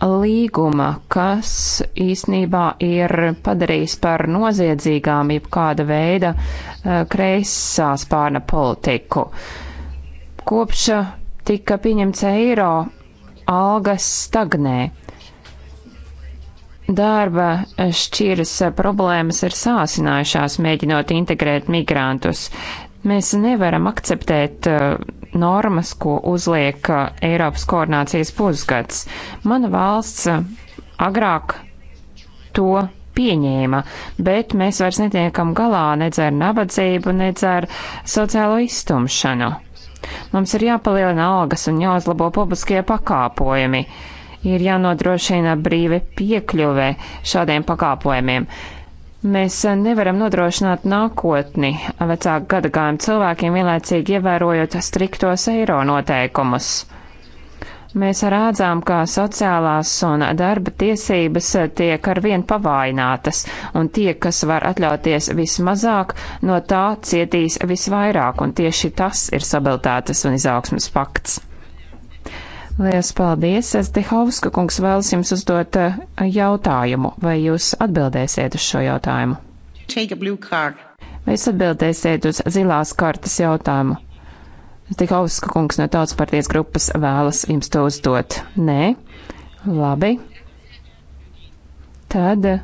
līguma, kas īsnībā ir padarījis par noziedzīgām jebkāda veida eh, kreisā spārna politiku. Kopš tika pieņemts eiro, algas stagnē. Darba šķiras problēmas ir sāsinājušās, mēģinot integrēt migrantus. Mēs nevaram akceptēt eh, normas, ko uzliek uh, Eiropas koordinācijas pusgads. Mana valsts uh, agrāk to pieņēma, bet mēs vairs netiekam galā nedz ar nabadzību, nedz ar sociālo iztumšanu. Mums ir jāpalielina algas un jāuzlabo publiskie pakāpojumi. Ir jānodrošina brīve piekļuve šādiem pakāpojumiem. Mēs nevaram nodrošināt nākotni vecāku gadagājumu cilvēkiem vienlaicīgi ievērojot striktos eiro noteikumus. Mēs rādzām, kā sociālās un darba tiesības tiek arvien pavājinātas, un tie, kas var atļauties vismazāk, no tā cietīs visvairāk, un tieši tas ir stabilitātes un izaugsmas pakts. Lielas paldies! Es Dehovska kungs vēlas jums uzdot eh, jautājumu, vai jūs atbildēsiet uz šo jautājumu? Vai jūs atbildēsiet uz zilās kartas jautājumu? Dehovska kungs no Tautas partijas grupas vēlas jums to uzdot. Nē? Labi. Tad eh,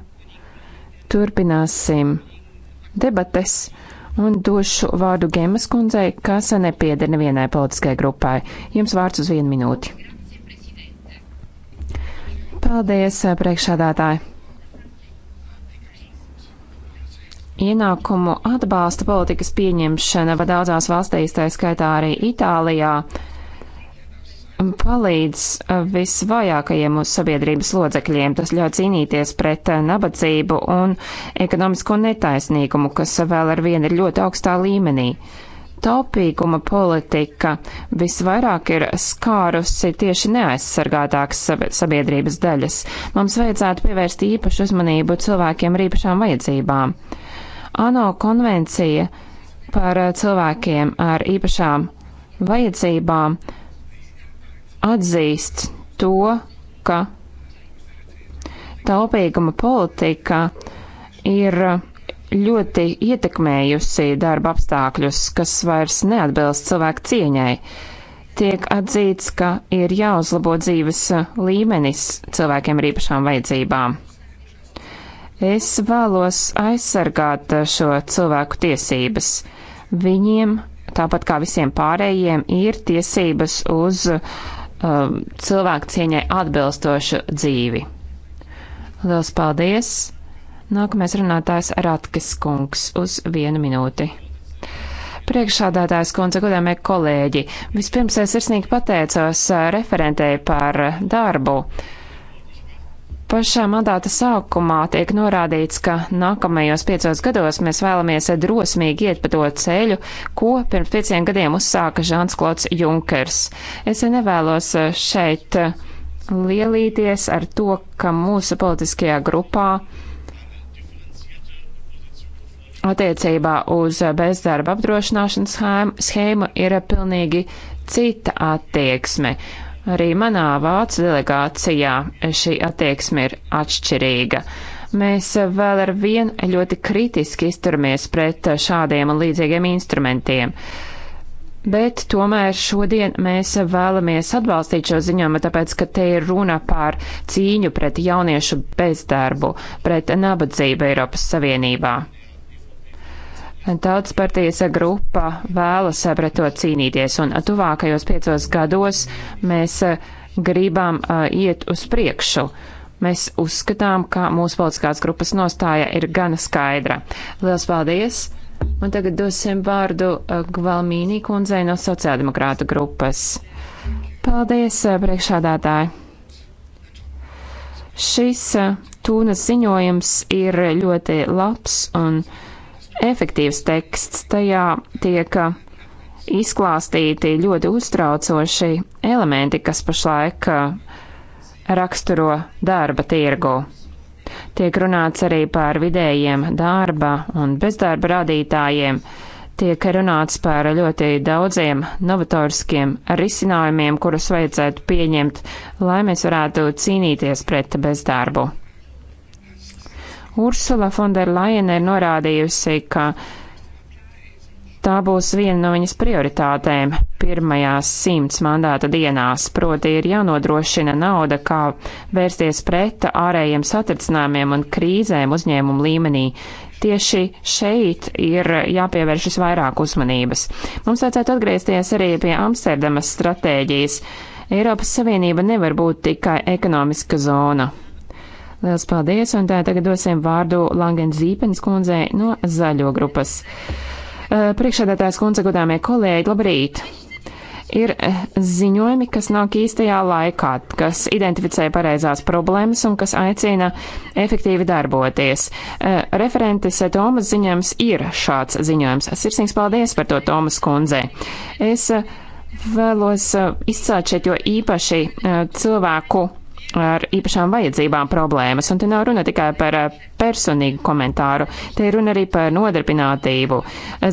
turpināsim debates un došu vārdu Gemas kundzei, kas nepieder nevienai politiskai grupai. Jums vārds uz vienu minūti. Paldies, eh, priekšādātāji! Ienākumu atbalsta politikas pieņemšana daudzās valstīs, tā skaitā arī Itālijā, palīdz eh, visvājākajiem mūsu sabiedrības lodzekļiem. Tas ļauj cīnīties pret eh, nabadzību un ekonomisko netaisnīgumu, kas vēl ar vienu ir ļoti augstā līmenī. Taupīguma politika visvairāk ir skārusi tieši neaizsargātākas sabiedrības daļas. Mums vajadzētu pievērst īpašu uzmanību cilvēkiem ar īpašām vajadzībām. ANO konvencija par cilvēkiem ar īpašām vajadzībām atzīst to, ka taupīguma politika ir ļoti ietekmējusi darba apstākļus, kas vairs neatbilst cilvēku cieņai. Tiek atzīts, ka ir jāuzlabo dzīves līmenis cilvēkiem ar īpašām vajadzībām. Es vēlos aizsargāt šo cilvēku tiesības. Viņiem, tāpat kā visiem pārējiem, ir tiesības uz um, cilvēku cieņai atbilstošu dzīvi. Lielas paldies! Nākamais runātājs Ratkis Kungs uz vienu minūti. Priekšādātājs kundze, godāmie kolēģi, vispirms es sirsnīgi pateicos referentei par darbu. Pašā mandāta sākumā tiek norādīts, ka nākamajos piecos gados mēs vēlamies drosmīgi iet pa to ceļu, ko pirms pieciem gadiem uzsāka Žāns Klots Junkers. Es nevēlos šeit lielīties ar to, ka mūsu politiskajā grupā uh, attiecībā uz bezdarba apdrošināšanas schēmu ir pilnīgi cita attieksme. Arī manā vācu delegācijā šī attieksme ir atšķirīga. Mēs vēl ar vienu ļoti kritiski izturamies pret šādiem un līdzīgiem instrumentiem. Bet tomēr šodien mēs vēlamies atbalstīt šo ziņojumu, tāpēc, ka te ir runa par cīņu pret jauniešu bezdarbu, pret nabadzību Eiropas Savienībā. Tautas partijas grupa vēlas eh, pret to cīnīties, un eh, tuvākajos piecos gados mēs eh, gribam iet uz priekšu. Mēs uzskatām, ka mūsu politiskās grupas nostāja ir gana skaidra. Lielas paldies! Un tagad dosim vārdu Gvalmīnī kundzei no sociāldemokrāta grupas. Paldies, priekšādātāji! Šis tūnas ziņojums ir ļoti labs un efektīvs teksts. Tajā tiek izklāstīti ļoti uztraucoši elementi, kas pašlaik eh, raksturo darba tirgu. Tiek runāts arī par vidējiem darba un bezdarba rādītājiem, tiek runāts par ļoti daudziem novatoriskiem risinājumiem, kurus vajadzētu pieņemt, lai mēs varētu cīnīties pret bezdarbu. Ursula Fonderlaina ir norādījusi, ka tā būs viena no viņas prioritātēm pirmajās simts mandāta dienās, proti ir jānodrošina nauda, kā vērsties pret ārējiem satricinājumiem un krīzēm uzņēmumu līmenī. Tieši šeit ir jāpievēršas vairāk uzmanības. Mums vajadzētu atgriezties arī pie Amsterdamas stratēģijas. Eiropas Savienība nevar būt tikai ekonomiska zona. Liels paldies, un tā tagad dosim vārdu Langens Zīpens kundzei no Zaļo grupas. Eh, Priekšādātājs kundze, godāmie kolēģi, labrīt! ir eh, ziņojumi, kas nāk īstajā laikā, kas identificē pareizās problēmas un kas aicina efektīvi darboties. Eh, referentes Tomas ziņojums ir šāds ziņojums. Sirsnīgs paldies par to, Tomas kundze. Es vēlos izcelt šeit jo īpaši cilvēku ar īpašām vajadzībām problēmas, un te nav runa tikai par eh, personīgu komentāru, te ir runa arī par nodarbinātību.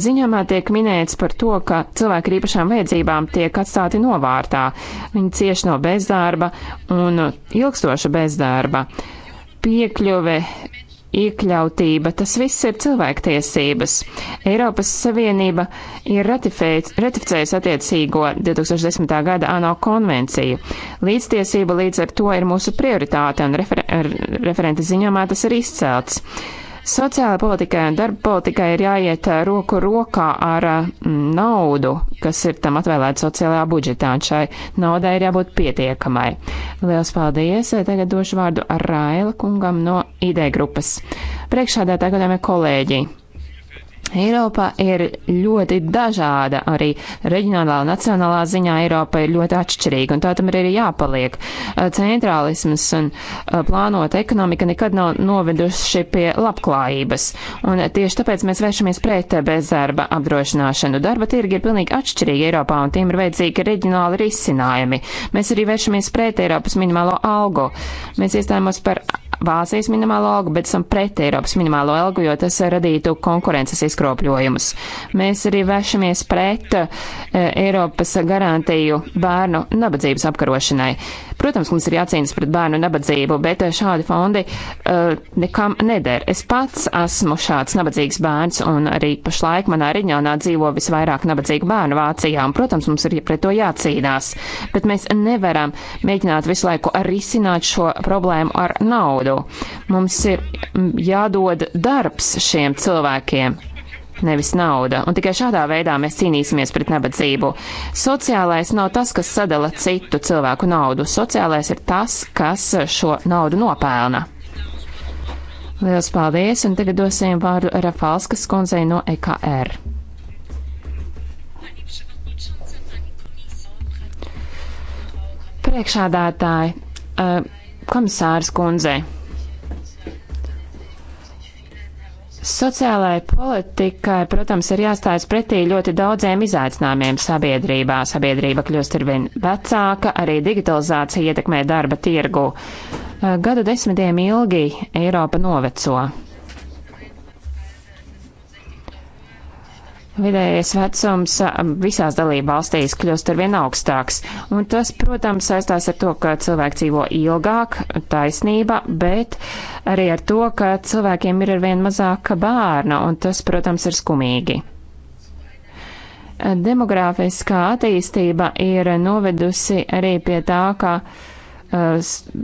Ziņāmā tiek minēts par to, ka cilvēki ar īpašām vajadzībām tiek atstāti novārtā, viņi cieši no bezdarba un ilgstoša bezdarba. Piekļuve iekļautība, tas viss ir cilvēktiesības. Eiropas Savienība ir ratificējusi attiecīgo 2010. gada ANO konvenciju. Līdztiesība līdz ar to ir mūsu prioritāte, un refer referenta ziņomā tas ir izcelts. Sociāla politikai un darba politikai ir jāiet eh, roku rokā ar eh, naudu, kas ir tam atvēlēta sociālajā budžetā, un šai naudai ir jābūt pietiekamai. Lielas paldies! Tagad došu vārdu Raila kungam no ID grupas. Priekšādā tagadāmie kolēģi. Eiropa ir ļoti dažāda, arī reģionālā un nacionālā ziņā Eiropa ir ļoti atšķirīga, un tā tam ir arī jāpaliek. Eh, centrālisms un eh, plānota ekonomika nekad nav noveduši pie labklājības, un tieši tāpēc mēs vēršamies pret bezdarba apdrošināšanu. Darba tirgi ir pilnīgi atšķirīgi Eiropā, un tiem ir vajadzīgi reģionāli risinājumi. Mēs arī vēršamies pret Eiropas minimālo algu. Mēs iestājāmies par Vācijas minimālo algu, bet esam pret Eiropas minimālo algu, jo tas radītu konkurences izkropļojumus. Mēs arī vēršamies pret eh, Eiropas garantiju bērnu nabadzības apkarošanai. Protams, mums ir jācīnas pret bērnu nabadzību, bet eh, šādi fondi uh, nekam neder. Es pats esmu šāds nabadzīgs bērns, un arī pašlaik manā reģionā dzīvo visvairāk nabadzīgu bērnu Vācijā, un, protams, mums ir pret to jācīnās. Bet mēs nevaram mēģināt visu laiku risināt šo problēmu ar naudu valodu. Mums ir jādod darbs šiem cilvēkiem, nevis nauda, un tikai šādā veidā mēs cīnīsimies pret nabadzību. Sociālais nav tas, kas sadala citu cilvēku naudu, sociālais ir tas, kas šo naudu nopelna. Lielas paldies, un tagad dosim vārdu Rafalskas kundzei no EKR. Priekšādātāji, eh, komisārs kundzei. Sociālajai politikai, protams, ir jāstājas pretī ļoti daudziem izaicinājumiem sabiedrībā. Sabiedrība kļūst arvien vecāka, arī digitalizācija ietekmē darba tirgu. Gadu desmitiem ilgi Eiropa noveco. Vidējais vecums visās dalība valstīs kļūst ar vien augstāks, un tas, protams, saistās ar to, ka cilvēki dzīvo ilgāk, taisnība, bet arī ar to, ka cilvēkiem ir ar vien mazāk bērna, un tas, protams, ir skumīgi. Demogrāfiskā attīstība ir novedusi arī pie tā, ka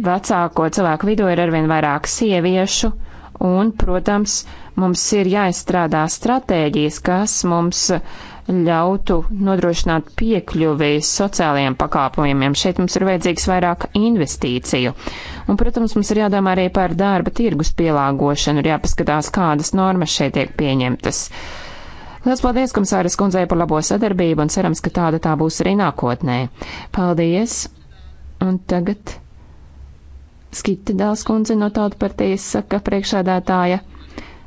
vecāko cilvēku vidū ir arvien vairāk sieviešu, uh, Un, protams, mums ir jāizstrādā stratēģijas, kas mums ļautu nodrošināt piekļuvi sociālajiem pakāpojumiem. Šeit mums ir vajadzīgs vairāk investīciju. Un, protams, mums ir jādomā arī par darba tirgus pielāgošanu, ir jāpaskatās, kādas normas šeit tiek pieņemtas. Lielas paldies, komisāras kundzei, par labo sadarbību un cerams, ka tāda tā būs arī nākotnē. Paldies! Un tagad Skita Dāls kundze no tautu partijas saka priekšādātāja.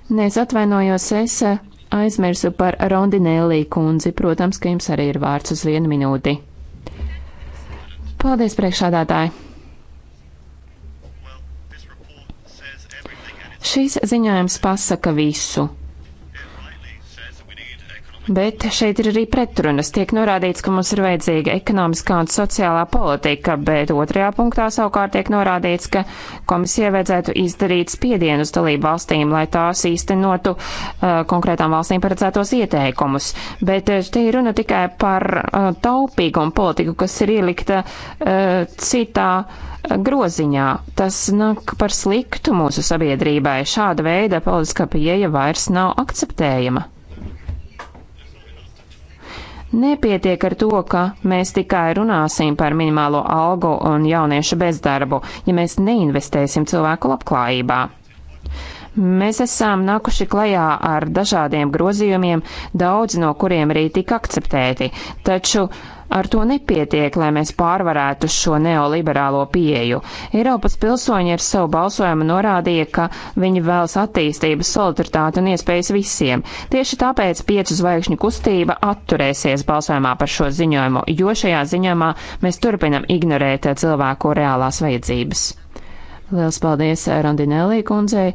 Nē, es atvainojos, es eh, aizmirsu par Rondinēlī kundzi. Protams, ka jums arī ir vārds uz vienu minūti. Paldies, priekšādātāji! Šīs ziņojums pasaka visu. Bet šeit ir arī pretrunas. Tiek norādīts, ka mums ir vajadzīga ekonomiskā un sociālā politika, bet otrajā punktā savukārt tiek norādīts, ka komisija vajadzētu izdarīt spiedienu uz dalību valstīm, lai tās īstenotu uh, konkrētām valstīm paredzētos ieteikumus. Bet uh, te ir runa tikai par uh, taupīgumu politiku, kas ir ielikta uh, citā uh, groziņā. Tas nāk par sliktu mūsu sabiedrībai. Šāda veida politiskā pieeja vairs nav akceptējama. Nepietiek ar to, ka mēs tikai runāsim par minimālo algu un jauniešu bezdarbu, ja mēs neinvestēsim cilvēku labklājībā. Mēs esam nākuši klajā ar dažādiem grozījumiem, daudz no kuriem arī tika akceptēti, taču uh, Ar to nepietiek, lai mēs pārvarētu šo neoliberālo pieeju. Eiropas pilsoņi ar savu balsojumu norādīja, ka viņi vēlas attīstības, solidaritāti un iespējas visiem. Tieši tāpēc piecu zvaigžņu kustība atturēsies balsojumā par šo ziņojumu, jo šajā ziņojumā mēs turpinam ignorēt cilvēku reālās vajadzības. Liels paldies Rondinēlī kundzei,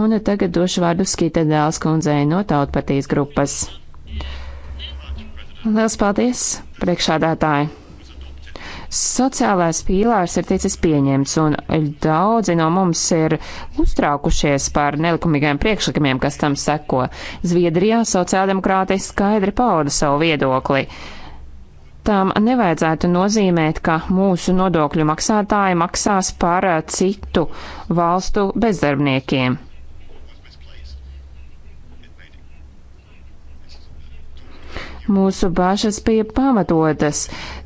un tagad došu vārdu Skita Dēls kundzei no Tautpatīs grupas. Liels paldies, priekšādātāji! Sociālais pīlārs ir ticis pieņemts, un daudzi no mums ir uztraukušies par nelikumīgiem priekšlikumiem, kas tam seko. Zviedrijā sociāldemokrāti skaidri pauda savu viedokli. Tām nevajadzētu nozīmēt, ka mūsu nodokļu maksātāji maksās par citu valstu bezdarbniekiem. Mūsu bažas bija pamatotas.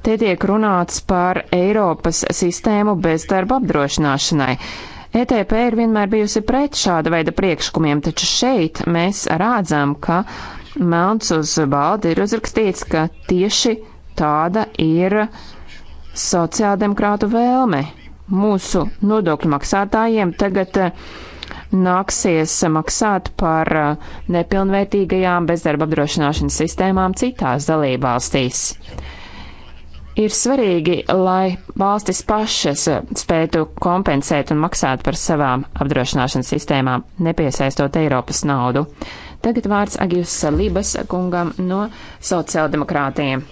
Te tiek runāts par Eiropas sistēmu bezdarba apdrošināšanai. ETP ir vienmēr bijusi pret šāda veida priekšlikumiem, taču šeit mēs rādzām, ka melns uz balda ir uzrakstīts, ka tieši tāda ir sociāldemokrātu vēlme. Mūsu nodokļu maksātājiem tagad uh, nāksies maksāt par uh, nepilnvērtīgajām bezdarba apdrošināšanas sistēmām citās dalībvalstīs. Ir svarīgi, lai valstis pašas uh, spētu kompensēt un maksāt par savām apdrošināšanas sistēmām, nepiesaistot Eiropas naudu. Tagad vārds Agijus Salibas kungam no sociāldemokrātiem.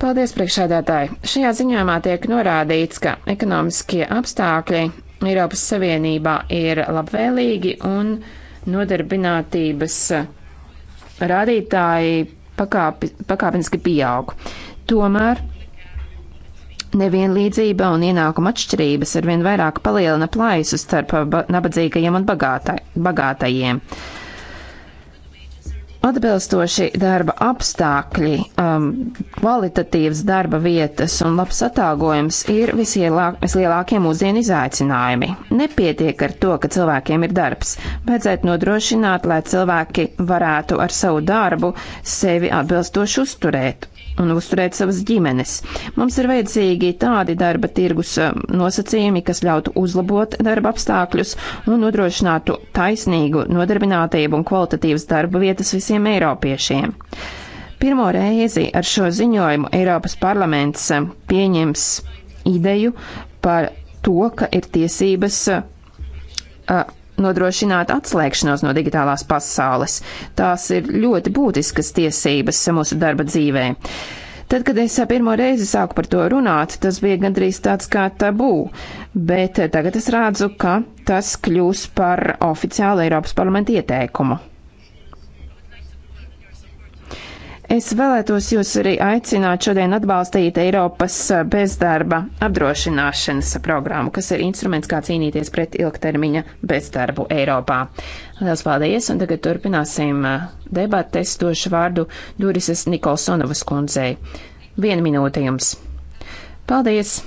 Paldies, priekšādātāji! Šajā ziņojumā tiek norādīts, ka ekonomiskie apstākļi Eiropas Savienībā ir labvēlīgi un nodarbinātības rādītāji pakāpi, pakāpeniski pieaug. Tomēr nevienlīdzība un ienākuma atšķirības arvien vairāk palielina plaisu starp nabadzīgajiem un bagātai, bagātajiem. bagātajiem. Atbilstoši darba apstākļi, um, kvalitatīvas darba vietas un labs atalgojums ir visielāk, vislielākie mūsdienu izaicinājumi. Nepietiek ar to, ka cilvēkiem ir darbs. Vajadzētu nodrošināt, lai cilvēki varētu ar savu darbu sevi atbilstoši uzturēt un uzturēt savas ģimenes. Mums ir vajadzīgi tādi darba tirgus eh, nosacījumi, kas ļautu uzlabot darba apstākļus un nodrošinātu taisnīgu nodarbinātību un kvalitatīvas darba vietas visiem eiropiešiem. Pirmo reizi ar šo ziņojumu Eiropas parlaments eh, pieņems ideju par to, ka ir tiesības eh, nodrošināt atslēgšanos no digitālās pasaules. Tās ir ļoti būtiskas tiesības mūsu darba dzīvē. Tad, kad es pirmo reizi sāku par to runāt, tas bija gandrīz tāds kā tabū, bet tagad es rādzu, ka tas kļūs par oficiālu Eiropas parlamentu ieteikumu. Es vēlētos jūs arī aicināt šodien atbalstīt Eiropas bezdarba apdrošināšanas programmu, kas ir instruments, kā cīnīties pret ilgtermiņa bezdarbu Eiropā. Lielas paldies, un tagad turpināsim uh, debates. Došu vārdu Durises Nikolsonovas kundzei. Viena minūte jums. Paldies!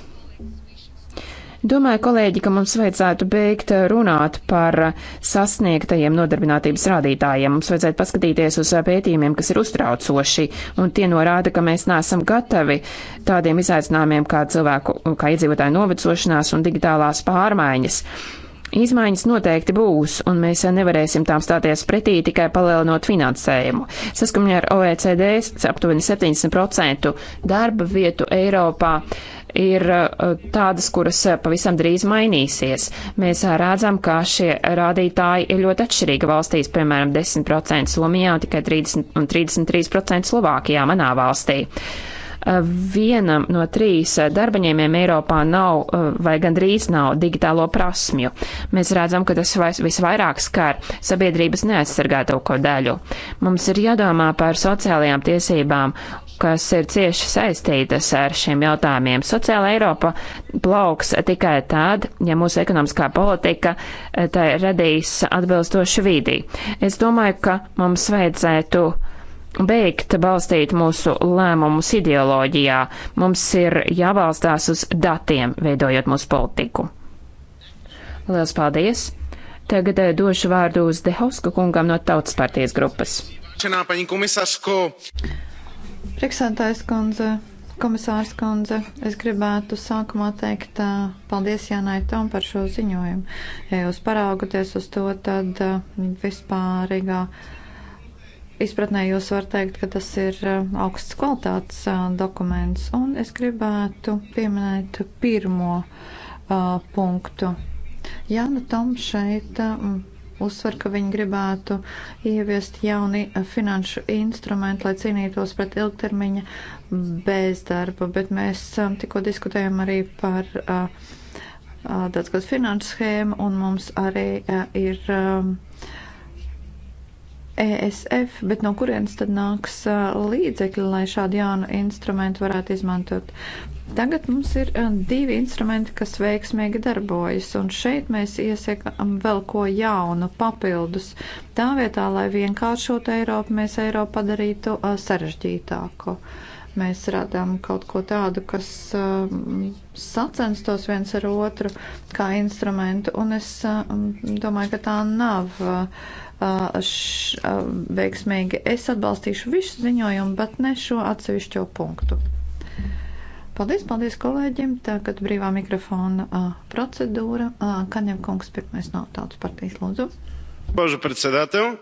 Domāju, kolēģi, ka mums vajadzētu beigt runāt par sasniegtajiem nodarbinātības rādītājiem. Mums vajadzētu paskatīties uz pētījumiem, kas ir uztraucoši, un tie norāda, ka mēs neesam gatavi tādiem izaicinājumiem kā cilvēku, kā iedzīvotāju novecošanās un digitālās pārmaiņas. Izmaiņas noteikti būs, un mēs nevarēsim tām stāties pretī tikai palielinot finansējumu. Saskaņā ar OECD aptuveni 70% darba vietu Eiropā uh, ir eh, tādas, kuras eh, pavisam drīz mainīsies. Mēs eh, rādzam, ka šie rādītāji ir ļoti atšķirīgi valstīs, piemēram, 10% Somijā un tikai 30, un 33% Slovākijā, manā valstī vienam no trīs darbaņēmiem Eiropā nav vai gandrīz nav digitālo prasmju. Mēs redzam, ka tas visvairāk skar sabiedrības neaizsargāto daļu. Mums ir jādomā par sociālajām tiesībām kas ir cieši saistītas ar šiem jautājumiem. Sociāla Eiropa plauks tikai tad, ja mūsu ekonomiskā politika eh, tai radīs atbilstošu vīdī. Es domāju, ka mums vajadzētu beigt balstīt mūsu lēmumus ideoloģijā. Mums ir jābalstās uz datiem, veidojot mūsu politiku. Lielas paldies! Tagad eh, došu vārdu uz Dehovska kungam no Tautas partijas grupas. Cenā, paņi komisārsko! Priekšsētājs kundze, komisārs kundze, es gribētu sākumā teikt paldies Jānai Tom par šo ziņojumu. Ja jūs paraugoties uz to, tad vispārīgā izpratnē jūs var teikt, ka tas ir augsts kvalitātes dokuments. Un es gribētu pieminēt pirmo uh, punktu. Jāna Tom šeit. Uh, uzsver, ka viņi gribētu ieviest jauni finanšu instrumentu, lai cīnītos pret ilgtermiņa bezdarba, bet mēs um, tikko diskutējam arī par tāds uh, uh, kāds finanšu schēmu, un mums arī uh, ir um, ESF, bet no kurienes tad nāks uh, līdzekļi, lai šādu jaunu instrumentu varētu izmantot? Tagad mums ir uh, divi instrumenti, kas veiksmīgi darbojas, un šeit mēs iesakām vēl ko jaunu, papildus. Tā vietā, lai vienkāršotu Eiropu, mēs Eiropu padarītu uh, sarežģītāku mēs radām kaut ko tādu, kas uh, sacenstos viens ar otru kā instrumentu, un es uh, domāju, ka tā nav uh, š, veiksmīgi. Es atbalstīšu visu ziņojumu, bet ne šo atsevišķo punktu. Paldies, paldies kolēģim. Tagad brīvā mikrofona a, procedūra. Kaņem kungs pirmais nav tautas partijas lūdzu. Božu predsedātev.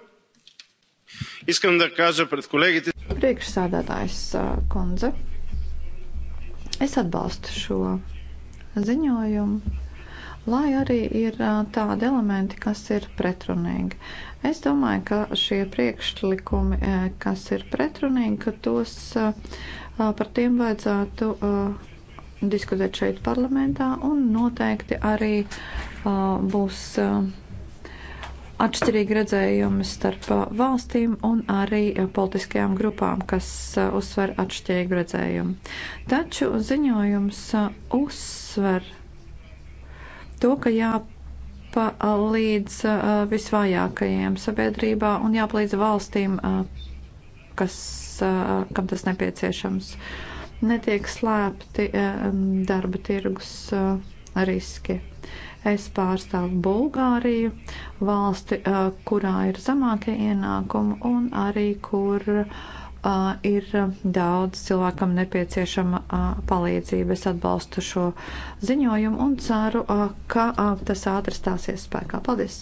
Искам да кажа пред колегите. Priekšsādātājs kundze, es atbalstu šo ziņojumu, lai arī ir tādi elementi, kas ir pretrunīgi. Es domāju, ka šie priekšlikumi, e, kas ir pretrunīgi, ka tos e, e, par tiem vajadzētu diskutēt šeit parlamentā un noteikti arī būs atšķirīgi redzējumi starp valstīm un arī politiskajām grupām, kas uzsver atšķirīgu redzējumu. Taču ziņojums uzsver to, ka jāpārāk jātapa līdz visvājākajiem sabiedrībā un jāpalīdz valstīm, kas, kam tas nepieciešams. Netiek slēpti darba tirgus riski. Es pārstāvu Bulgāriju, valsti, kurā ir zemākie ienākumi un arī kur uh, uh, ir daudz cilvēkam nepieciešama uh, palīdzība. Es atbalstu šo ziņojumu un ceru, uh, ka uh, tas ātri stāsies spēkā. Paldies!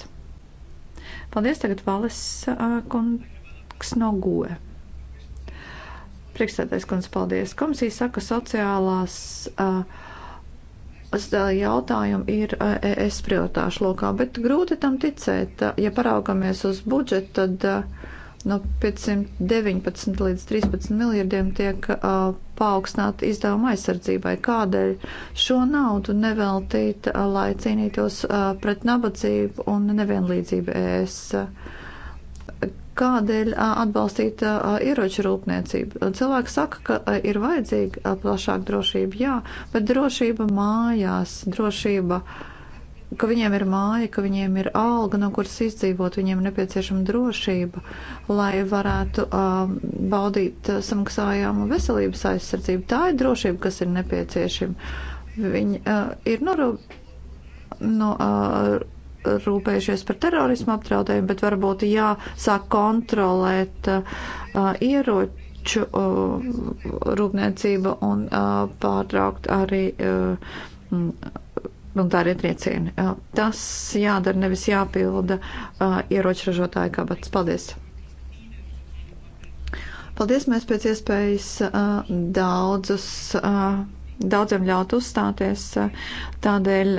Paldies tagad Valis uh, kungs no GOE. Priekšsēdētais kungs, paldies. Komisija saka sociālās. Uh, jautājumi ir es prioritāšu lokā, bet grūti tam ticēt. Ja paraugamies uz budžetu, tad no nu, 519 līdz 13 miljardiem tiek uh, paaugstināta izdevuma aizsardzībai. Kādēļ šo naudu neveltīt, uh, lai cīnītos uh, pret nabadzību un nevienlīdzību ES? Kādēļ uh, atbalstīt uh, ieroču rūpniecību? Cilvēki saka, ka uh, ir vajadzīga uh, plašāka drošība, jā, bet drošība mājās, drošība uh, ka viņiem ir māja, ka viņiem ir alga, no kuras izdzīvot, viņiem nepieciešama drošība, lai varētu uh, baudīt samaksājumu veselības aizsardzību. Tā ir drošība, kas ir nepieciešama. Viņi uh, ir norūp, no, uh, rūpējušies par terorismu apdraudējumu, bet varbūt jāsāk kontrolēt uh, ieroču uh, rūpniecību un uh, pārtraukt arī. Uh, un tā arī triecieni. Tas jādara nevis jāpilda ieročražotāja kabats. Paldies! Paldies, mēs pēc iespējas daudzus, daudziem ļaut uzstāties, tādēļ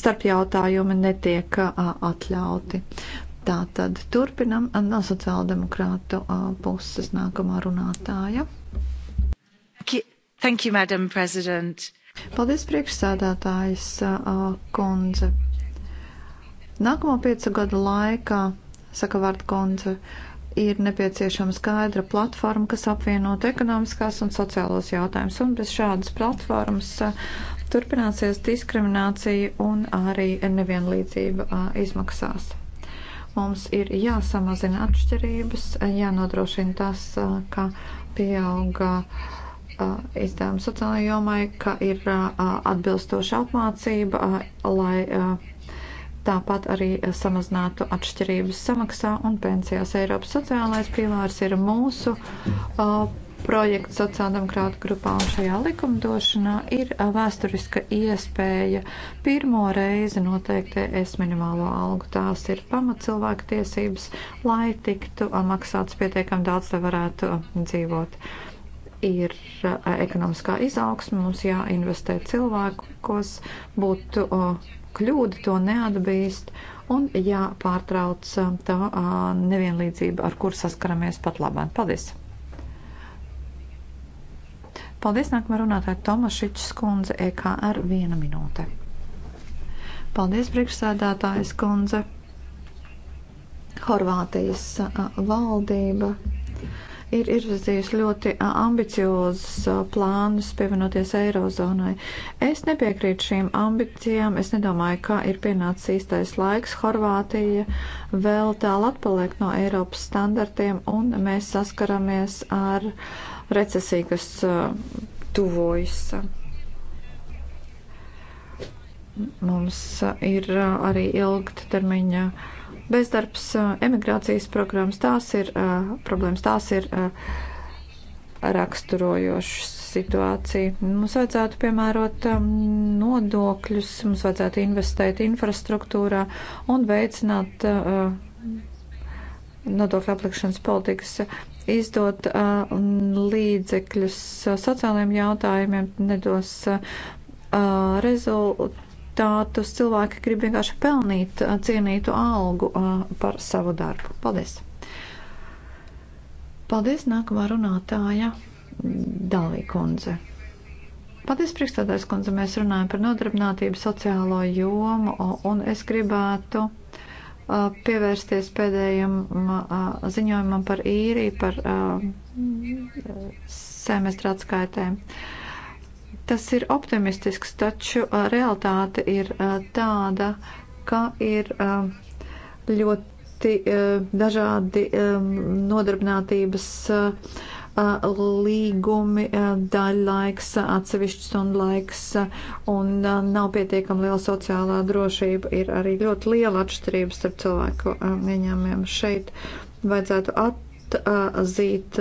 starp jautājumi netiek atļauti. Tā tad turpinam no sociāldemokrātu puses nākamā runātāja. Thank you, Madam President. Paldies, priekšsēdētājs Konze. Nākamo piecu gadu laikā, saka Vārda Konze, ir nepieciešama skaidra platforma, kas apvienot ekonomiskās un sociālos jautājumus. Un bez šādas platformas turpināsies diskriminācija un arī nevienlīdzība izmaksās mums ir jāsamazina atšķirības, jānodrošina tas, ka pieauga uh, izdevumi sociālajai jomai, ka ir atbilstoša apmācība, lai Tāpat arī samazinātu atšķirības samaksā un pensijās. Eiropas sociālais pīlārs ir mūsu uh, projekts sociāldemokrāta grupā un šajā likumdošanā ir uh, vēsturiska iespēja pirmo reizi noteikt es minimālo algu. Tās ir pamatcilvēku tiesības, lai tiktu uh, maksāts pietiekam daudz, lai varētu dzīvot. Uh, ir ekonomiskā izaugsme, mums jāinvestē cilvēkos, būtu kļūda to neatbīst un jāpārtrauc tā nevienlīdzība, ar kur saskaramies pat labāk. Paldies! Paldies, nākamā runātāja Tomašičs kundze, EKR viena minūte. Paldies, priekšsēdētājas kundze. Horvātijas valdība ir izvirzījusi ļoti ambiciozus plānus pievienoties Eirozonai. Es nepiekrītu šīm ambicijām, es nedomāju, kā ir pienācis īstais laiks. Horvātija vēl tālu atpaliek no Eiropas standartiem, un mēs saskaramies ar recesiju, kas tuvojas. Mums ir arī ilgtermiņa. termiņa Bezdarbs, emigrācijas programmas, tās ir uh, problēmas, tās ir uh, raksturojoša situācija. Mums vajadzētu piemērot um, nodokļus, mums vajadzētu investēt infrastruktūrā un veicināt uh, nodokļu aplikšanas politikas, izdot uh, līdzekļus sociālajiem jautājumiem, nedos uh, rezult, kvalitātus. Cilvēki grib vienkārši pelnīt cienītu algu par savu darbu. Paldies! Paldies, nākamā runātāja Dalī kundze. Paldies, priekšstādājs kundze, mēs runājam par nodarbinātību sociālo jomu, un es gribētu pievērsties pēdējiem ziņojumam par īriju, par semestra atskaitēm. Uh, Tas ir optimistisks, taču realitāte ir tāda, ka ir ļoti dažādi nodarbinātības līgumi, daļlaiks, atsevišķs stundu laiks un nav pietiekami liela sociālā drošība. Ir arī ļoti liela atšķirība starp cilvēku ieņēmumiem. Šeit vajadzētu atzīt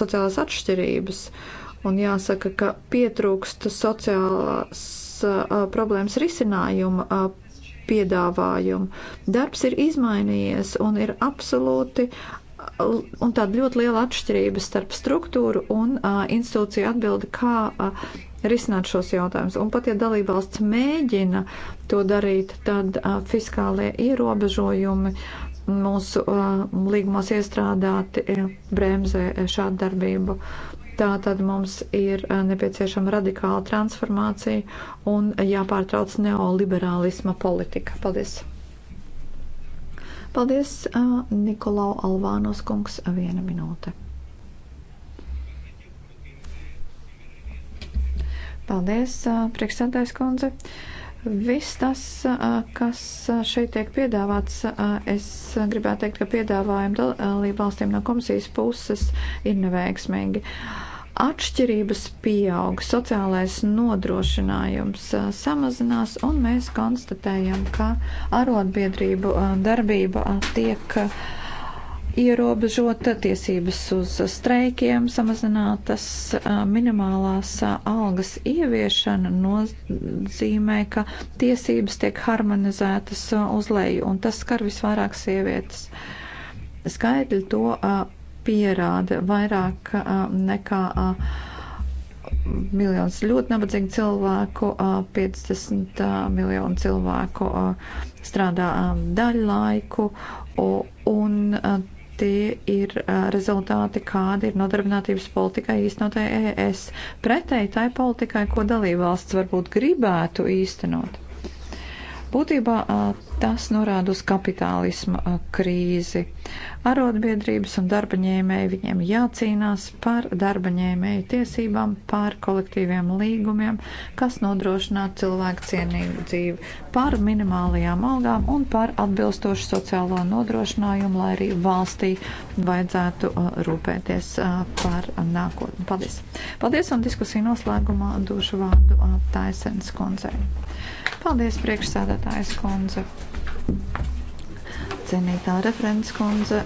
sociālās atšķirības. Uh, Un jāsaka, ka pietrūkst sociālās uh, problēmas risinājuma uh, piedāvājumu. Darbs ir izmainījies un ir absolūti. Un tāda ļoti liela atšķirība starp struktūru un uh, institūciju atbildi, kā uh, risināt šos jautājumus. Un pat ja dalībvalsts mēģina to darīt, tad uh, fiskālie ierobežojumi mūsu uh, līgumos iestrādāti bremzē šādu darbību. Tā tad mums ir eh, nepieciešama radikāla transformācija un jāpārtrauc neoliberālisma politika. Paldies! Paldies, eh, Nikolau Alvānos kungs, viena minūte. Paldies, eh, priekšsēdājs kundze. Uh, Viss tas, kas šeit tiek piedāvāts, es gribētu teikt, ka piedāvājumi dalību valstīm no komisijas puses ir neveiksmīgi. Atšķirības pieaug, sociālais nodrošinājums samazinās, un mēs konstatējam, ka arotbiedrību darbība tiek uh, ierobežot tiesības uz streikiem, samazinātas minimālās algas ieviešana nozīmē, ka tiesības tiek harmonizētas uz leju, un tas skar visvairāk sievietes. Skaidri to pierāda vairāk nekā miljonus ļoti nabadzīgu cilvēku, 50 miljonu cilvēku strādā daļlaiku, un tie ir rezultāti, kādi ir nodarbinātības politikai īstenotai ES, pretēji tai politikai, ko dalībvalsts varbūt gribētu īstenot. Būtībā tas norāda uz kapitālisma krīzi. Arotbiedrības un darbaņēmēji viņiem jācīnās par darbaņēmēju tiesībām, par kolektīviem līgumiem, kas nodrošinātu cilvēku cienīgu dzīvi par minimālajām algām un par atbilstošu sociālo nodrošinājumu, lai arī valstī vajadzētu uh, rūpēties uh, par nākotni. Paldies! Paldies un diskusiju noslēgumā došu vārdu uh, Taisens kundzei. Paldies, priekšsēdētājs kundze! Cienītā referents kundze,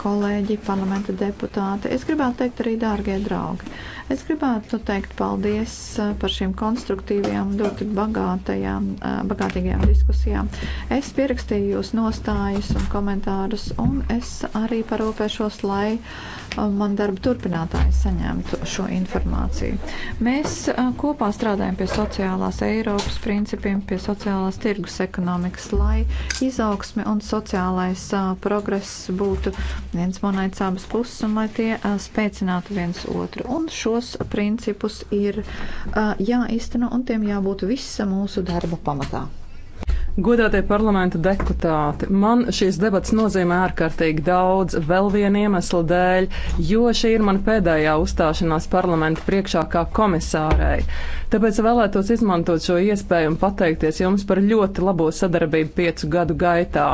kolēģi, parlamenta deputāte. Es gribētu teikt arī dārgie draugi. Es gribētu teikt paldies eh, par šīm konstruktīvajām, ļoti bagātajām, eh, bagātīgajām diskusijām. Es pierakstīju jūs nostājas un komentārus, un es arī parūpēšos, lai eh, man darba turpinātāji saņemtu šo informāciju. Mēs kopā strādājam pie sociālās Eiropas principiem, pie sociālās tirgus ekonomikas, lai izaugsme un sociālais progress būtu viens monētas abas puses un lai tie spēcinātu viens otru. Un šo šos principus ir jāizteno un tiem jābūt visa mūsu darba pamatā. Godātie parlamenta deputāti, man šīs debats nozīmē ārkārtīgi daudz vēl viena iemesla dēļ, jo šī ir man pēdējā uzstāšanās parlamenta priekšā kā komisārei. Tāpēc vēlētos izmantot šo iespēju un pateikties jums par ļoti labo sadarbību piecu gadu gaitā.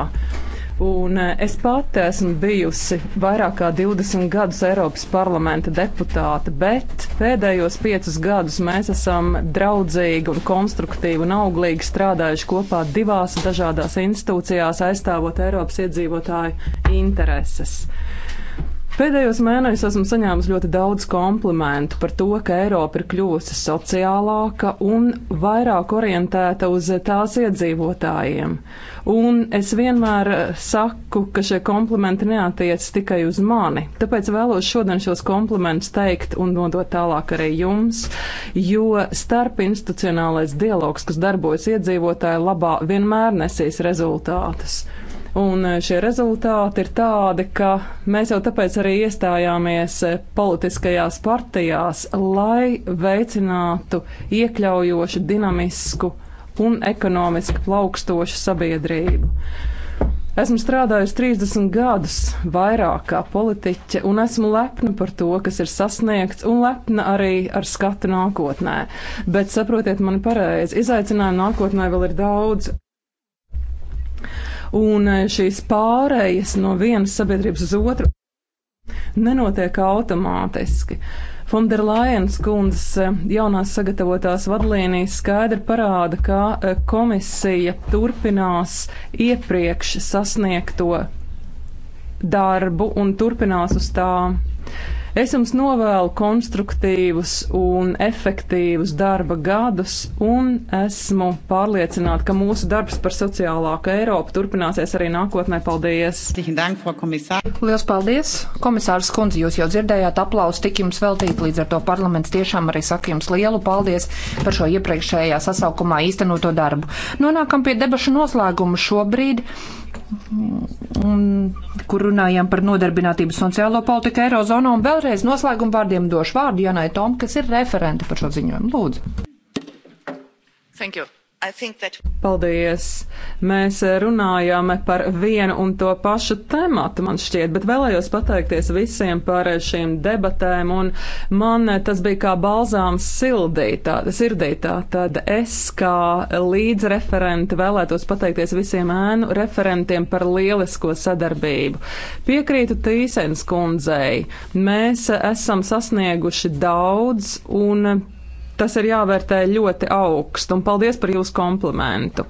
Un eh, es pati esmu bijusi vairāk kā 20 gadus Eiropas parlamenta deputāte, bet pēdējos piecus gadus mēs esam draudzīgi un konstruktīvi un auglīgi strādājuši kopā divās dažādās institūcijās, aizstāvot Eiropas iedzīvotāju intereses. Pēdējos mēnešos esmu saņēmis ļoti daudz komplimentu par to, ka Eiropa ir kļuvusi sociālāka un vairāk orientēta uz tās iedzīvotājiem. Un es vienmēr saku, ka šie komplimenti neatiec tikai uz mani. Tāpēc vēlos šodien šos komplimentus teikt un nodot tālāk arī jums, jo starpinstitucionālais dialogs, kas darbojas iedzīvotāju labā, vienmēr nesīs rezultātus. Un eh, šie rezultāti ir tādi, ka mēs jau tāpēc arī iestājāmies eh, politiskajās partijās, lai veicinātu iekļaujošu, dinamisku un ekonomiski plaukstošu sabiedrību. Esmu strādājusi 30 gadus vairāk kā politiķe, un esmu lepna par to, kas ir sasniegts, un lepna arī ar skatu nākotnē. Bet saprotiet mani pareizi, izaicinājumu nākotnē vēl ir daudz un e, šīs pārējas no vienas sabiedrības uz otru nenotiek automātiski. Fonderlajens kundzes e, jaunās sagatavotās vadlīnijas skaidri parāda, ka e, komisija turpinās iepriekš sasniegto darbu un turpinās uz tā. Es jums novēlu konstruktīvus un efektīvus darba gadus, un esmu pārliecināta, ka mūsu darbs par sociālāku Eiropu turpināsies arī nākotnē. Paldies! Lielas paldies! Komisārs Kundze, jūs jau dzirdējāt aplausu, tik jums veltīt, līdz ar to parlaments tiešām arī saka jums lielu paldies par šo iepriekšējā sasaukumā īstenoto darbu. Nonākam pie debašu noslēguma šobrīd kur runājām par nodarbinātību sociālo politiku Eirozonā. Un vēlreiz noslēguma vārdiem došu vārdu Janai Tom, kas ir referente par šo ziņojumu. Lūdzu. Thank you. That... Paldies! Mēs runājām par vienu un to pašu tematu, man šķiet, bet vēlējos pateikties visiem par šīm debatēm, un man tas bija kā balzāms sildītā, sirdītā. Tad es kā līdzreferenti vēlētos pateikties visiem ēnu referentiem par lielisko sadarbību. Piekrītu Tīsens kundzei, mēs esam sasnieguši daudz un tas ir jāvērtē ļoti augstu, un paldies par jūsu komplimentu.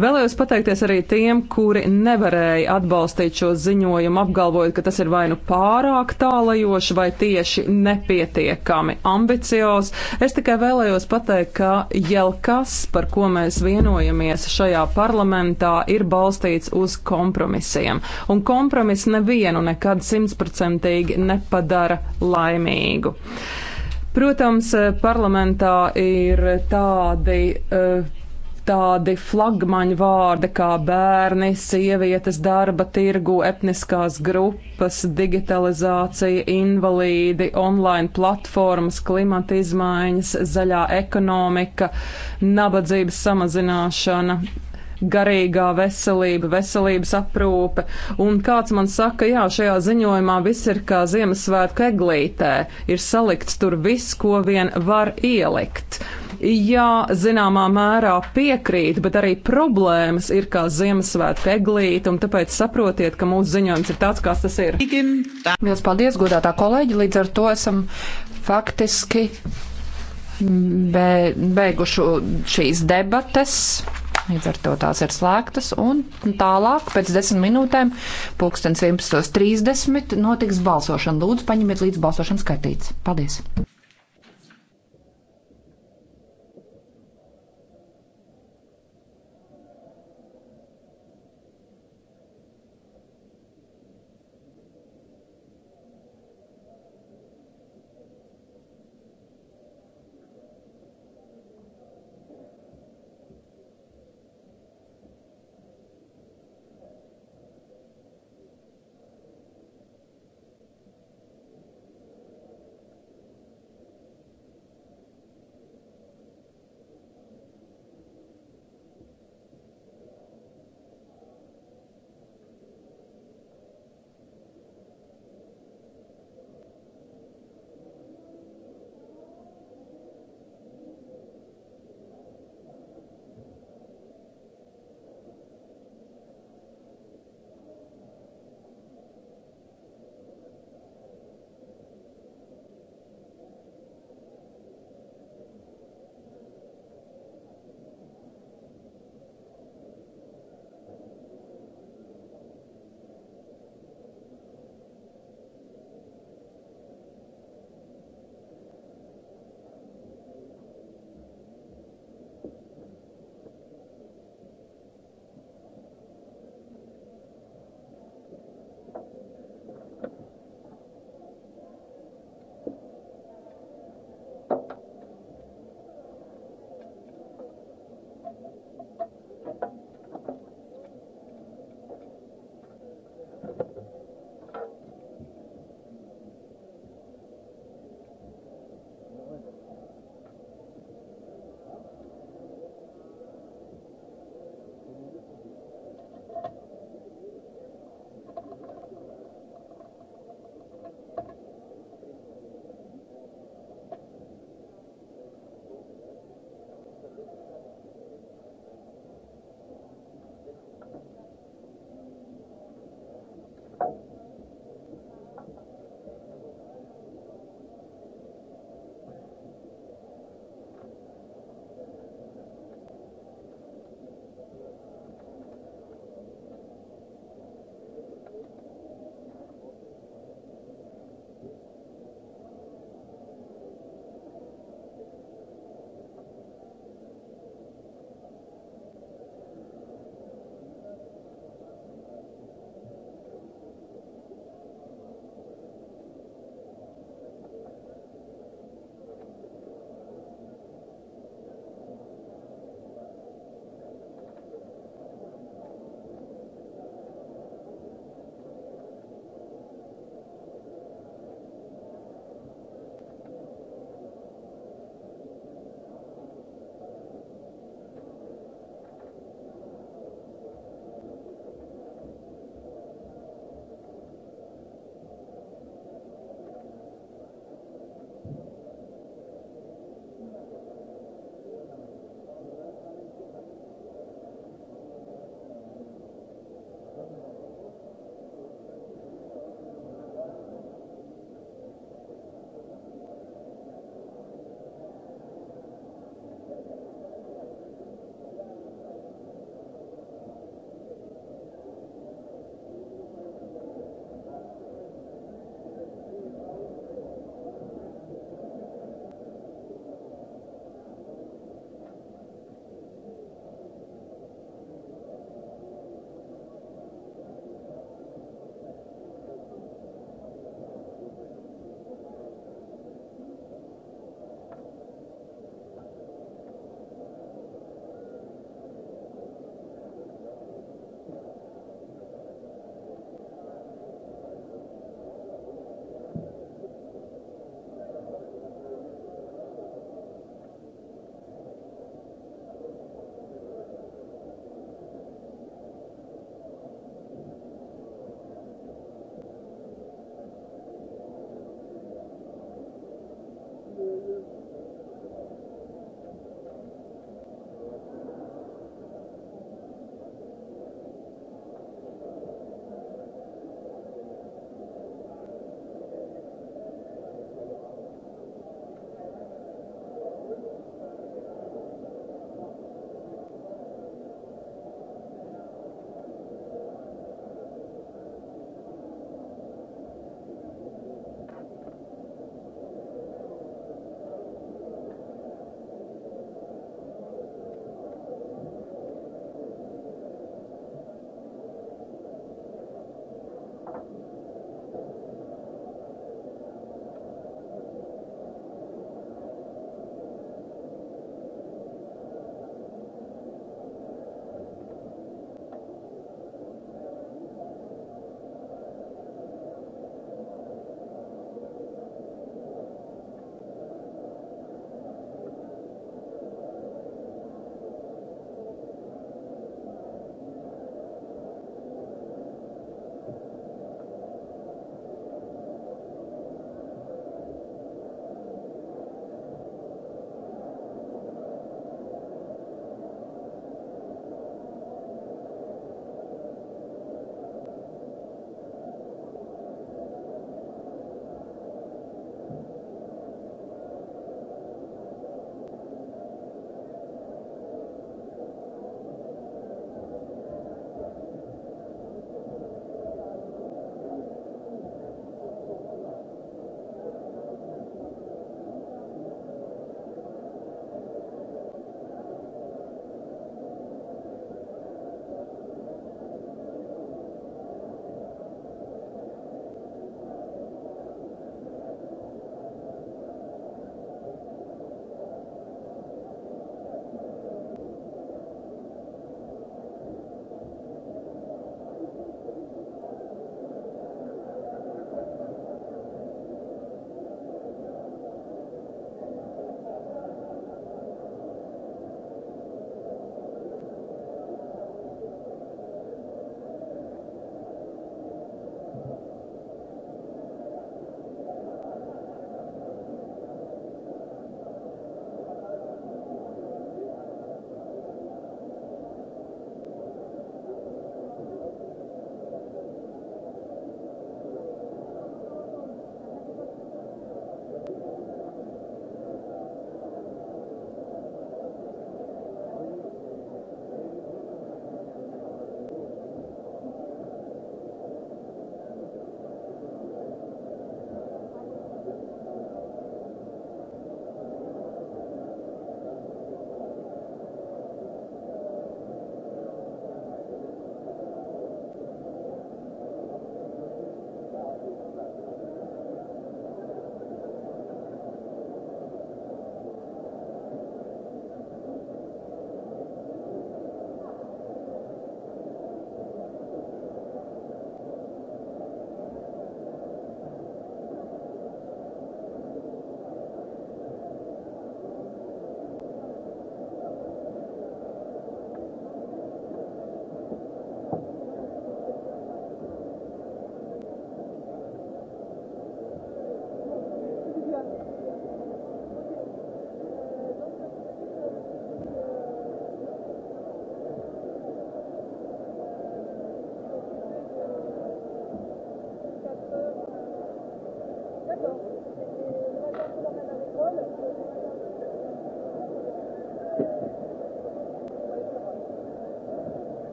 Vēlējos pateikties arī tiem, kuri nevarēja atbalstīt šo ziņojumu, apgalvojot, ka tas ir vai nu pārāk tālajoši, vai tieši nepietiekami ambiciozs. Es tikai vēlējos pateikt, ka jau kas, par ko mēs vienojamies šajā parlamentā, ir balstīts uz kompromisiem, un kompromiss nevienu nekad simtprocentīgi nepadara laimīgu. Protams, eh, parlamentā ir tādi. Uh, tādi flagmaņu vārdi kā bērni, sievietes darba tirgu, etniskās grupas, digitalizācija, invalīdi, online platformas, klimata izmaiņas, zaļā ekonomika, nabadzības samazināšana, garīgā veselība, veselības aprūpe. Un kāds man saka, jā, šajā ziņojumā viss ir kā Ziemassvētku eglītē, ir salikts tur viss, ko vien var ielikt. Jā, zināmā mērā piekrīt, bet arī problēmas ir kā Ziemassvētku eglīte, un tāpēc saprotiet, ka mūsu ziņojums ir tāds, kāds tas ir. Lielas paldies, godātā kolēģi, līdz ar to esam faktiski be, beiguši šīs debates līdz ar to tās ir slēgtas. Un tālāk, pēc desmit minūtēm, pulkstens 11.30 notiks balsošana. Lūdzu, paņemiet līdz balsošanas skaitītes. Paldies!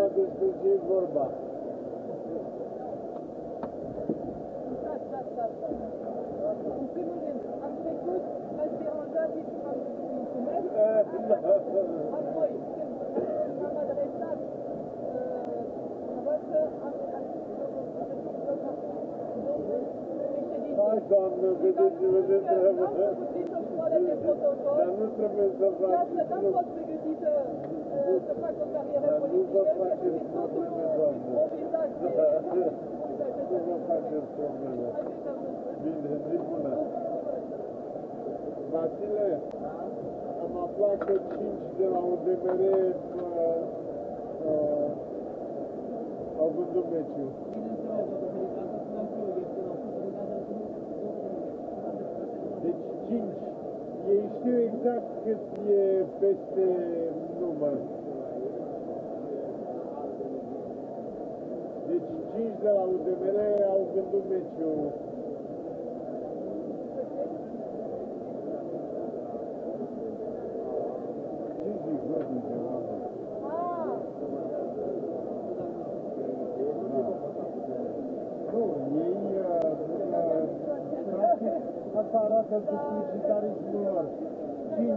seama despre ce e vorba. În primul rând, am trecut peste erozații și am mulțumesc. Apoi, când m-am adresat dumneavoastră, am Hai, doamnă, vedeți-vă de treabă. Dar nu trebuie să faci. Dar să dăm pot persoanele. Bine, zi bună. Vasile, am aflat că 5 de la UDMR uh, uh, au vândut meciul. Deci 5. Ei știu exact cât e peste număr. 5 de la UTML au gândit meciul. Asta arată publicitarismul lor. 5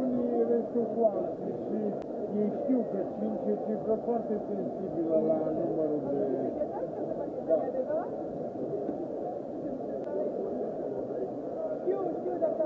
unii, restul cu alții și ei știu că 5 e cifră foarte sensibilă la numărul de... Da. Știu, știu, dacă...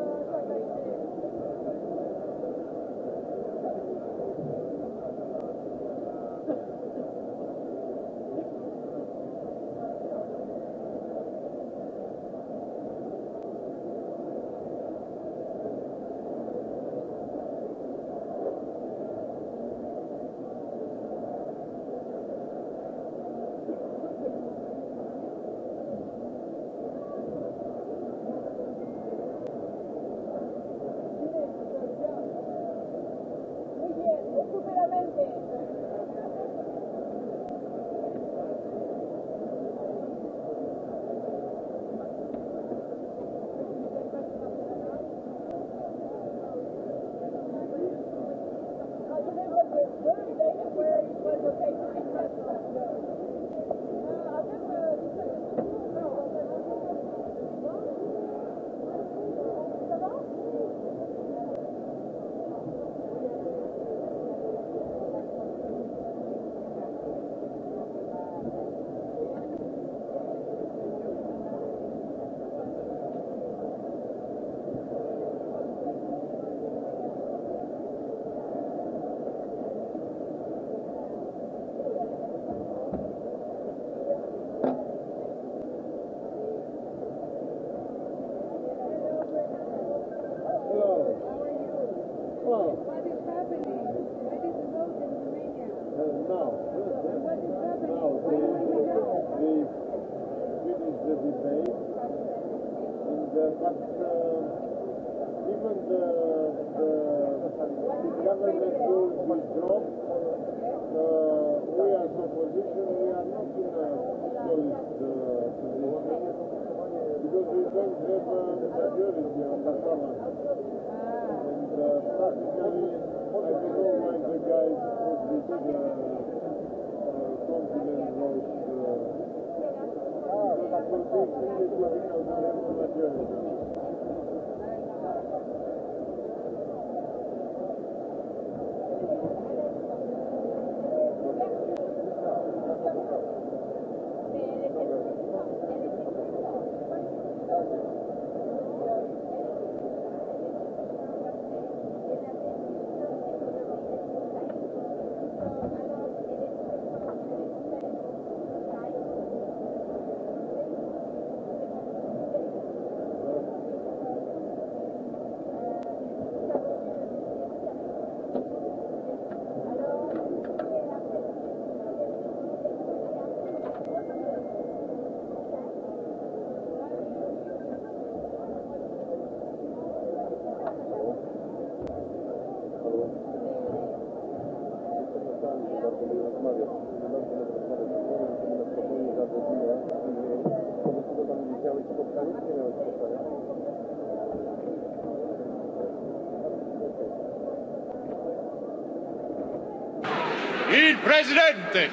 Il presidente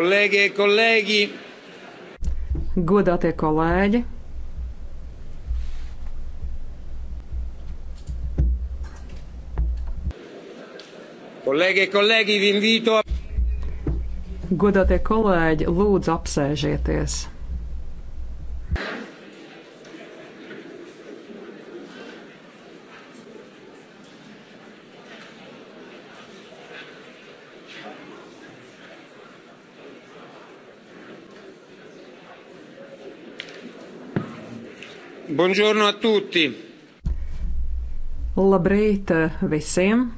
Kolēģi, e kolēģi! Godātie kolēģi! Kolēģi, e kolēģi, vi invito! Godātie kolēģi, lūdzu apsēžieties! Buongiorno a tutti. Labrīt eh, visiem.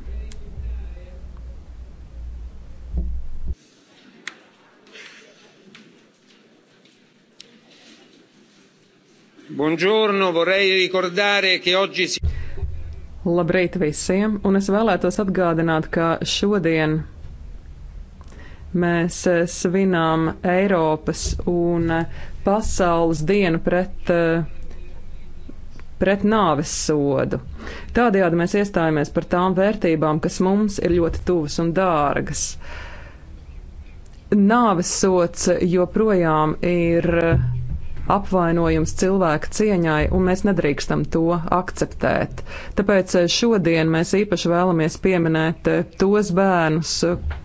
Buongiorno, vorrei ricordare che oggi si... Labrīt visiem, un es vēlētos atgādināt, ka šodien mēs eh, svinām Eiropas un eh, pasaules dienu pret uh, pret nāves sodu. Tādējādi mēs iestājāmies par tām vērtībām, kas mums ir ļoti tuvas un dārgas. Nāves sots joprojām ir apvainojums cilvēka cieņai, un mēs nedrīkstam to akceptēt. Tāpēc šodien mēs īpaši vēlamies pieminēt tos bērnus,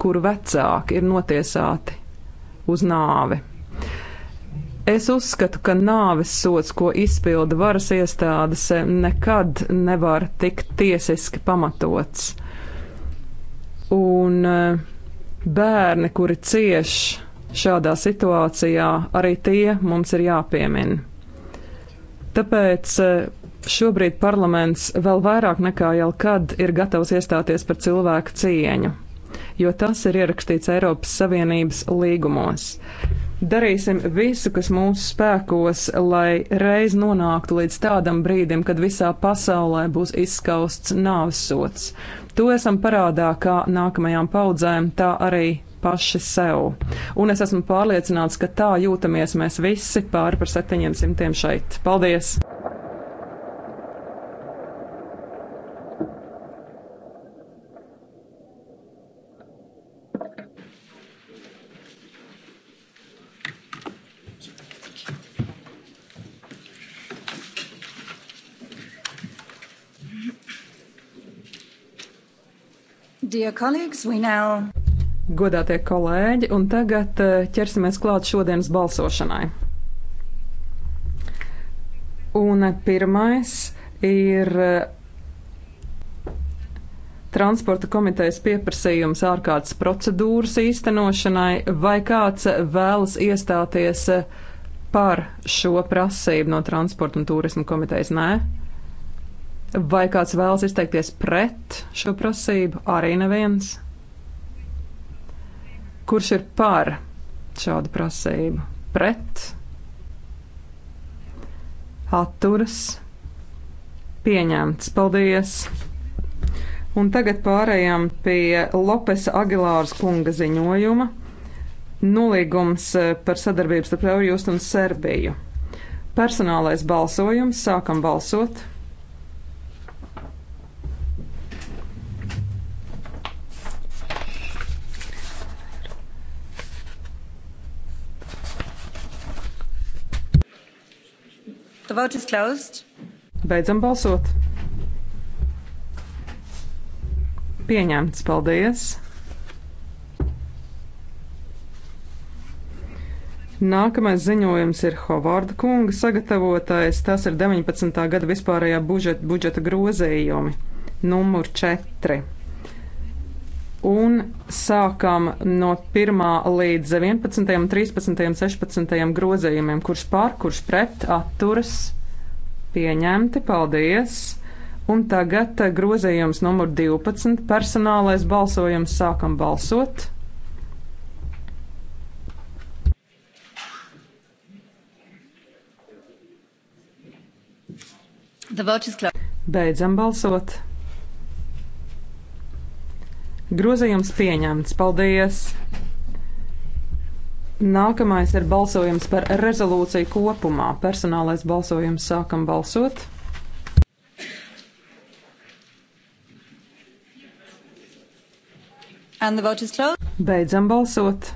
kuru vecāki ir notiesāti uz nāvi. Es uzskatu, ka nāves sots, ko izpilda varas iestādes, nekad nevar tikt tiesiski pamatots. Un eh, bērni, kuri cieš šādā situācijā, arī tie mums ir jāpiemina. Tāpēc eh, šobrīd parlaments vēl vairāk nekā jau kad ir gatavs iestāties par cilvēku cieņu, jo tas ir ierakstīts Eiropas Savienības līgumos. Darīsim visu, kas mūsu spēkos, lai reiz nonāktu līdz tādam brīdim, kad visā pasaulē būs izskausts nāvesots. To esam parādā kā nākamajām paudzēm, tā arī paši sev. Un es esmu pārliecināts, ka tā jūtamies mēs visi pāri par 700 šeit. Paldies! Now... Godātie kolēģi, un tagad eh, ķersimies klāt šodienas balsošanai. Un eh, pirmais ir eh, transporta komitejas pieprasījums ārkārtas procedūras īstenošanai, vai kāds vēlas iestāties par šo prasību no transporta un turisma komitejas? Nē. Vai kāds vēlas izteikties pret šo prasību? Arī neviens. Kurš ir par šādu prasību? Pret, atturas, pieņemts. Paldies! Un tagad pārējām pie Lopesa Agilāras kunga ziņojuma - nolīgums eh, par sadarbības starp Eurojust un Serbiju. Personālais balsojums - sākam balsot! vote is closed. Beidzam balsot. Pieņemts, paldies. Nākamais ziņojums ir Hovarda kunga sagatavotais. Tas ir 19. gada vispārējā budžeta, budžeta grozījumi. Numur 4 un sākam no 1. līdz 11., 13., 16. grozījumiem, kurš pār, kurš pret atturas pieņemti, paldies. Un tagad eh, grozījums numur 12, personālais balsojums, sākam balsot. Beidzam balsot. Grozījums pieņemts. Paldies! Nākamais ir balsojums par rezolūciju kopumā. Personālais balsojums sākam balsot. Beidzam balsot.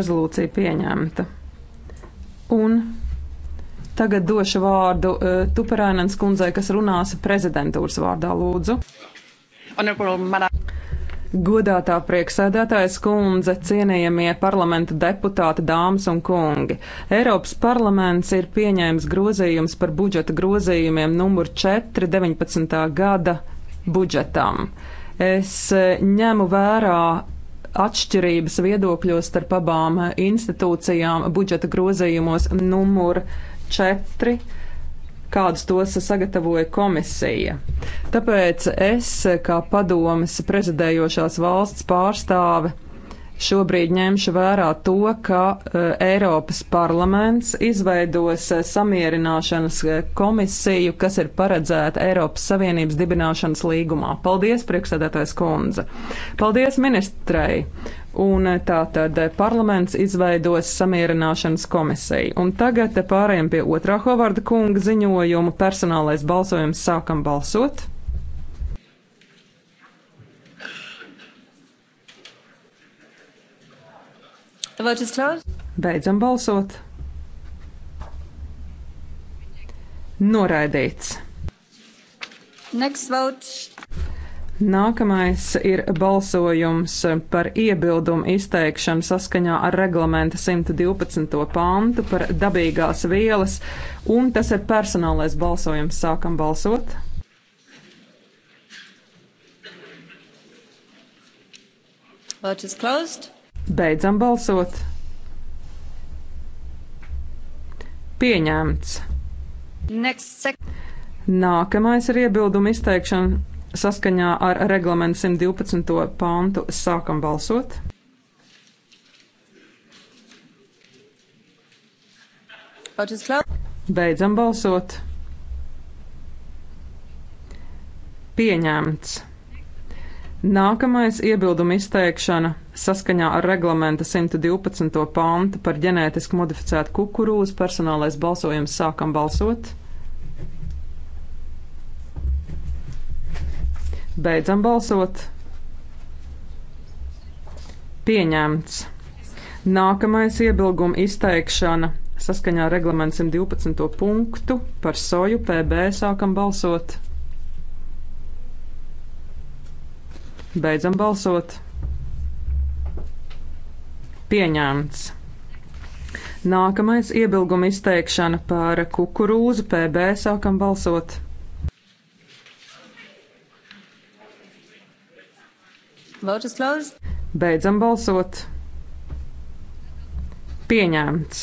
Rezolūcija pieņemta. Un tagad došu vārdu uh, eh, Tuperēnens kundzei, kas runās prezidentūras vārdā lūdzu. Godātā prieksēdētājas kundze, cienījamie parlamenta deputāti, dāmas un kungi. Eiropas parlaments ir pieņēmis grozījums par budžeta grozījumiem numur 4 19. gada budžetam. Es eh, ņemu vērā atšķirības viedokļos starp abām eh, institūcijām budžeta grozījumos numur 4 kādus tos sagatavoja komisija. Tāpēc es, kā padomes prezidējošās valsts pārstāve, Šobrīd ņemšu vērā to, ka e, Eiropas parlaments izveidos e, samierināšanas e, komisiju, kas ir paredzēta Eiropas Savienības dibināšanas līgumā. Paldies, priekšsēdētājs kundze! Paldies ministrei! Un tā tad parlaments izveidos samierināšanas komisiju. Un tagad pārējiem pie otrā Hovarda kunga ziņojuma personālais balsojums sākam balsot. The vote is closed. Beidzam balsot. Noraidīts. Next vote. Nākamais ir balsojums par iebildumu izteikšanu saskaņā ar reglamenta 112. pantu par dabīgās vielas, un tas ir personālais balsojums. Sākam balsot! Vote is closed. Beidzam balsot. Pieņemts. Nākamais ir iebilduma izteikšana saskaņā ar reglamentu 112. pantu. Sākam balsot. Beidzam balsot. Pieņemts. Nākamais iebilduma izteikšana Saskaņā ar reglamenta 112. pantu par ģenētiski modificētu kukurūzu personālais balsojums sākam balsot. Beidzam balsot. Pieņemts. Nākamais iebilguma izteikšana saskaņā ar reglamentu 112. punktu par soju PB sākam balsot. Beidzam balsot. Pieņemts. Nākamais iebilguma izteikšana par kukurūzu PB sākam balsot. Beidzam balsot. Pieņemts.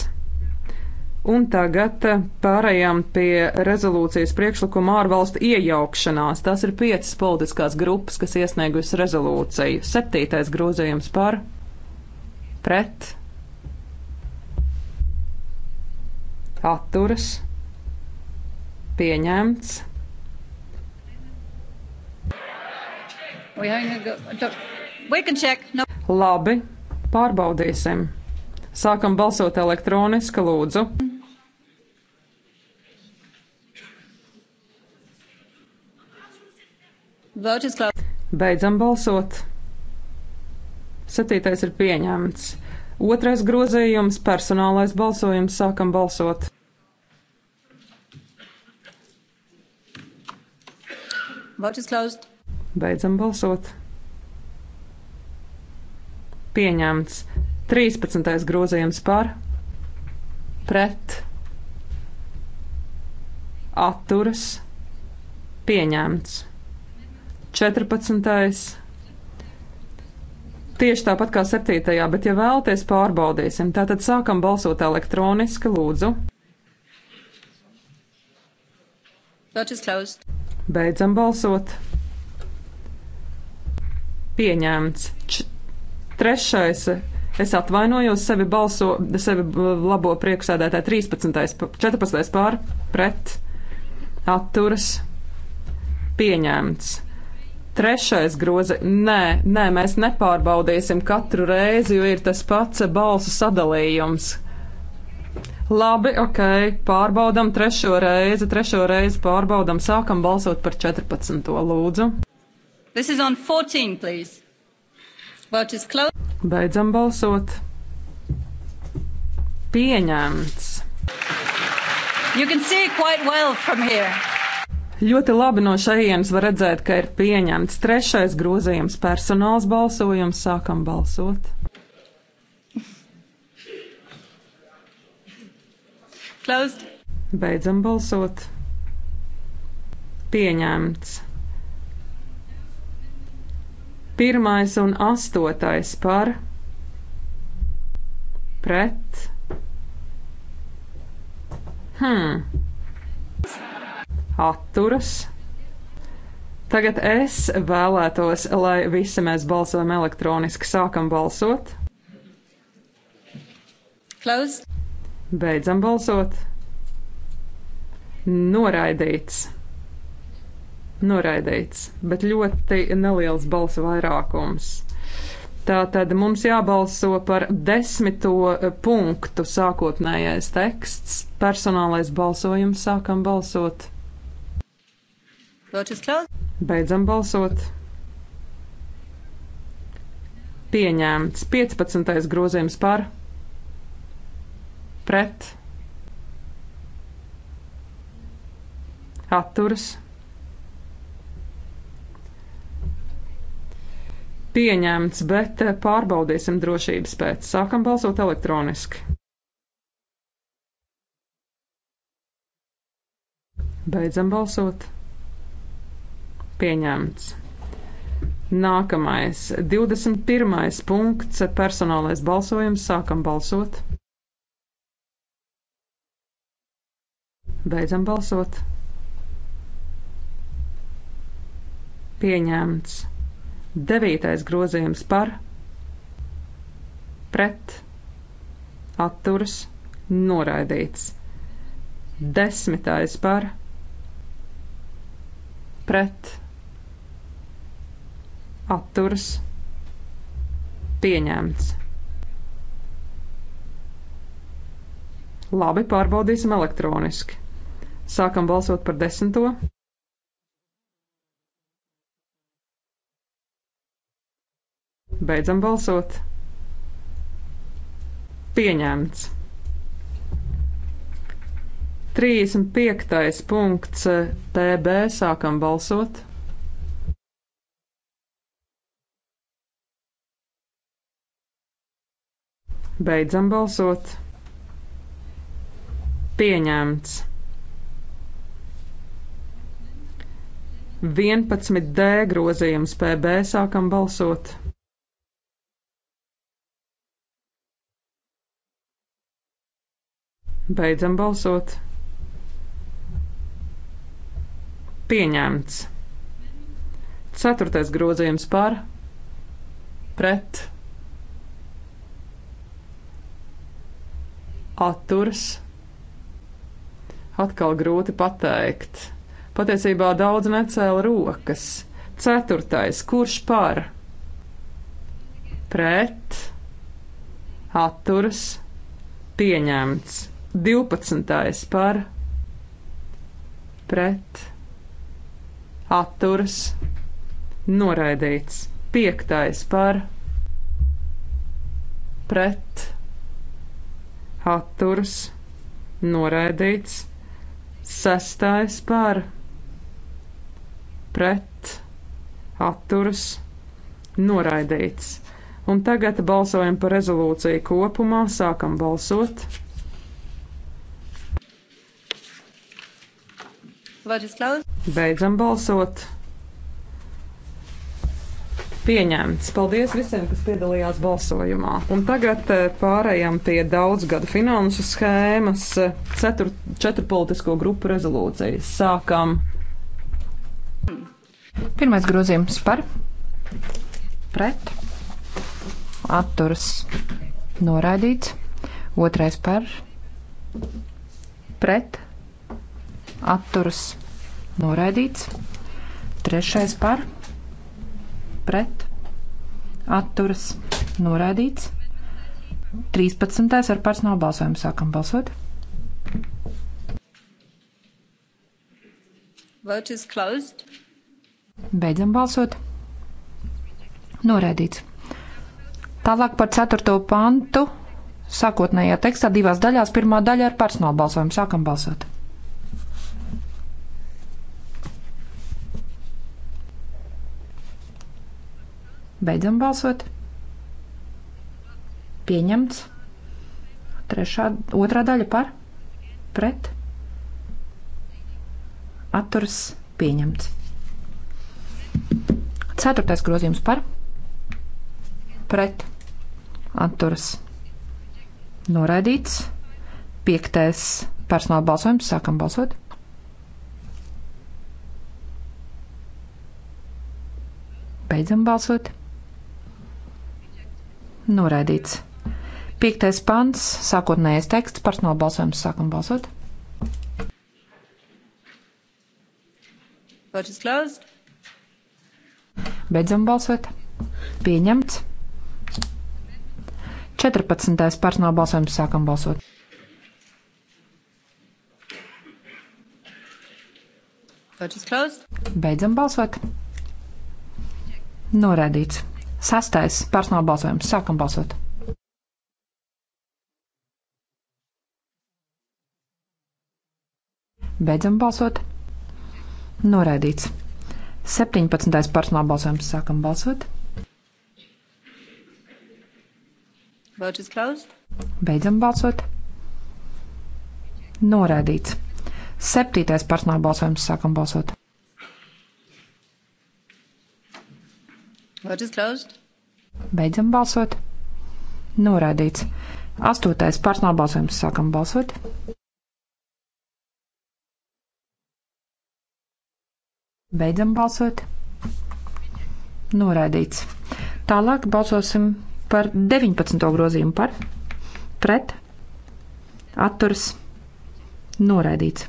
Un tagad pārējām pie rezolūcijas priekšlikuma ārvalstu iejaukšanās. Tās ir piecas politiskās grupas, kas iesniegusi rezolūciju. Septītais grozījums par pret, atturas, pieņemts. No. Labi, pārbaudīsim. Sākam balsot elektroniski, lūdzu. Beidzam balsot. Septītais ir pieņemts. Otrais grozījums - personālais balsojums. Sākam balsot. Vote is closed. Beidzam balsot. Pieņemts. 13. grozījums par, pret, atturas, pieņemts. 14. Tieši tāpat kā 7. bet, ja vēlaties, pārbaudīsim. Tātad sākam balsot elektroniski, lūdzu. Beidzam balsot. Pieņemts. Č trešais. Es atvainojos, sevi balso, sevi labo priekšsēdētāji 13. 14. pār, pret, atturas, pieņemts. Trešais grozi - nē, nē, mēs nepārbaudīsim katru reizi, jo ir tas pats balsu sadalījums. Labi, ok, pārbaudam trešo reizi, trešo reizi pārbaudam, sākam balsot par 14. lūdzu. 14, Beidzam balsot. Pieņemts. You can see it quite well from here. Ļoti labi no šejienes var redzēt, ka ir pieņemts trešais grozījums - personāls balsojums. Sākam balsot. Closed. Beidzam balsot. Pieņemts. Pirmais un astotais par pret. Hmm atturas. Tagad es vēlētos, lai visi mēs balsojam elektroniski. Sākam balsot. Closed. Beidzam balsot. Noraidīts. Noraidīts, bet ļoti neliels balsu vairākums. Tātad mums jābalso par desmito punktu sākotnējais teksts. Personālais balsojums sākam balsot. Beidzam balsot. Pieņēmts 15. grozījums par, pret, atturas. Pieņemts, bet pārbaudīsim drošības pēc. Sākam balsot elektroniski. Beidzam balsot pieņemts. Nākamais, 21. punkts, personālais balsojums, sākam balsot. Beidzam balsot. Pieņemts. 9. grozījums par, pret, atturas, noraidīts. 10. par, pret, atturas atturas pieņemts. Labi, pārbaudīsim elektroniski. Sākam balsot par desmito. Beidzam balsot. Pieņemts. 35. punkts eh, TB sākam balsot. Beidzam balsot. Pieņemts. 11D grozījums PB sākam balsot. Beidzam balsot. Pieņemts. Ceturtais grozījums par, pret, atturas. Atkal grūti pateikt. Patiesībā daudz necēla rokas. Ceturtais, kurš par? Pret, atturas, pieņemts. 12. par, pret, atturas, noraidīts. 5. par, pret, atturas atturas noraidīts, sestais par pret atturas noraidīts. Un tagad balsojam par rezolūciju kopumā, sākam balsot. Beidzam balsot. Pieņemts. Paldies visiem, kas piedalījās balsojumā. Un tagad eh, pārējām pie daudzgada finansu schēmas, eh, cetur, četru politisko grupu rezolūcijas. Sākam. Pirmais grozījums par, pret, atturas, noraidīts. Otrais par, pret, atturas, noraidīts. Trešais par, pret pret, atturas, noraidīts. 13. ar personālu balsojumu sākam balsot. Vote is closed. Beidzam balsot. Noraidīts. Tālāk par 4. pantu. Sākotnējā tekstā divās daļās. Pirmā daļa ar personālu balsojumu. Sākam balsot. Beidzam balsot. Pieņemts. Trešā, otrā daļa par, pret, atturas pieņemts. Ceturtais grozījums par, pret, atturas noraidīts. Piektais personāla balsojums, sākam balsot. Beidzam balsot. Noraidīts. Piektais pants, sākotnējais teksts, personāla balsojums, sākam balsot. Beidzam balsot. Pieņemts. 14. personāla balsojums sākam balsot. Beidzam balsot. Norādīts. Sastais personāla balsojums. Sākam balsot. Beidzam balsot. Noraidīts. 17. personāla balsojums. Sākam balsot. Vote is closed. Beidzam balsot. Noraidīts. 7. personāla balsojums. Sākam balsot. Vote is closed. Beidzam balsot. Noraidīts. Astotais personāla balsojums. Sākam balsot. Beidzam balsot. Noraidīts. Tālāk balsosim par 19. grozījumu par, pret, atturas, noraidīts.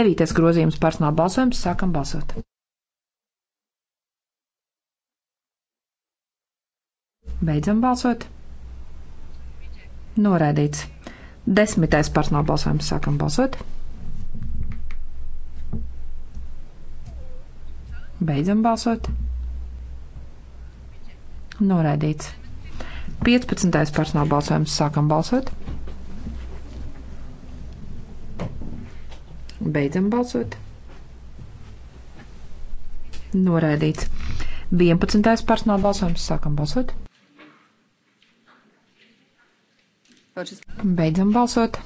9. grozījums personāla balsojums. Sākam balsot. Beidzam balsot. Noraidīts. Desmitais personāla balsojums sākam balsot. Beidzam balsot. Noraidīts. 15. personāla balsojums sākam balsot. Beidzam balsot. Noraidīts. 11. personāla balsojums sākam balsot. Beidzam balsot.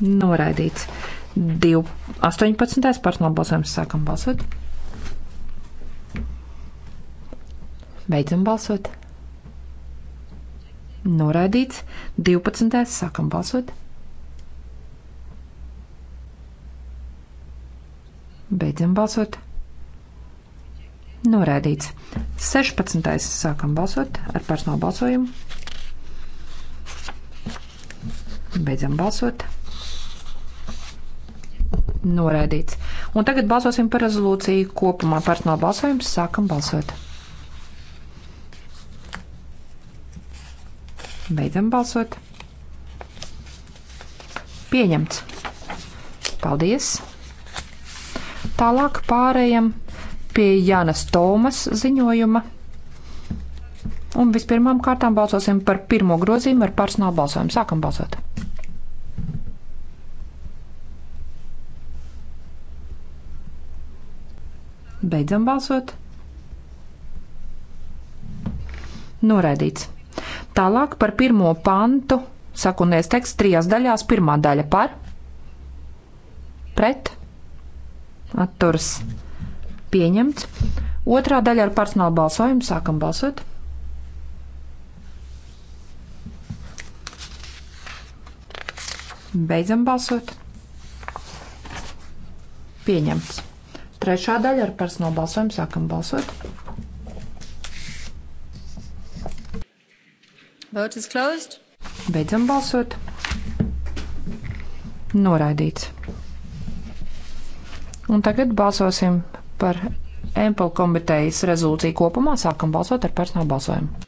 Noraidīts. 2, 18. personāla balsojums sākam balsot. Beidzam balsot. Noraidīts. 12. sākam balsot. Beidzam balsot. Noraidīts. 16. sākam balsot ar personāla balsojumu. Beidzam balsot. Noraidīts. Un tagad balsosim par rezolūciju kopumā. Personāla balsojums sākam balsot. Beidzam balsot. Pieņemts. Paldies. Tālāk pārējam pie Jānas Tomas ziņojuma. Un vispirmām kārtām balsosim par pirmo grozījumu ar personālu balsojumu. Sākam balsot! Beidzam balsot. Noraidīts. Tālāk par pirmo pantu sakunies teksts trijās daļās. Pirmā daļa par, pret, atturas pieņemts. Otrā daļa ar personālu balsojumu sākam balsot. Beidzam balsot. Pieņemts. Trešā daļa ar personālu balsojumu sākam balsot. Vote is closed. Beidzam balsot. Noraidīts. Un tagad balsosim par Empel komitejas rezolūciju kopumā. Sākam balsot ar personālu balsojumu.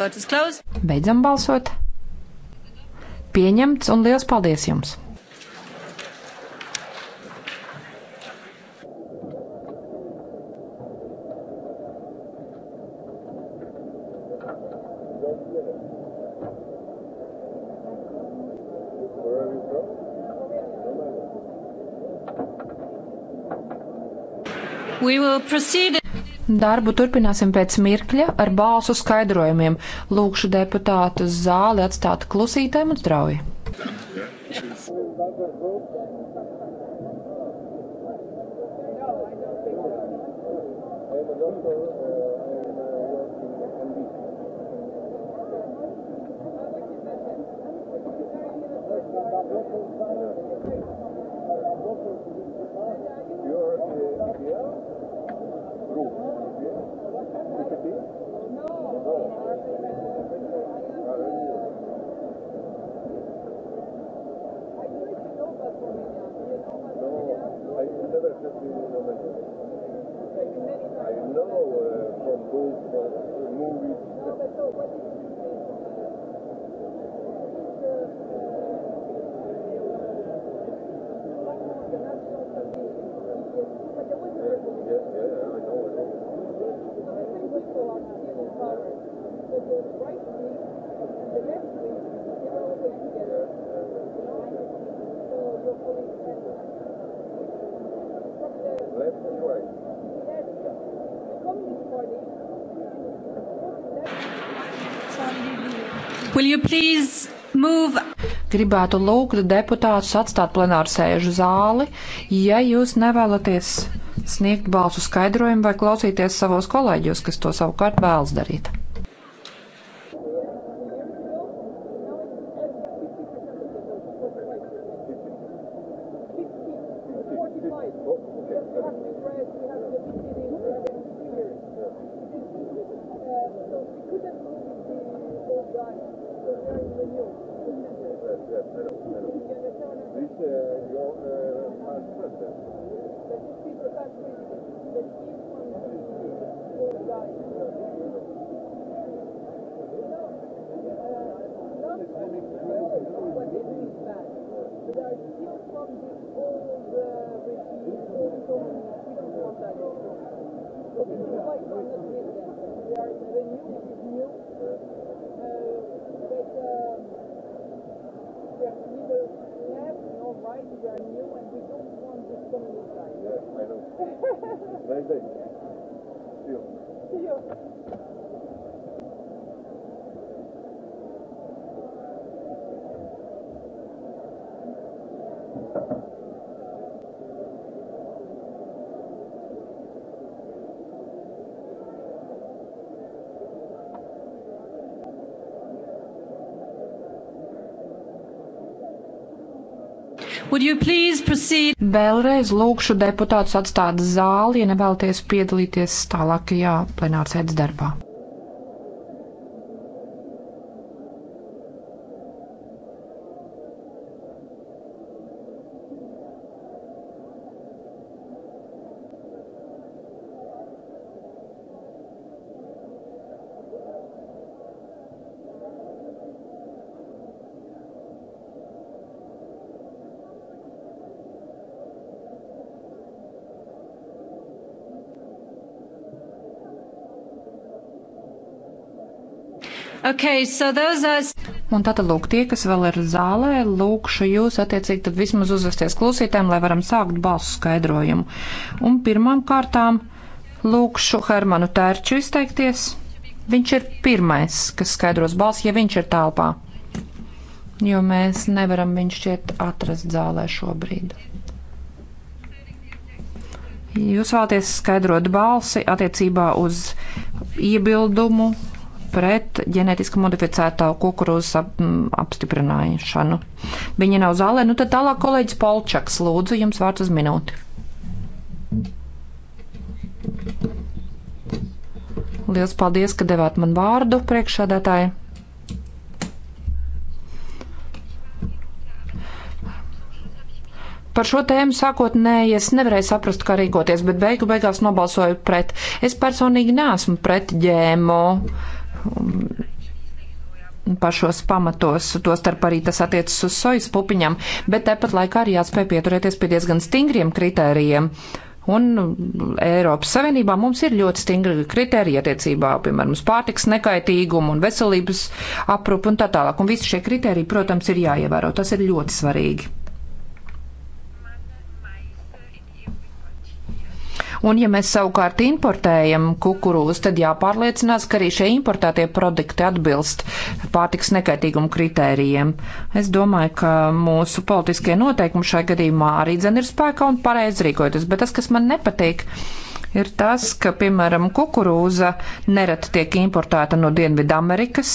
Vote is closed. Beidzam balsot. Pieņemts un liels paldies jums! We will proceed. Darbu turpināsim pēc mirkļa ar balsu skaidrojumiem. Lūkšu deputātus zāli atstāt klusītēm un strauji. gribētu lūgt deputātus atstāt plenāru sēžu zāli, ja jūs nevēlaties sniegt balsu skaidrojumu vai klausīties savos kolēģos, kas to savukārt vēlas darīt. Vēlreiz lūkšu deputātus atstāt zāli, ja nevēlaties piedalīties tālākajā plenārsēdes darbā. Okay, so are... Un tātad, lūk, tie, kas vēl ir zālē, lūkšu jūs attiecīgi tad vismaz uzvesties klausītēm, lai varam sākt balsu skaidrojumu. Un pirmām kārtām lūkšu Hermanu Tērču izteikties. Viņš ir pirmais, kas skaidros balsi, ja viņš ir telpā. Jo mēs nevaram viņš šķiet atrast zālē šobrīd. Jūs vēlaties skaidrot balsi attiecībā uz iebildumu pret ģenētiski modificētā kukurūza ap, mm, apstiprināšanu. Viņa nav zālē. Nu tad tālāk kolēģis Polčaks, lūdzu, jums vārds uz minūti. Liels paldies, ka devāt man vārdu priekšādātāji. par šo tēmu sākotnēji es nevarēju saprast, kā rīkoties, bet beigu beigās nobalsoju pret. Es personīgi neesmu pret ģēmo pašos pamatos, tostarp arī tas attiecas uz sojas pupiņam, bet tepat laikā arī jāspēj pieturēties pie diezgan stingriem kritērijiem. Un Eiropas Savienībā mums ir ļoti stingri kriteriji attiecībā, piemēram, uz pārtiks nekaitīgumu un veselības aprūpu un tā tālāk. Un visi šie kriteriji, protams, ir jāievēro. Tas ir ļoti svarīgi. Un, ja mēs savukārt importējam kukurūzus, tad jāpārliecinās, ka arī šie importētie produkti atbilst pārtiks nekaitīgumu kritērijiem. Es domāju, ka mūsu politiskie noteikumi šai gadījumā arī dzen ir spēkā un pareizi rīkojoties. Bet tas, kas man nepatīk, ir tas, ka, piemēram, kukurūza nereti tiek importēta no Dienvidu Amerikas.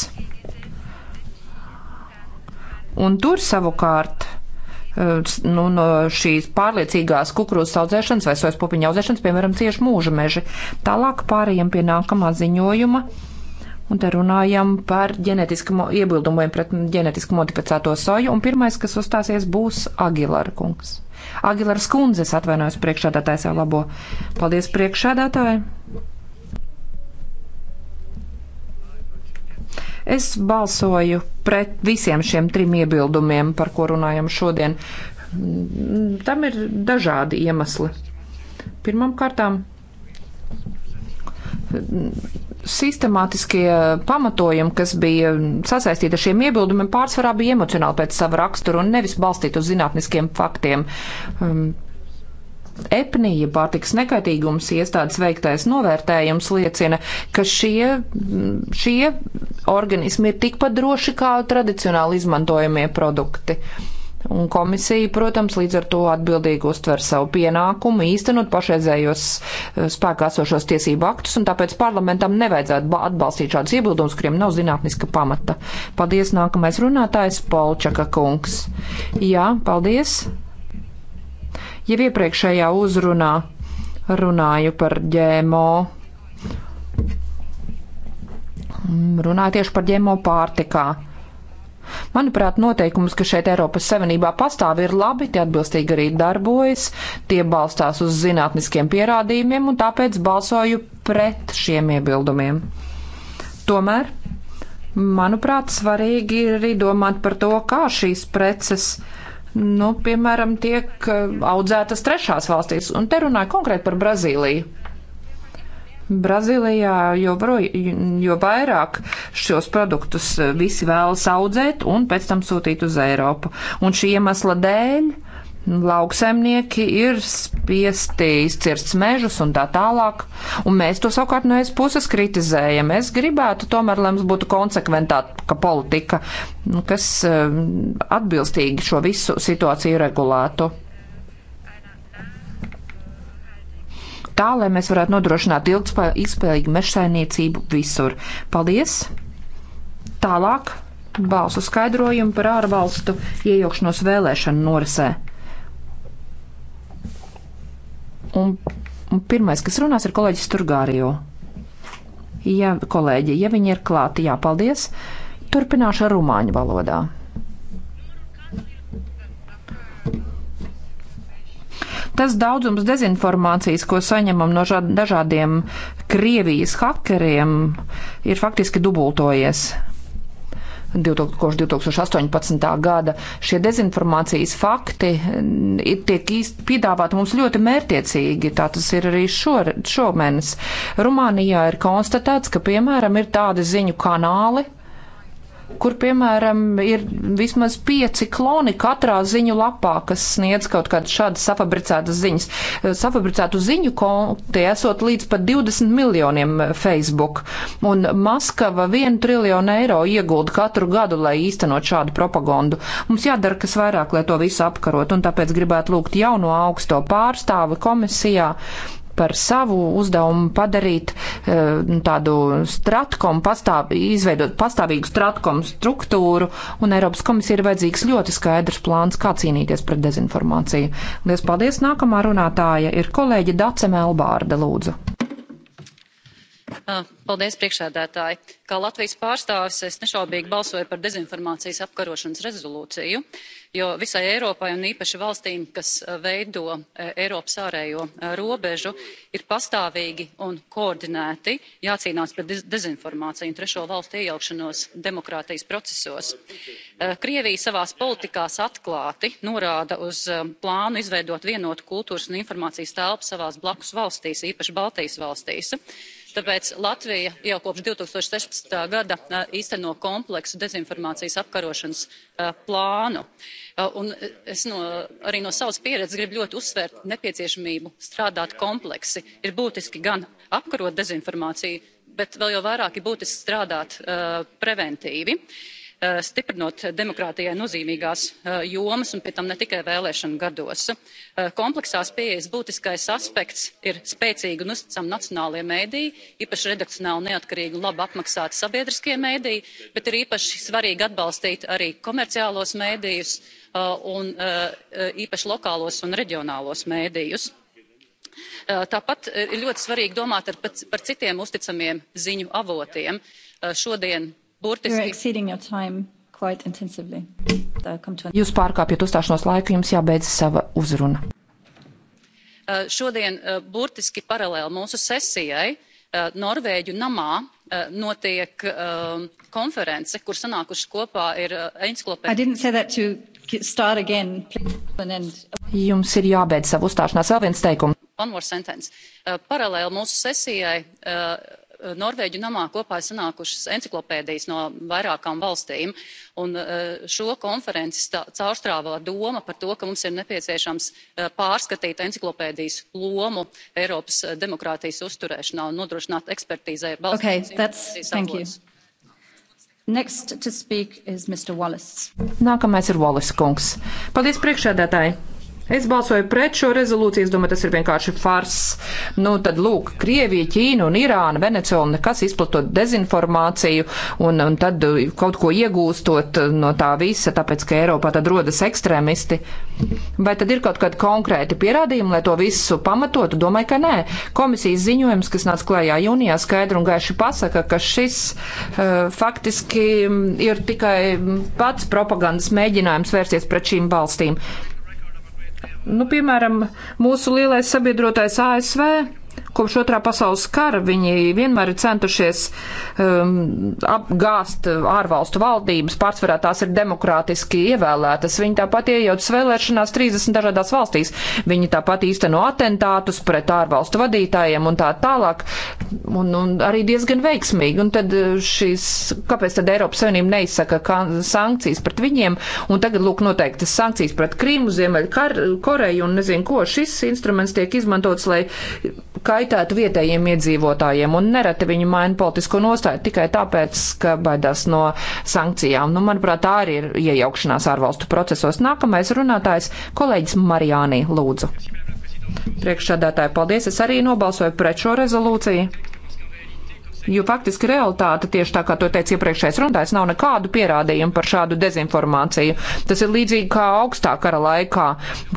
Un tur savukārt nu, no šīs pārliecīgās kukurūzas audzēšanas vai sojas pupiņa audzēšanas, piemēram, cieši mūža meži. Tālāk pārējiem pie nākamā ziņojuma. Un te runājam par ģenetiski iebildumiem pret ģenetiski modificēto soju. Un pirmais, kas uzstāsies, būs Agilara kungs. Agilara skundzes atvainojas priekšādātājs jau labo. Paldies priekšādātāji! Es balsoju pret visiem šiem trim iebildumiem, par ko runājam šodien. Tam ir dažādi iemesli. Pirmām kārtām sistemātiskie pamatojumi, kas bija sasaistīti ar šiem iebildumiem, pārsvarā bija emocionāli pēc sava rakstura un nevis balstīti uz zinātniskiem faktiem. Um, EPNIJA pārtiks nekaitīgums iestādes veiktais novērtējums liecina, ka šie, šie organismi ir tikpat droši kā tradicionāli izmantojamie produkti. Un komisija, protams, līdz ar to atbildīgi uztver savu pienākumu īstenot pašreizējos eh, spēkā esošos tiesību aktus, un tāpēc parlamentam nevajadzētu atbalstīt šādus iebildumus, kuriem nav zinātniska pamata. Paldies, nākamais runātājs Polčaka kungs. Jā, paldies. Jau iepriekšējā uzrunā runāju par ģēmo. Runāju tieši par ģēmo pārtikā. Manuprāt, noteikums, ka šeit Eiropas Savienībā pastāv, ir labi, tie atbilstīgi arī darbojas, tie balstās uz zinātniskiem pierādījumiem, un tāpēc balsoju pret šiem iebildumiem. Tomēr, manuprāt, svarīgi ir arī domāt par to, kā šīs preces uh, nu, piemēram, tiek eh, audzētas trešās valstīs. Un te runāju konkrēti par Brazīliju. Brazīlijā jo, jo vairāk šos produktus eh, visi vēlas audzēt un pēc tam sūtīt uz Eiropu. Un šī iemesla dēļ uh, Lauksaimnieki ir spiesti izcirst mežus un tā tālāk, un mēs to savukārt no es puses kritizējam. Es gribētu tomēr, lai mums būtu konsekventāka politika, nu, kas um, atbilstīgi šo visu situāciju regulētu. Tā, lai mēs varētu nodrošināt ilgspējīgu mežsainiecību visur. Paldies! Tālāk balsu skaidrojumu par ārvalstu iejaukšanos vēlēšanu norisē. Un, un pirmais, kas runās, ir kolēģis Turgārijo. Ja, kolēģi, ja viņi ir klāti, jāpaldies. Turpināšu ar rumāņu valodā. Tas daudzums dezinformācijas, ko saņemam no dažādiem Krievijas hakeriem, ir faktiski dubultojies kopš 2018. gada. Šie dezinformācijas fakti tiek īsti piedāvāti mums ļoti mērtiecīgi, tā tas ir arī šo, šomēnes. Rumānijā ir konstatēts, ka, piemēram, ir tādi ziņu kanāli, kur, piemēram, ir vismaz pieci kloni katrā ziņu lapā, kas sniedz kaut kādas šādas safabricētas ziņas. Safabricētu ziņu konti esot līdz pat 20 miljoniem Facebook, un Maskava 1 triljonu eiro iegulda katru gadu, lai īstenot šādu propagandu. Mums jādara kas vairāk, lai to visu apkarot, un tāpēc gribētu lūgt jauno augsto pārstāvi komisijā par savu uzdevumu padarīt eh, nu, tādu stratkomu, pastāv, izveidot pastāvīgu stratkomu struktūru, un Eiropas komisija ir vajadzīgs ļoti skaidrs plāns, kā cīnīties pret dezinformāciju. Lies paldies! Nākamā runātāja ir kolēģi Dace Melbārda, lūdzu. Ah, paldies, priekšsēdētāji. Kā Latvijas pārstāvis es nešaubīgi balsoju par dezinformācijas apkarošanas rezolūciju, jo visai Eiropai un īpaši valstīm, kas eh, veido eh, Eiropas ārējo eh, robežu, ir pastāvīgi un koordinēti jācīnās pret dezinformāciju un trešo valstu iejaukšanos demokrātijas procesos. Krievija savās politikās atklāti norāda uz plānu izveidot vienotu kultūras un informācijas telpu savās blakus valstīs, īpaši Baltijas valstīs tāpēc latvija jau kopš divi tūkstoši sešpadsmitā gada īsteno kompleksu dezinformācijas apkarošanas plānu un es arī no savas pieredzes gribu ļoti uzsvērt nepieciešamību strādāt kompleksi ir būtiski gan apkarot dezinformāciju bet vēl jau vairāk ir būtiski strādāt preventīvi. Eh, stiprinot demokrātijai nozīmīgās eh, jomas un pie tam ne tikai vēlēšanu gados. Eh, kompleksās pieejas būtiskais aspekts ir spēcīgi un uzticami nacionālie mediji īpaši redakcionāli neatkarīgi un labi apmaksāti sabiedriskie mediji bet ir īpaši svarīgi atbalstīt arī komerciālos medijus un īpaši lokālos un reģionālos medijus tāpat ir ļoti svarīgi domāt par citiem uzticamiem ziņu avotiem. šodien burtiski. Jūs pārkāpjat uzstāšanos laiku, jums jābeidz sava uzruna. Uh, šodien uh, burtiski paralēli mūsu sesijai uh, Norvēģu namā notiek um, konference, kur sanākuši kopā ir enciklopēdijas. Jums ir jābeidz savu uzstāšanās vēl viens teikums. Paralēli mūsu sesijai norvēģu namā kopā ir sanākušas enciklopēdijas no vairākām valstīm un e, šo konferenci caurstrāvā doma par to ka mums ir nepieciešams e, pārskatīt enciklopēdijas lomu Eiropas e, demokrātijas uzturēšanā un nodrošināt ekspertīzē balstītas okay, Next to speak is Mr. Wallace. Nākamais ir Wallace kungs. Paldies priekšādātāji! Es balsoju pret šo rezolūciju, es domāju, tas ir vienkārši fars. Nu, tad lūk, Krievija, Ķīna un Irāna, Venecija un nekas izplatot dezinformāciju un, un tad uh, kaut ko iegūstot uh, no tā visa, tāpēc, ka Eiropā tad rodas ekstrēmisti. Vai tad ir kaut kādi konkrēti pierādījumi, lai to visu pamatotu? Domāju, ka nē. Komisijas ziņojums, kas nāca klājā jūnijā, skaidri un gaiši pasaka, ka šis uh, faktiski mm, ir tikai pats propagandas mēģinājums vērsties pret šīm valstīm. Nu, piemēram, mūsu lielais sabiedrotais ASV Kopš otrā pasaules kara viņi vienmēr ir centušies um, apgāst ārvalstu valdības, pārsvarā tās ir demokrātiski ievēlētas. Viņi tāpat iejaucas vēlēšanās 30 dažādās valstīs. Viņi tāpat īsteno atentātus pret ārvalstu vadītājiem un tā tālāk, un, un arī diezgan veiksmīgi. Un tad uh, šīs, kāpēc tad Eiropas Savienība neizsaka sankcijas pret viņiem, un tagad lūk noteiktas sankcijas pret Krīmu, Ziemeļkoreju un nezinu ko, šis instruments tiek izmantots, lai kaitētu vietējiem iedzīvotājiem un nereti viņi maina politisko nostāju tikai tāpēc, ka baidās no sankcijām. Nu, manuprāt, tā arī ir iejaukšanās ārvalstu procesos. Nākamais runātājs - kolēģis Marijānī Lūdzu. Priekšsādātāji, paldies! Es arī nobalsoju pret šo rezolūciju Jo faktiski realitāte, tieši tā kā to teica iepriekšējais runātājs, nav nekādu pierādījumu par šādu dezinformāciju. Tas ir līdzīgi kā augstā kara laikā,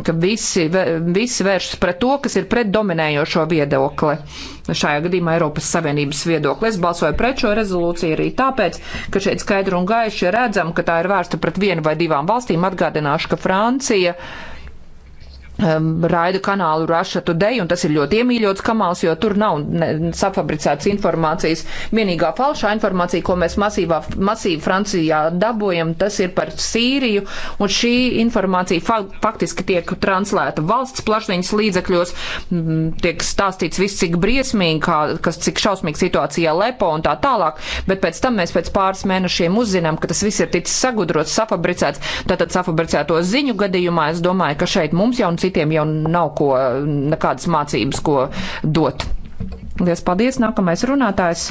ka visi, visi vēršas pret to, kas ir pret dominējošo viedokli. Šajā gadījumā Eiropas Savienības viedokli. Es balsoju pret šo rezolūciju arī tāpēc, ka šeit skaidri un gaiši redzam, ka tā ir vērsta pret vienu vai divām valstīm. Atgādināšu, ka Francija um, raidu kanālu Russia Today, un tas ir ļoti iemīļots kanāls, jo tur nav ne, safabricēts informācijas. Vienīgā falšā informācija, ko mēs masīvā, masīvi Francijā dabojam, tas ir par Sīriju, un šī informācija fa faktiski tiek translēta valsts plašsaziņas līdzekļos, m, mm, tiek stāstīts viss, cik briesmīgi, kā, kas cik šausmīgi situācijā lepo un tā tālāk, bet pēc tam mēs pēc pāris mēnešiem uzzinām, ka tas viss ir ticis sagudrots, safabricēts. Tātad safabricēto ziņu gadījumā es domāju, ka šeit mums jau un citiem jau nav ko, nekādas mācības, ko dot. Lielas paldies! Nākamais runātājs!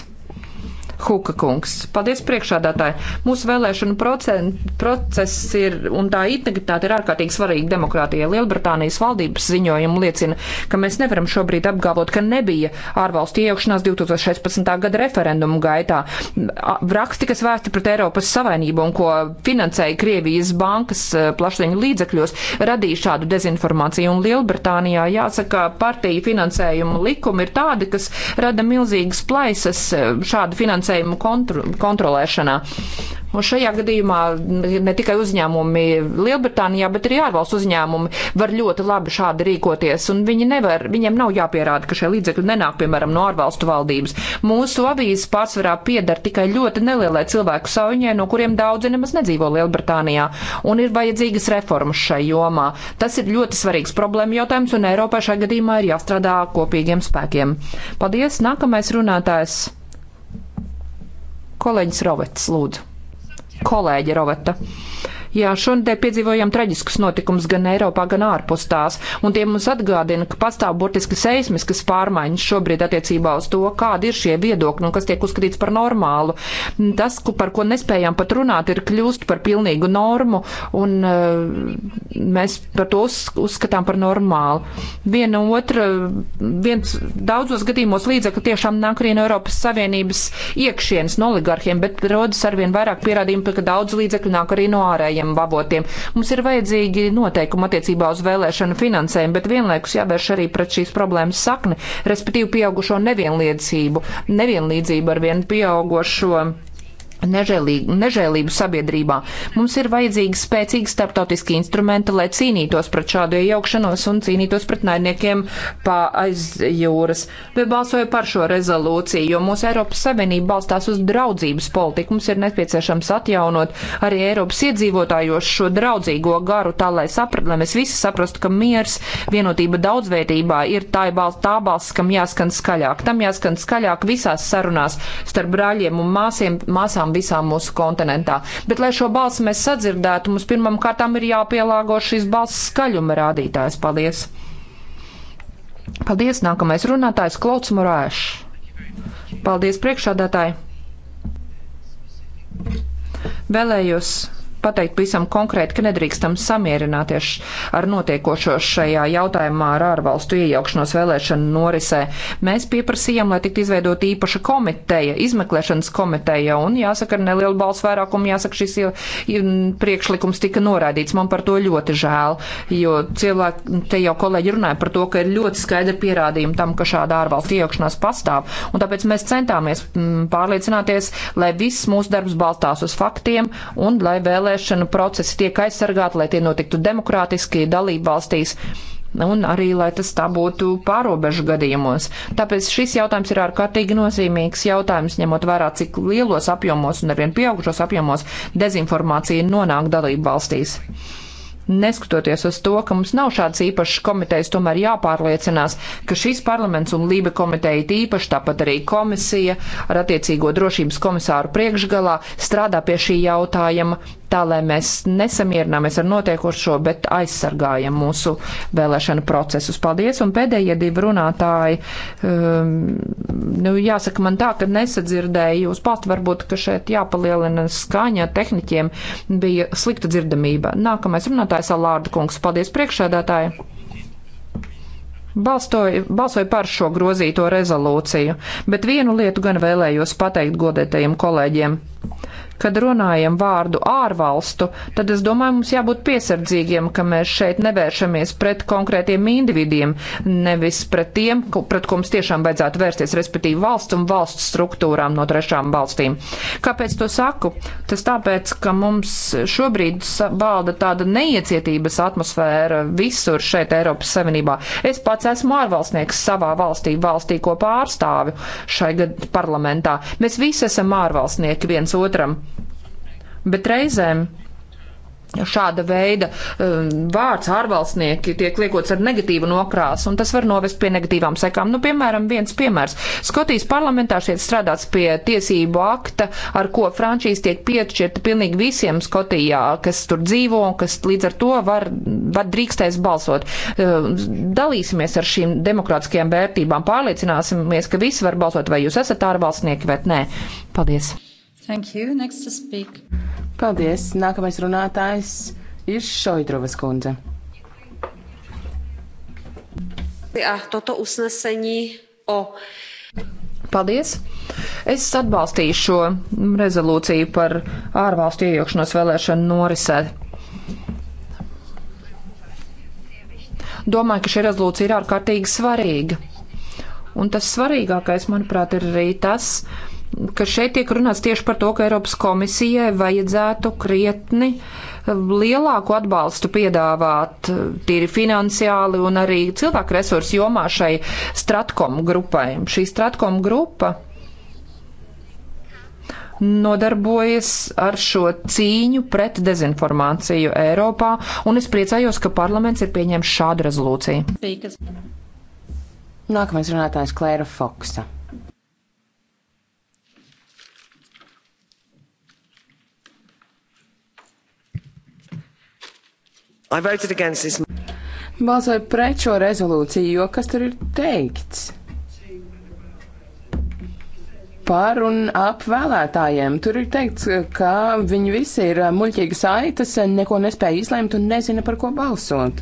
Huka kungs. Paldies priekšādātāji. Mūsu vēlēšanu procent, process ir un tā integritāte ir ārkārtīgi svarīga demokrātijai. Lielbritānijas valdības ziņojumi liecina, ka mēs nevaram šobrīd apgalvot, ka nebija ārvalstu iejaukšanās 2016. gada referendumu gaitā. Raksti, kas vēsti pret Eiropas Savainību un ko finansēja Krievijas bankas e, plašsaņu līdzekļos, radīja šādu dezinformāciju. Un Lielbritānijā jāsaka, partiju finansējumu likumi ir tādi, kas rada milzīgas plaisas e, šādu finansējumu finansējumu kontro, kontrolēšanā. Un šajā gadījumā ne tikai uzņēmumi Lielbritānijā, bet arī ārvalstu uzņēmumi var ļoti labi šādi rīkoties, un viņi nevar, viņiem nav jāpierāda, ka šie līdzekļi nenāk, piemēram, no ārvalstu valdības. Mūsu avīzes pārsvarā piedara tikai ļoti nelielai cilvēku sauņai, no kuriem daudzi nemaz nedzīvo Lielbritānijā, un ir vajadzīgas reformas šai jomā. Tas ir ļoti svarīgs problēma jautājums, un Eiropā šajā gadījumā ir jāstrādā kopīgiem spēkiem. Paldies! Nākamais runātājs! Kolēģis Rovets, lūdzu. Kolēģi Roveta. Jā, šodien piedzīvojam traģiskus notikumus gan Eiropā, gan ārpus tās, un tie mums atgādina, ka pastāv burtiski seismiskas pārmaiņas šobrīd attiecībā uz to, kādi ir šie viedokļi un kas tiek uzskatīts par normālu. Tas, par ko nespējām pat runāt, ir kļūst par pilnīgu normu, un eh, mēs par to uzskatām par normālu. Viena otra, viens daudzos gadījumos līdzekļi tiešām nāk arī no Eiropas Savienības iekšienes, no oligarhiem, bet rodas arvien vairāk pierādījumi, ka daudz līdzekļu nāk arī no ārējiem pieejamiem avotiem. Mums ir vajadzīgi noteikumi attiecībā uz vēlēšanu finansējumu, bet vienlaikus jāvērš arī pret šīs problēmas sakni, respektīvi pieaugušo nevienlīdzību, nevienlīdzību ar vienu pieaugušo nežēlību sabiedrībā. Mums ir vajadzīgi spēcīgi starptautiski instrumenti, lai cīnītos pret šādu iejaukšanos un cīnītos pret naidniekiem pa aiz jūras. Bet balsoju par šo rezolūciju, jo mūsu Eiropas Savienība balstās uz draudzības politiku. Mums ir nepieciešams atjaunot arī Eiropas iedzīvotājos šo draudzīgo garu, tā lai, saprat, lai mēs visi saprastu, ka miers, vienotība daudzveidībā ir tā balss, tā balss, kam jāskan skaļāk. Tam jāskan skaļāk visās sarunās starp brāļiem un māsiem, māsām tiesām visā mūsu kontinentā. Bet, lai šo balsi mēs sadzirdētu, mums pirmam kārtām ir jāpielāgo šīs balss skaļuma rādītājs. Paldies! Paldies! Nākamais runātājs Klauds Morāšs. Paldies priekšādātāji! Vēlējos pateikt pavisam konkrēti, ka nedrīkstam samierināties ar notiekošo šajā jautājumā ar ārvalstu iejaukšanos vēlēšanu norisē. Mēs pieprasījām, lai tiktu izveidot īpaša komiteja, izmeklēšanas komiteja, un jāsaka, ar nelielu balsu vairākumu jāsaka, šis priekšlikums tika noraidīts. Man par to ļoti žēl, jo cilvēki, te jau kolēģi runāja par to, ka ir ļoti skaidri pierādījumi tam, ka šāda ārvalstu iejaukšanās pastāv, un tāpēc mēs centāmies mm, pārliecināties, lai viss mūsu darbs balstās uz faktiem un lai vēlēšanas vēlēšanu procesi tiek aizsargāti, lai tie notiktu demokrātiski dalību valstīs un arī, lai tas tā būtu pārobežu gadījumos. Tāpēc šis jautājums ir ārkārtīgi nozīmīgs jautājums, ņemot vērā, cik lielos apjomos un arvien pieaugušos apjomos dezinformācija nonāk dalību valstīs. Neskatoties uz to, ka mums nav šāds īpašs komitejas, tomēr jāpārliecinās, ka šīs parlaments un Lība komiteja īpaši, tāpat arī komisija ar attiecīgo drošības komisāru priekšgalā strādā pie šī jautājuma tā lai mēs nesamierināmies ar notiekošo, bet aizsargājam mūsu vēlēšanu procesus. Paldies! Un pēdējie divi runātāji, um, nu, jāsaka man tā, ka nesadzirdēju jūs pat, varbūt, ka šeit jāpalielina skaņa tehniķiem, bija slikta dzirdamība. Nākamais runātājs Alārda kungs. Paldies priekšēdētāji! Balstoju, balsoju par šo grozīto rezolūciju, bet vienu lietu gan vēlējos pateikt godētajiem kolēģiem kad runājam vārdu ārvalstu, tad es domāju, mums jābūt piesardzīgiem, ka mēs šeit nevēršamies pret konkrētiem individiem, nevis pret tiem, pret ko mums tiešām vajadzētu vērsties, respektīvi valsts un valsts struktūrām no trešām valstīm. Kāpēc to saku? Tas tāpēc, ka mums šobrīd valda tāda neiecietības atmosfēra visur šeit Eiropas Savienībā. Es pats esmu ārvalstnieks savā valstī, valstī, ko pārstāvu šai parlamentā. Mēs visi esam ārvalstnieki viens otram bet reizēm šāda veida um, vārds ārvalstnieki tiek liekots ar negatīvu nokrāsu, un tas var novest pie negatīvām sekām. Nu, piemēram, viens piemērs. Skotijas parlamentā šeit strādāts pie tiesību akta, ar ko Frančijas tiek piešķirta pilnīgi visiem Skotijā, kas tur dzīvo un kas līdz ar to var, var drīkstēs balsot. Uh, dalīsimies ar šīm demokrātiskajām vērtībām, pārliecināsimies, ka visi var balsot, vai jūs esat ārvalstnieki vai nē. Paldies! Thank you. Next to speak. Paldies. Nākamais runātājs ir Šojdrovas kundze. A toto uznesení o. Paldies! Es atbalstīju šo rezolūciju par ārvalstu iejaukšanos vēlēšanu norisē. Domāju, ka šī rezolūcija ir ārkārtīgi svarīga. Un tas svarīgākais, manuprāt, ir arī tas, ka ka šeit tiek runāts tieši par to, ka Eiropas komisijai vajadzētu krietni lielāku atbalstu piedāvāt tīri finansiāli un arī cilvēku resursu jomā šai Stratkom grupai. Šī Stratkom grupa nodarbojas ar šo cīņu pret dezinformāciju Eiropā, un es priecājos, ka parlaments ir pieņēmis šādu rezolūciju. Nākamais runātājs Klēra Foksa. I voted against this. Balsoju pret šo rezolūciju, jo kas tur ir teikts? Par un ap vēlētājiem. Tur ir teikts, ka viņi visi ir muļķīgi saitas, neko nespēja izlēmt un nezina, par ko balsot.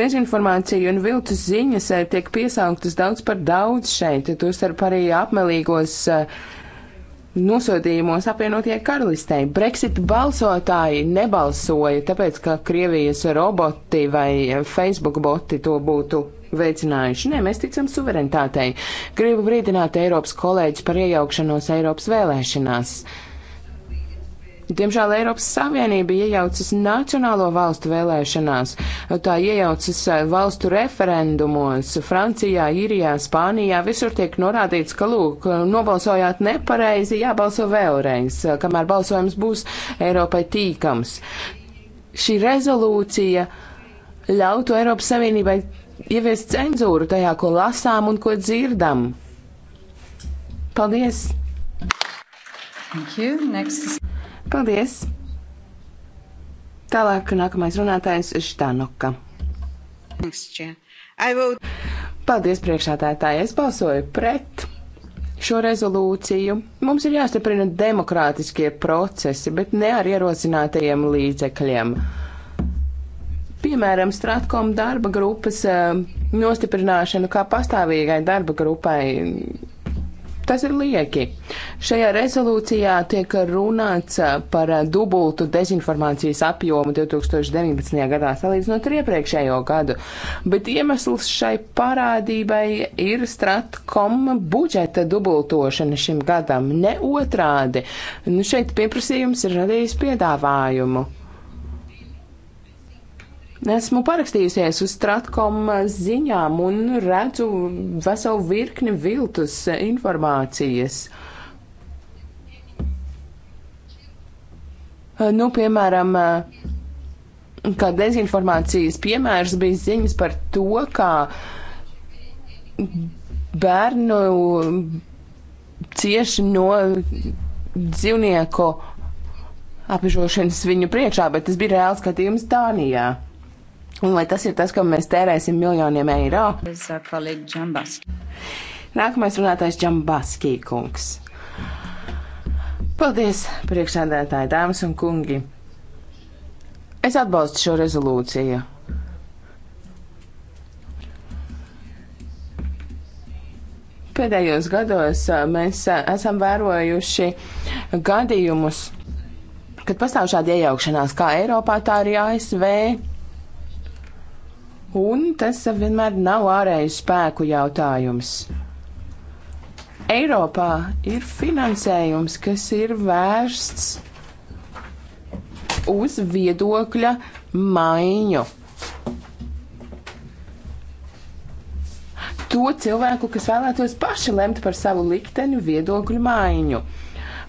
Dezinformācija un viltus ziņas eh, tiek piesauktas daudz par daudz šeit, tostarp arī apmelīgos uh, nosodījumos apvienotie karalistei. Brexit balsotāji nebalsoja, tāpēc, ka Krievijas roboti vai Facebook boti to būtu veicinājuši. Nē, mēs ticam suverenitātei. Gribu brīdināt Eiropas kolēģis par iejaukšanos Eiropas vēlēšanās. Diemžēl Eiropas Savienība iejaucas nacionālo valstu vēlēšanās, tā iejaucas eh, valstu referendumos, Francijā, Irijā, Spānijā, visur tiek norādīts, ka, lūk, nobalsojāt nepareizi, jābalso vēlreiz, kamēr balsojums būs Eiropai tīkams. Šī rezolūcija ļautu Eiropas Savienībai ieviest cenzūru tajā, ko lasām un ko dzirdam. Paldies! Thank you. Next. Paldies! Tālāk nākamais runātājs ir Štānoka. Paldies priekšādātāji, es balsoju pret šo rezolūciju. Mums ir jāstiprina demokrātiskie procesi, bet ne ar ierosinātajiem līdzekļiem. Piemēram, Stratkom darba grupas eh, nostiprināšanu kā pastāvīgai darba grupai Tas ir lieki. Šajā rezolūcijā tiek runāts uh, par uh, dubultu dezinformācijas apjomu 2019. gadā salīdzinot ar iepriekšējo gadu, bet iemesls šai parādībai ir stratkom budžeta dubultošana šim gadam, ne otrādi. Nu, šeit pieprasījums ir radījis piedāvājumu. Esmu parakstījusies uz Stratkom ziņām un redzu veselu virkni viltus informācijas. Nu, piemēram, kā dezinformācijas piemērs bija ziņas par to, kā bērnu cieši no dzīvnieku apžošanas viņu priekšā, bet tas bija reāls skatījums Dānijā. Un vai tas ir tas, kam mēs tērēsim miljoniem eiro? Nākamais runātājs Džambaskī kungs. Paldies, priekšsēdētāji, dāmas un kungi. Es atbalstu šo rezolūciju. pēdējos gados mēs esam vērojuši gadījumus, kad pastāv šāda iejaukšanās kā Eiropā, tā arī ASV. Un tas vienmēr nav ārēju spēku jautājums. Eiropā ir finansējums, kas ir vērsts uz viedokļa maiņu. To cilvēku, kas vēlētos paši lemt par savu likteni, viedokļu maiņu.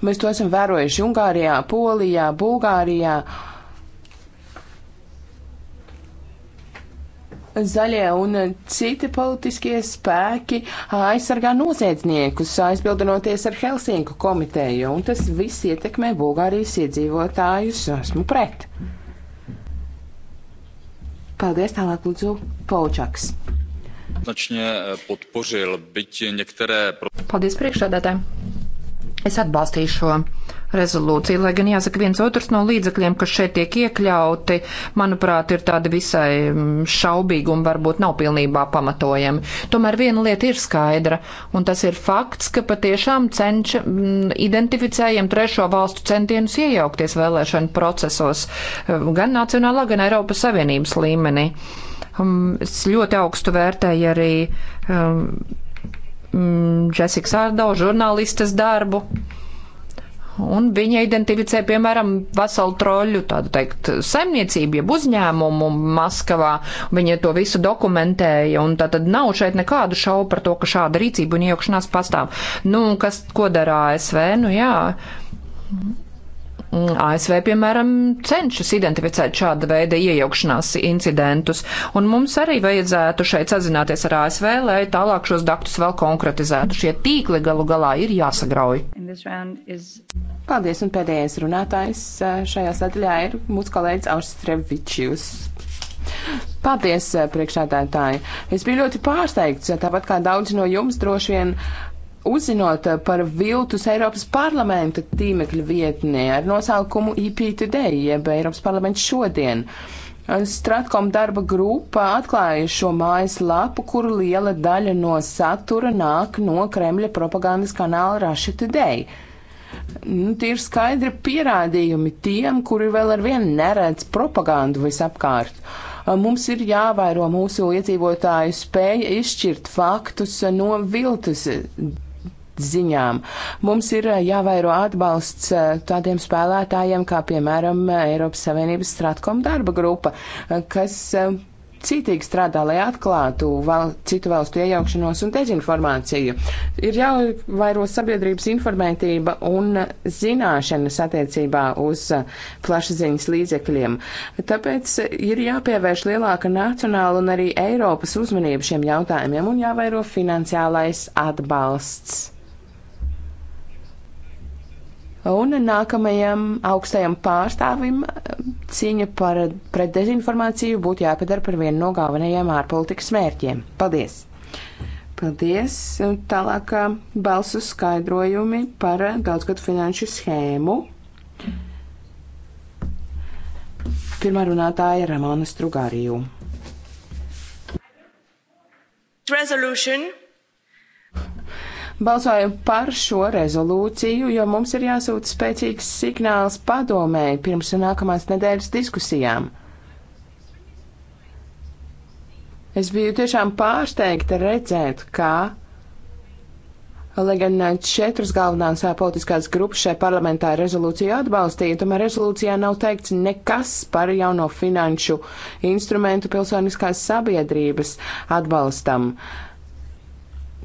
Mēs to esam vērojuši Ungārijā, Polijā, Bulgārijā. Uh, Zaļie un citi politiskie spēki aizsargā noziedzniekus, aizbildinoties ar Helsinku komiteju, un tas viss ietekmē Bulgārijas iedzīvotājus. Esmu pret. Paldies, tālāk lūdzu, Polčaks. Eh, Paldies priekšādātājiem. Es atbalstīšu šo rezolūciju. Lai gan jāsaka, viens otrs no līdzekļiem, kas šeit tiek iekļauti, manuprāt, ir tādi visai mm, šaubīgi un varbūt nav pilnībā pamatojami. Tomēr viena lieta ir skaidra, un tas ir fakts, ka patiešām cenš, mm, identificējam trešo valstu centienus iejaukties vēlēšanu procesos mm, gan nacionālā, gan Eiropas Savienības līmenī. Es ļoti augstu vērtēju arī um, Jessica Sārdau žurnālistas darbu. Un viņa identificē, piemēram, veselu troļu, tādu teikt, saimniecību, jeb uzņēmumu Maskavā. Viņa to visu dokumentēja, un tā tad nav šeit nekādu šaubu par to, ka šāda rīcība un iejaukšanās pastāv. Nu, kas, ko dara ASV? Nu, jā. ASV, piemēram, cenšas identificēt šāda veida iejaukšanās incidentus, un mums arī vajadzētu šeit sazināties ar ASV, lai tālāk šos datus vēl konkretizētu. Šie tīkli galu galā ir jāsagrauj. Is... Paldies, un pēdējais runātājs eh, šajā sadaļā ir mūsu kolēģis Austrevičs. Paldies, eh, priekšādātāji. Es biju ļoti pārsteigts, eh, tāpat kā daudzi no jums droši vien uzzinot eh, par viltus Eiropas parlamenta tīmekļa vietnē ar nosaukumu EP Today, jeb Eiropas parlaments šodien. Eh, Stratkom darba grupa atklāja šo mājas lapu, kur liela daļa no satura nāk no Kremļa propagandas kanāla Russia Today. Nu, tie ir skaidri pierādījumi tiem, kuri vēl ar vienu neredz propagandu visapkārt. Eh, Mums ir jāvairo mūsu iedzīvotāju spēja izšķirt faktus no viltus ziņām. Mums ir eh, jāvairo atbalsts eh, tādiem spēlētājiem, kā piemēram eh, Eiropas Savienības Stratkom darba grupa, kas cītīgi strādā, lai atklātu val, citu valstu iejaukšanos un dezinformāciju. Ir jāvairo sabiedrības informētība un zināšanas attiecībā uz plašsaziņas līdzekļiem. Tāpēc ir jāpievērš lielāka nacionāla un arī Eiropas uzmanība šiem jautājumiem un jāvairo finansiālais atbalsts. Un nākamajam augstajam pārstāvim cīņa par, pret dezinformāciju būtu jāpadara par vienu no galvenajiem ārpolitikas mērķiem. Paldies! Paldies! Tālāk balsu skaidrojumi par daudzgadu finanšu schēmu. Pirmā runātāja ir Ramona Strugāriju. Resolution. Balsoju par šo rezolūciju, jo mums ir jāsūta spēcīgs signāls padomēji pirms nākamās nedēļas diskusijām. Es biju tiešām pārsteigta redzēt, kā, lai gan četras galvenās politiskās grupas šai parlamentā rezolūciju atbalstīja, tomēr rezolūcijā nav teikts nekas par jauno finanšu instrumentu pilsoniskās sabiedrības atbalstam. Uh,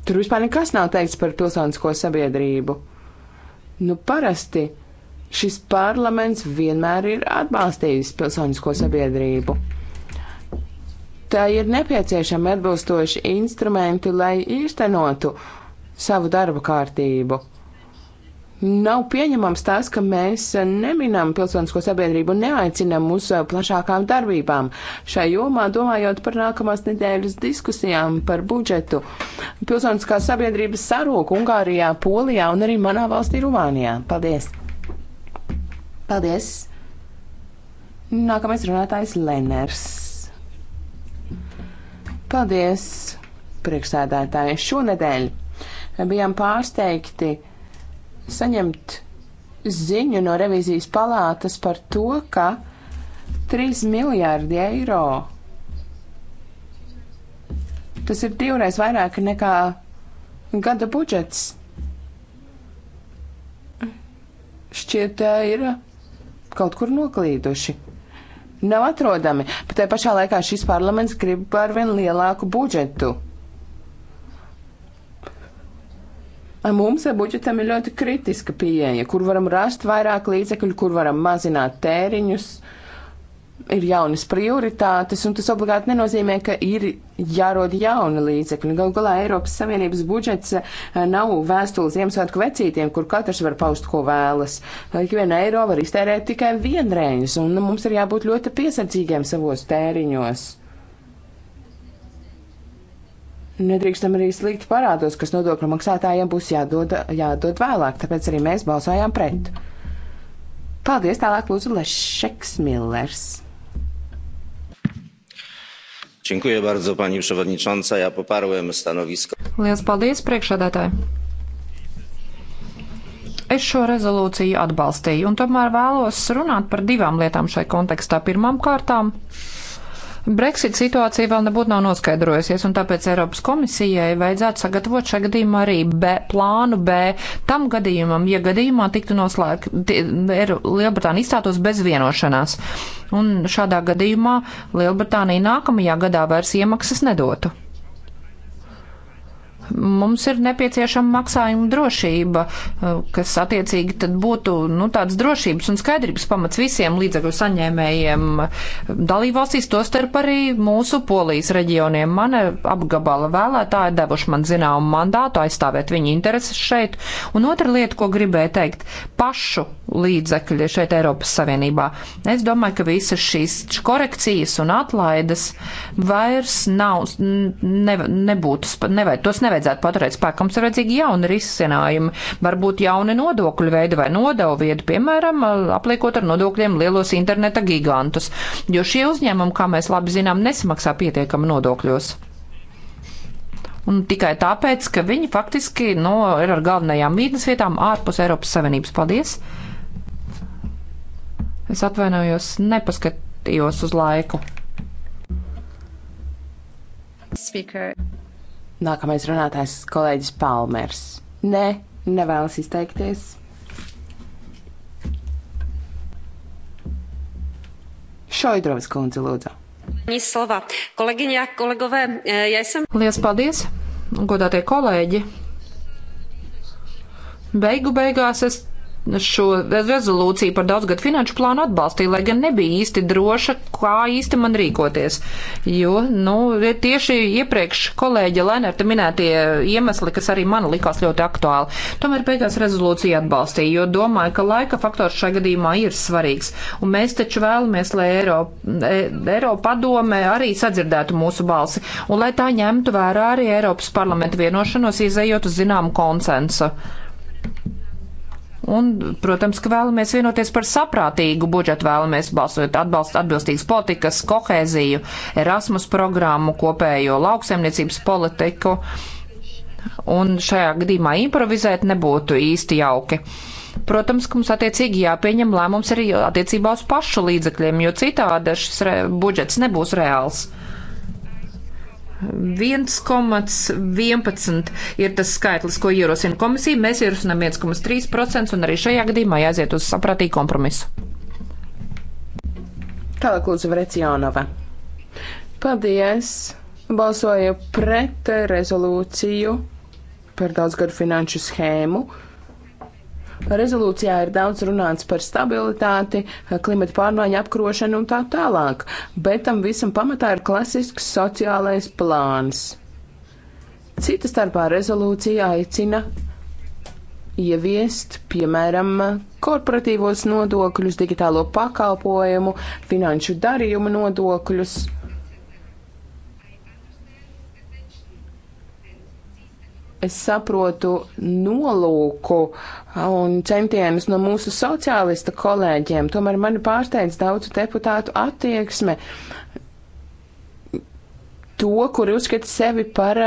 Tur vispār nekas nav teikts par pilsonisko sabiedrību. Nu, parasti šis parlaments vienmēr ir atbalstījis pilsonisko sabiedrību. Tā ir nepieciešami atbilstoši instrumenti, lai īstenotu savu darba kārtību. Nav pieņemams tas, ka mēs neminam pilsonisko sabiedrību un neaicinam uz uh, plašākām darbībām. Šai jomā domājot par nākamās nedēļas diskusijām par budžetu, pilsoniskās sabiedrības sarūk Ungārijā, Polijā un arī manā valstī Rumānijā. Paldies! Paldies! Nākamais runātājs Leners. Paldies, priekšsēdētāji. Šonedēļ bijām pārsteigti saņemt ziņu no revīzijas palātas par to, ka 3 miljārdi eiro tas ir divreiz vairāk nekā gada budžets. Šķiet, ir kaut kur noklīduši. Nav atrodami, bet tajā pašā laikā šis parlaments grib ar vien lielāku budžetu. Mums budžetam ir ļoti kritiska pieeja, kur varam rast vairāk līdzekļu, kur varam mazināt tēriņus, ir jaunas prioritātes, un tas obligāti nenozīmē, ka ir jārod jauni līdzekļi. Galu galā Eiropas Savienības budžets eh, nav vēstule Ziemassvētku vecītiem, kur katrs var paust, ko vēlas. Ikvienu eiro var iztērēt tikai vienreiz, un mums ir jābūt ļoti piesardzīgiem savos tēriņos. Nedrīkstam arī slikt parādos, kas nodokļu maksātājiem būs jādod, jādod vēlāk, tāpēc arī mēs balsojām pret. Paldies, tālāk lūdzu Lešeks Millers. Dziękuję bardzo pani przewodnicząca. Ja poparłem stanowisko. Lielas paldies, priekšsēdētāji. Es šo rezolūciju atbalstīju, un tomēr vēlos runāt par divām lietām šai kontekstā. Pirmām kārtām. Uh, Brexit situācija vēl nebūtu nav noskaidrojusies, un tāpēc Eiropas komisijai vajadzētu sagatavot šajā gadījumā arī B, plānu B tam gadījumam, ja gadījumā tiktu noslēgt, Lielbritānija izstātos bez vienošanās. Un šādā gadījumā Lielbritānija nākamajā gadā vairs iemaksas nedotu. Mums ir nepieciešama maksājuma drošība, eh, kas attiecīgi tad būtu nu, tāds drošības un skaidrības pamats visiem līdzekļu saņēmējiem dalībvalstīs, to starp arī mūsu polijas reģioniem. Mana apgabala vēlētāja devuši man zināmu mandātu aizstāvēt viņu intereses šeit. Un otra lieta, ko gribēju teikt, pašu līdzekļi šeit Eiropas Savienībā. Es domāju, ka visas šīs korekcijas un atlaides vairs nav, ne, nebūtu, nevajag, tos nevajag nevajadzētu paturēt spēkam, ir vajadzīgi jauni risinājumi, varbūt jauni nodokļu veidi vai nodevu viedu, piemēram, apliekot ar nodokļiem lielos interneta gigantus, jo šie uzņēmumi, kā mēs labi zinām, nesamaksā pietiekami nodokļos. Un tikai tāpēc, ka viņi faktiski no, nu, ir ar galvenajām mītnes vietām ārpus Eiropas Savienības. Paldies! Es atvainojos, nepaskatījos uz laiku. Speaker. Nākamais runātājs kolēģis Palmers. Nē, ne, nevēlas izteikties. Šoidrovs kundze, lūdzu. E, Lielas paldies, godātie kolēģi! Beigu beigās es šo rezolūciju par daudzgadu finanšu plānu atbalstīju, lai gan nebija īsti droša, kā īsti man rīkoties. Jo, nu, tieši iepriekš kolēģa Lenerta minētie iemesli, kas arī man likās ļoti aktuāli. Tomēr beigās rezolūciju atbalstīju, jo domāju, ka laika faktors šajā gadījumā ir svarīgs. Un mēs taču vēlamies, lai Eiropa, e, Eiropa padome arī sadzirdētu mūsu balsi un lai tā ņemtu vērā arī Eiropas parlamenta vienošanos, izējot uz zināmu konsensu. Un, protams, ka vēlamies vienoties par saprātīgu budžetu, vēlamies balsot atbalstu atbilstīgas politikas, kohēziju, Erasmus programmu, kopējo lauksemniecības politiku. Un šajā gadījumā improvizēt nebūtu īsti jauki. Protams, ka mums attiecīgi jāpieņem lēmums arī attiecībā uz pašu līdzekļiem, jo citādi šis budžets nebūs reāls. 1,11 ir tas skaitlis, ko ierosina komisija. Mēs ierosinām 1,3% un arī šajā gadījumā jāiziet uz saprātīgu kompromisu. Tālāk lūdzu Vrecionova. Paldies! Balsoju pret rezolūciju par daudzgadu finanšu schēmu. Uh, Rezolūcijā ir daudz runāts par stabilitāti, klimata pārmaiņu apkrošanu un tā tālāk, bet tam visam pamatā ir klasisks sociālais plāns. Cita starpā rezolūcija aicina ieviest, piemēram, korporatīvos nodokļus, digitālo pakalpojumu, finanšu darījumu nodokļus. es saprotu nolūku un centienus no mūsu sociālista kolēģiem, tomēr mani pārsteidz daudzu deputātu attieksme to, kuri uzskata sevi par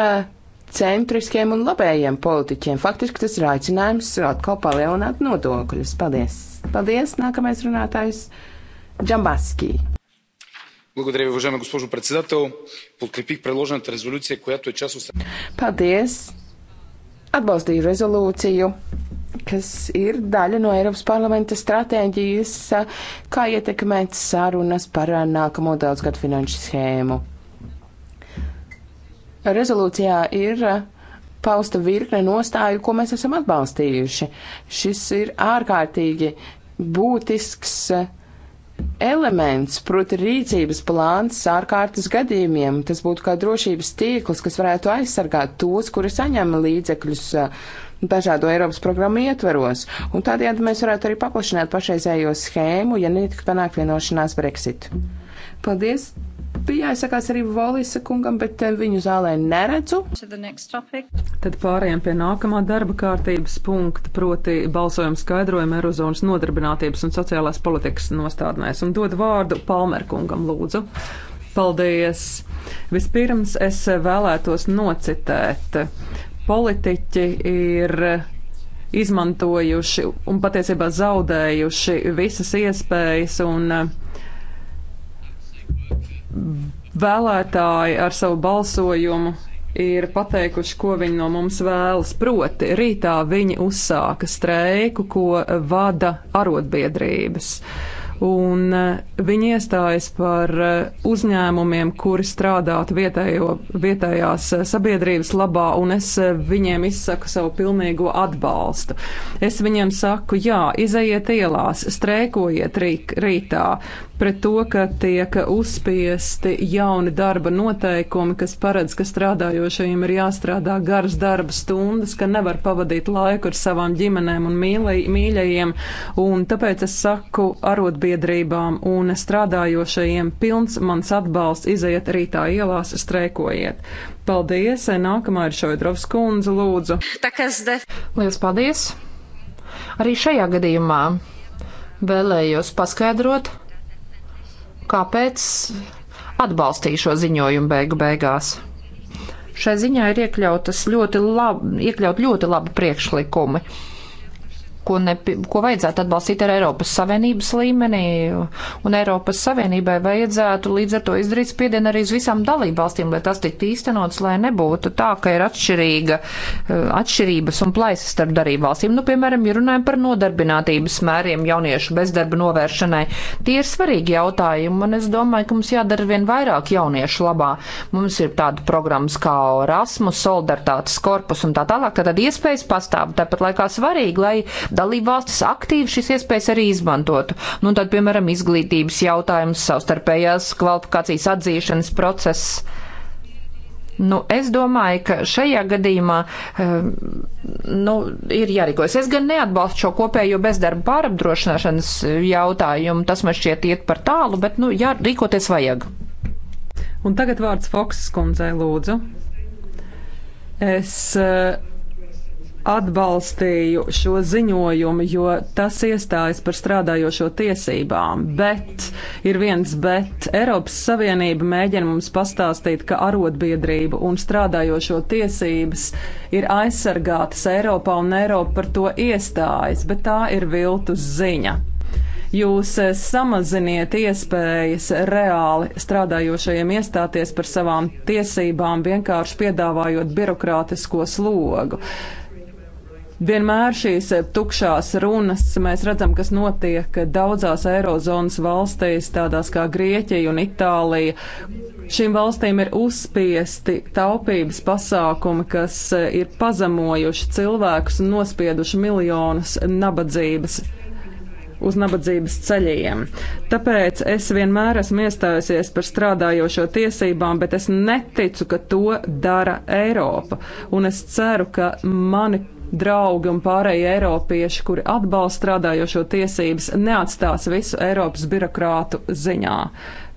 centriskiem un labējiem politiķiem. Faktiski tas ir aicinājums atkal palielināt nodokļus. Paldies! Paldies! Nākamais runātājs Džambaskī. Благодаря ви, уважаема госпожо председател. Подкрепих предложената резолюция, която е част от... Paldies! atbalstīju rezolūciju, kas ir daļa no Eiropas parlamenta stratēģijas, kā ietekmēt sarunas par nākamo daudzgadu finanšu schēmu. Rezolūcijā ir pausta virkne nostāju, ko mēs esam atbalstījuši. Šis ir ārkārtīgi būtisks uh, elements, proti rīcības plāns ārkārtas gadījumiem. Tas būtu kā drošības tīkls, kas varētu aizsargāt tos, kuri saņem līdzekļus uh, dažādo Eiropas programmu ietveros. Un tādējādi mēs varētu arī paplašināt pašreizējo schēmu, ja netiktu panākt vienošanās Brexit. Paldies! bija jāizsakās arī Volisa kungam, bet eh, viņu zālē neredzu. Tad pārējām pie nākamā darba kārtības punkta, proti balsojumu skaidrojumu Eirozonas nodarbinātības un sociālās politikas nostādnēs. Un dod vārdu Palmer kungam, lūdzu. Paldies! Vispirms es vēlētos nocitēt. Politiķi ir izmantojuši un patiesībā zaudējuši visas iespējas un uh, vēlētāji ar savu balsojumu ir pateikuši, ko viņi no mums vēlas. Proti, rītā viņi uzsāka streiku, ko vada arotbiedrības. Un eh, viņi iestājas par eh, uzņēmumiem, kuri strādātu vietējo, vietējās eh, sabiedrības labā, un es viņiem izsaku savu pilnīgo atbalstu. Es viņiem saku, jā, izaiet ielās, streikojiet rīk, rītā, pret to, ka tiek uzspiesti jauni darba noteikumi, kas paredz, ka strādājošajiem ir jāstrādā garas darba stundas, ka nevar pavadīt laiku ar savām ģimenēm un mīlai, mīļajiem. Un tāpēc es saku arotbiedrībām un strādājošajiem pilns mans atbalsts izaiet rītā ielās streikojiet. Paldies! Nākamā ir Šoidrovs kundze, lūdzu. Lielas paldies! Arī šajā gadījumā vēlējos paskaidrot, kāpēc atbalstīju šo ziņojumu beigu beigās. Šai ziņā ir iekļautas ļoti labi, iekļaut ļoti labi priekšlikumi. Uh, ko, ne, ko vajadzētu atbalstīt ar Eiropas Savienības līmenī, un Eiropas Savienībai vajadzētu līdz ar to izdarīt spiedienu arī uz visām dalībvalstīm, lai tas tiktu īstenots, lai nebūtu tā, ka ir atšķirīga, eh, atšķirības un plaisas starp darībvalstīm. Nu, piemēram, ja runājam par nodarbinātības mēriem jauniešu bezdarba novēršanai, tie ir svarīgi jautājumi, un es domāju, ka mums jādara vien vairāk jauniešu labā. Mums ir tāda programmas kā Erasmus, Solidaritātes korpus un tā tālāk, tad iespējas pastāv. Tāpat laikā svarīgi, lai dalībvalstis aktīvi šīs iespējas arī izmantotu. Nu, tad, piemēram, izglītības jautājums, savstarpējās kvalifikācijas atzīšanas process. Nu, es domāju, ka šajā gadījumā eh, nu, ir jārīkojas. Es gan neatbalstu šo kopējo bezdarba pārapdrošināšanas jautājumu. Tas man šķiet iet par tālu, bet nu, jārīkoties vajag. Un tagad vārds Foksas kundzei lūdzu. Es uh, atbalstīju šo ziņojumu, jo tas iestājas par strādājošo tiesībām, bet ir viens bet. Eiropas Savienība mēģina mums pastāstīt, ka arotbiedrība un strādājošo tiesības ir aizsargātas Eiropā un Eiropa par to iestājas, bet tā ir viltus ziņa jūs eh, samaziniet iespējas reāli strādājošajiem iestāties par savām tiesībām, vienkārši piedāvājot birokrātisko slogu. Vienmēr šīs eh, tukšās runas mēs redzam, kas notiek daudzās Eirozonas valstīs, tādās kā Grieķija un Itālija. Šīm valstīm ir uzspiesti taupības pasākumi, kas eh, ir pazemojuši cilvēkus un nospieduši miljonus nabadzības uz nabadzības ceļiem. Tāpēc es vienmēr esmu iestājusies par strādājošo tiesībām, bet es neticu, ka to dara Eiropa. Un es ceru, ka mani draugi un pārējie eiropieši, kuri atbalsta strādājošo tiesības, neatstās visu Eiropas birokrātu ziņā.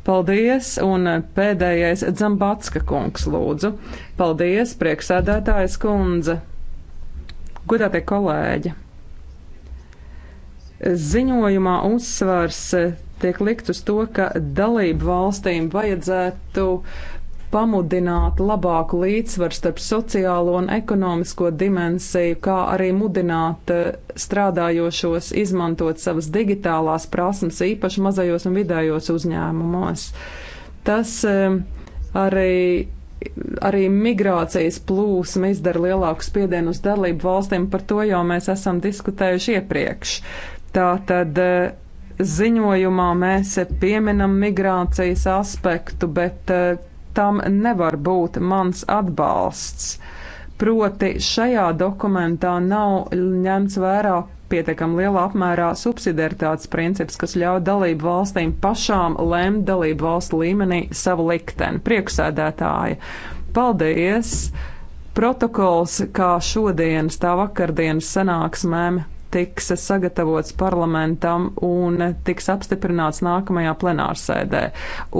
Paldies, un pēdējais Dzambatska kungs lūdzu. Paldies, prieksēdētājs kundze. Godātie kolēģi! Ziņojumā uzsvars tiek likt uz to, ka dalību valstīm vajadzētu pamudināt labāku līdzsvaru starp sociālo un ekonomisko dimensiju, kā arī mudināt eh, strādājošos izmantot savas digitālās prasmes, īpaši mazajos un vidējos uzņēmumos. Tas eh, arī arī migrācijas plūsma izdara lielāku spiedienu uz dalību valstīm, par to jau mēs esam diskutējuši iepriekš. Tātad eh, ziņojumā mēs pieminam migrācijas aspektu, bet tam nevar būt mans atbalsts. Proti šajā dokumentā nav ņemts vērā pietiekami lielā apmērā subsidiaritātes princips, kas ļauj dalību valstīm pašām lemt dalību valstu līmenī savu likteni. Prieksēdētāji, paldies! Protokols kā šodienas, tā vakardienas sanāksmēm tiks sagatavots parlamentam un tiks apstiprināts nākamajā plenārsēdē.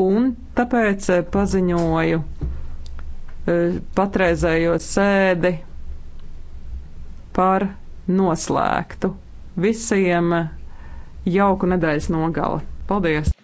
Un tāpēc paziņoju e, patreizējo sēdi par noslēgtu. Visiem jauku nedēļas nogali. Paldies!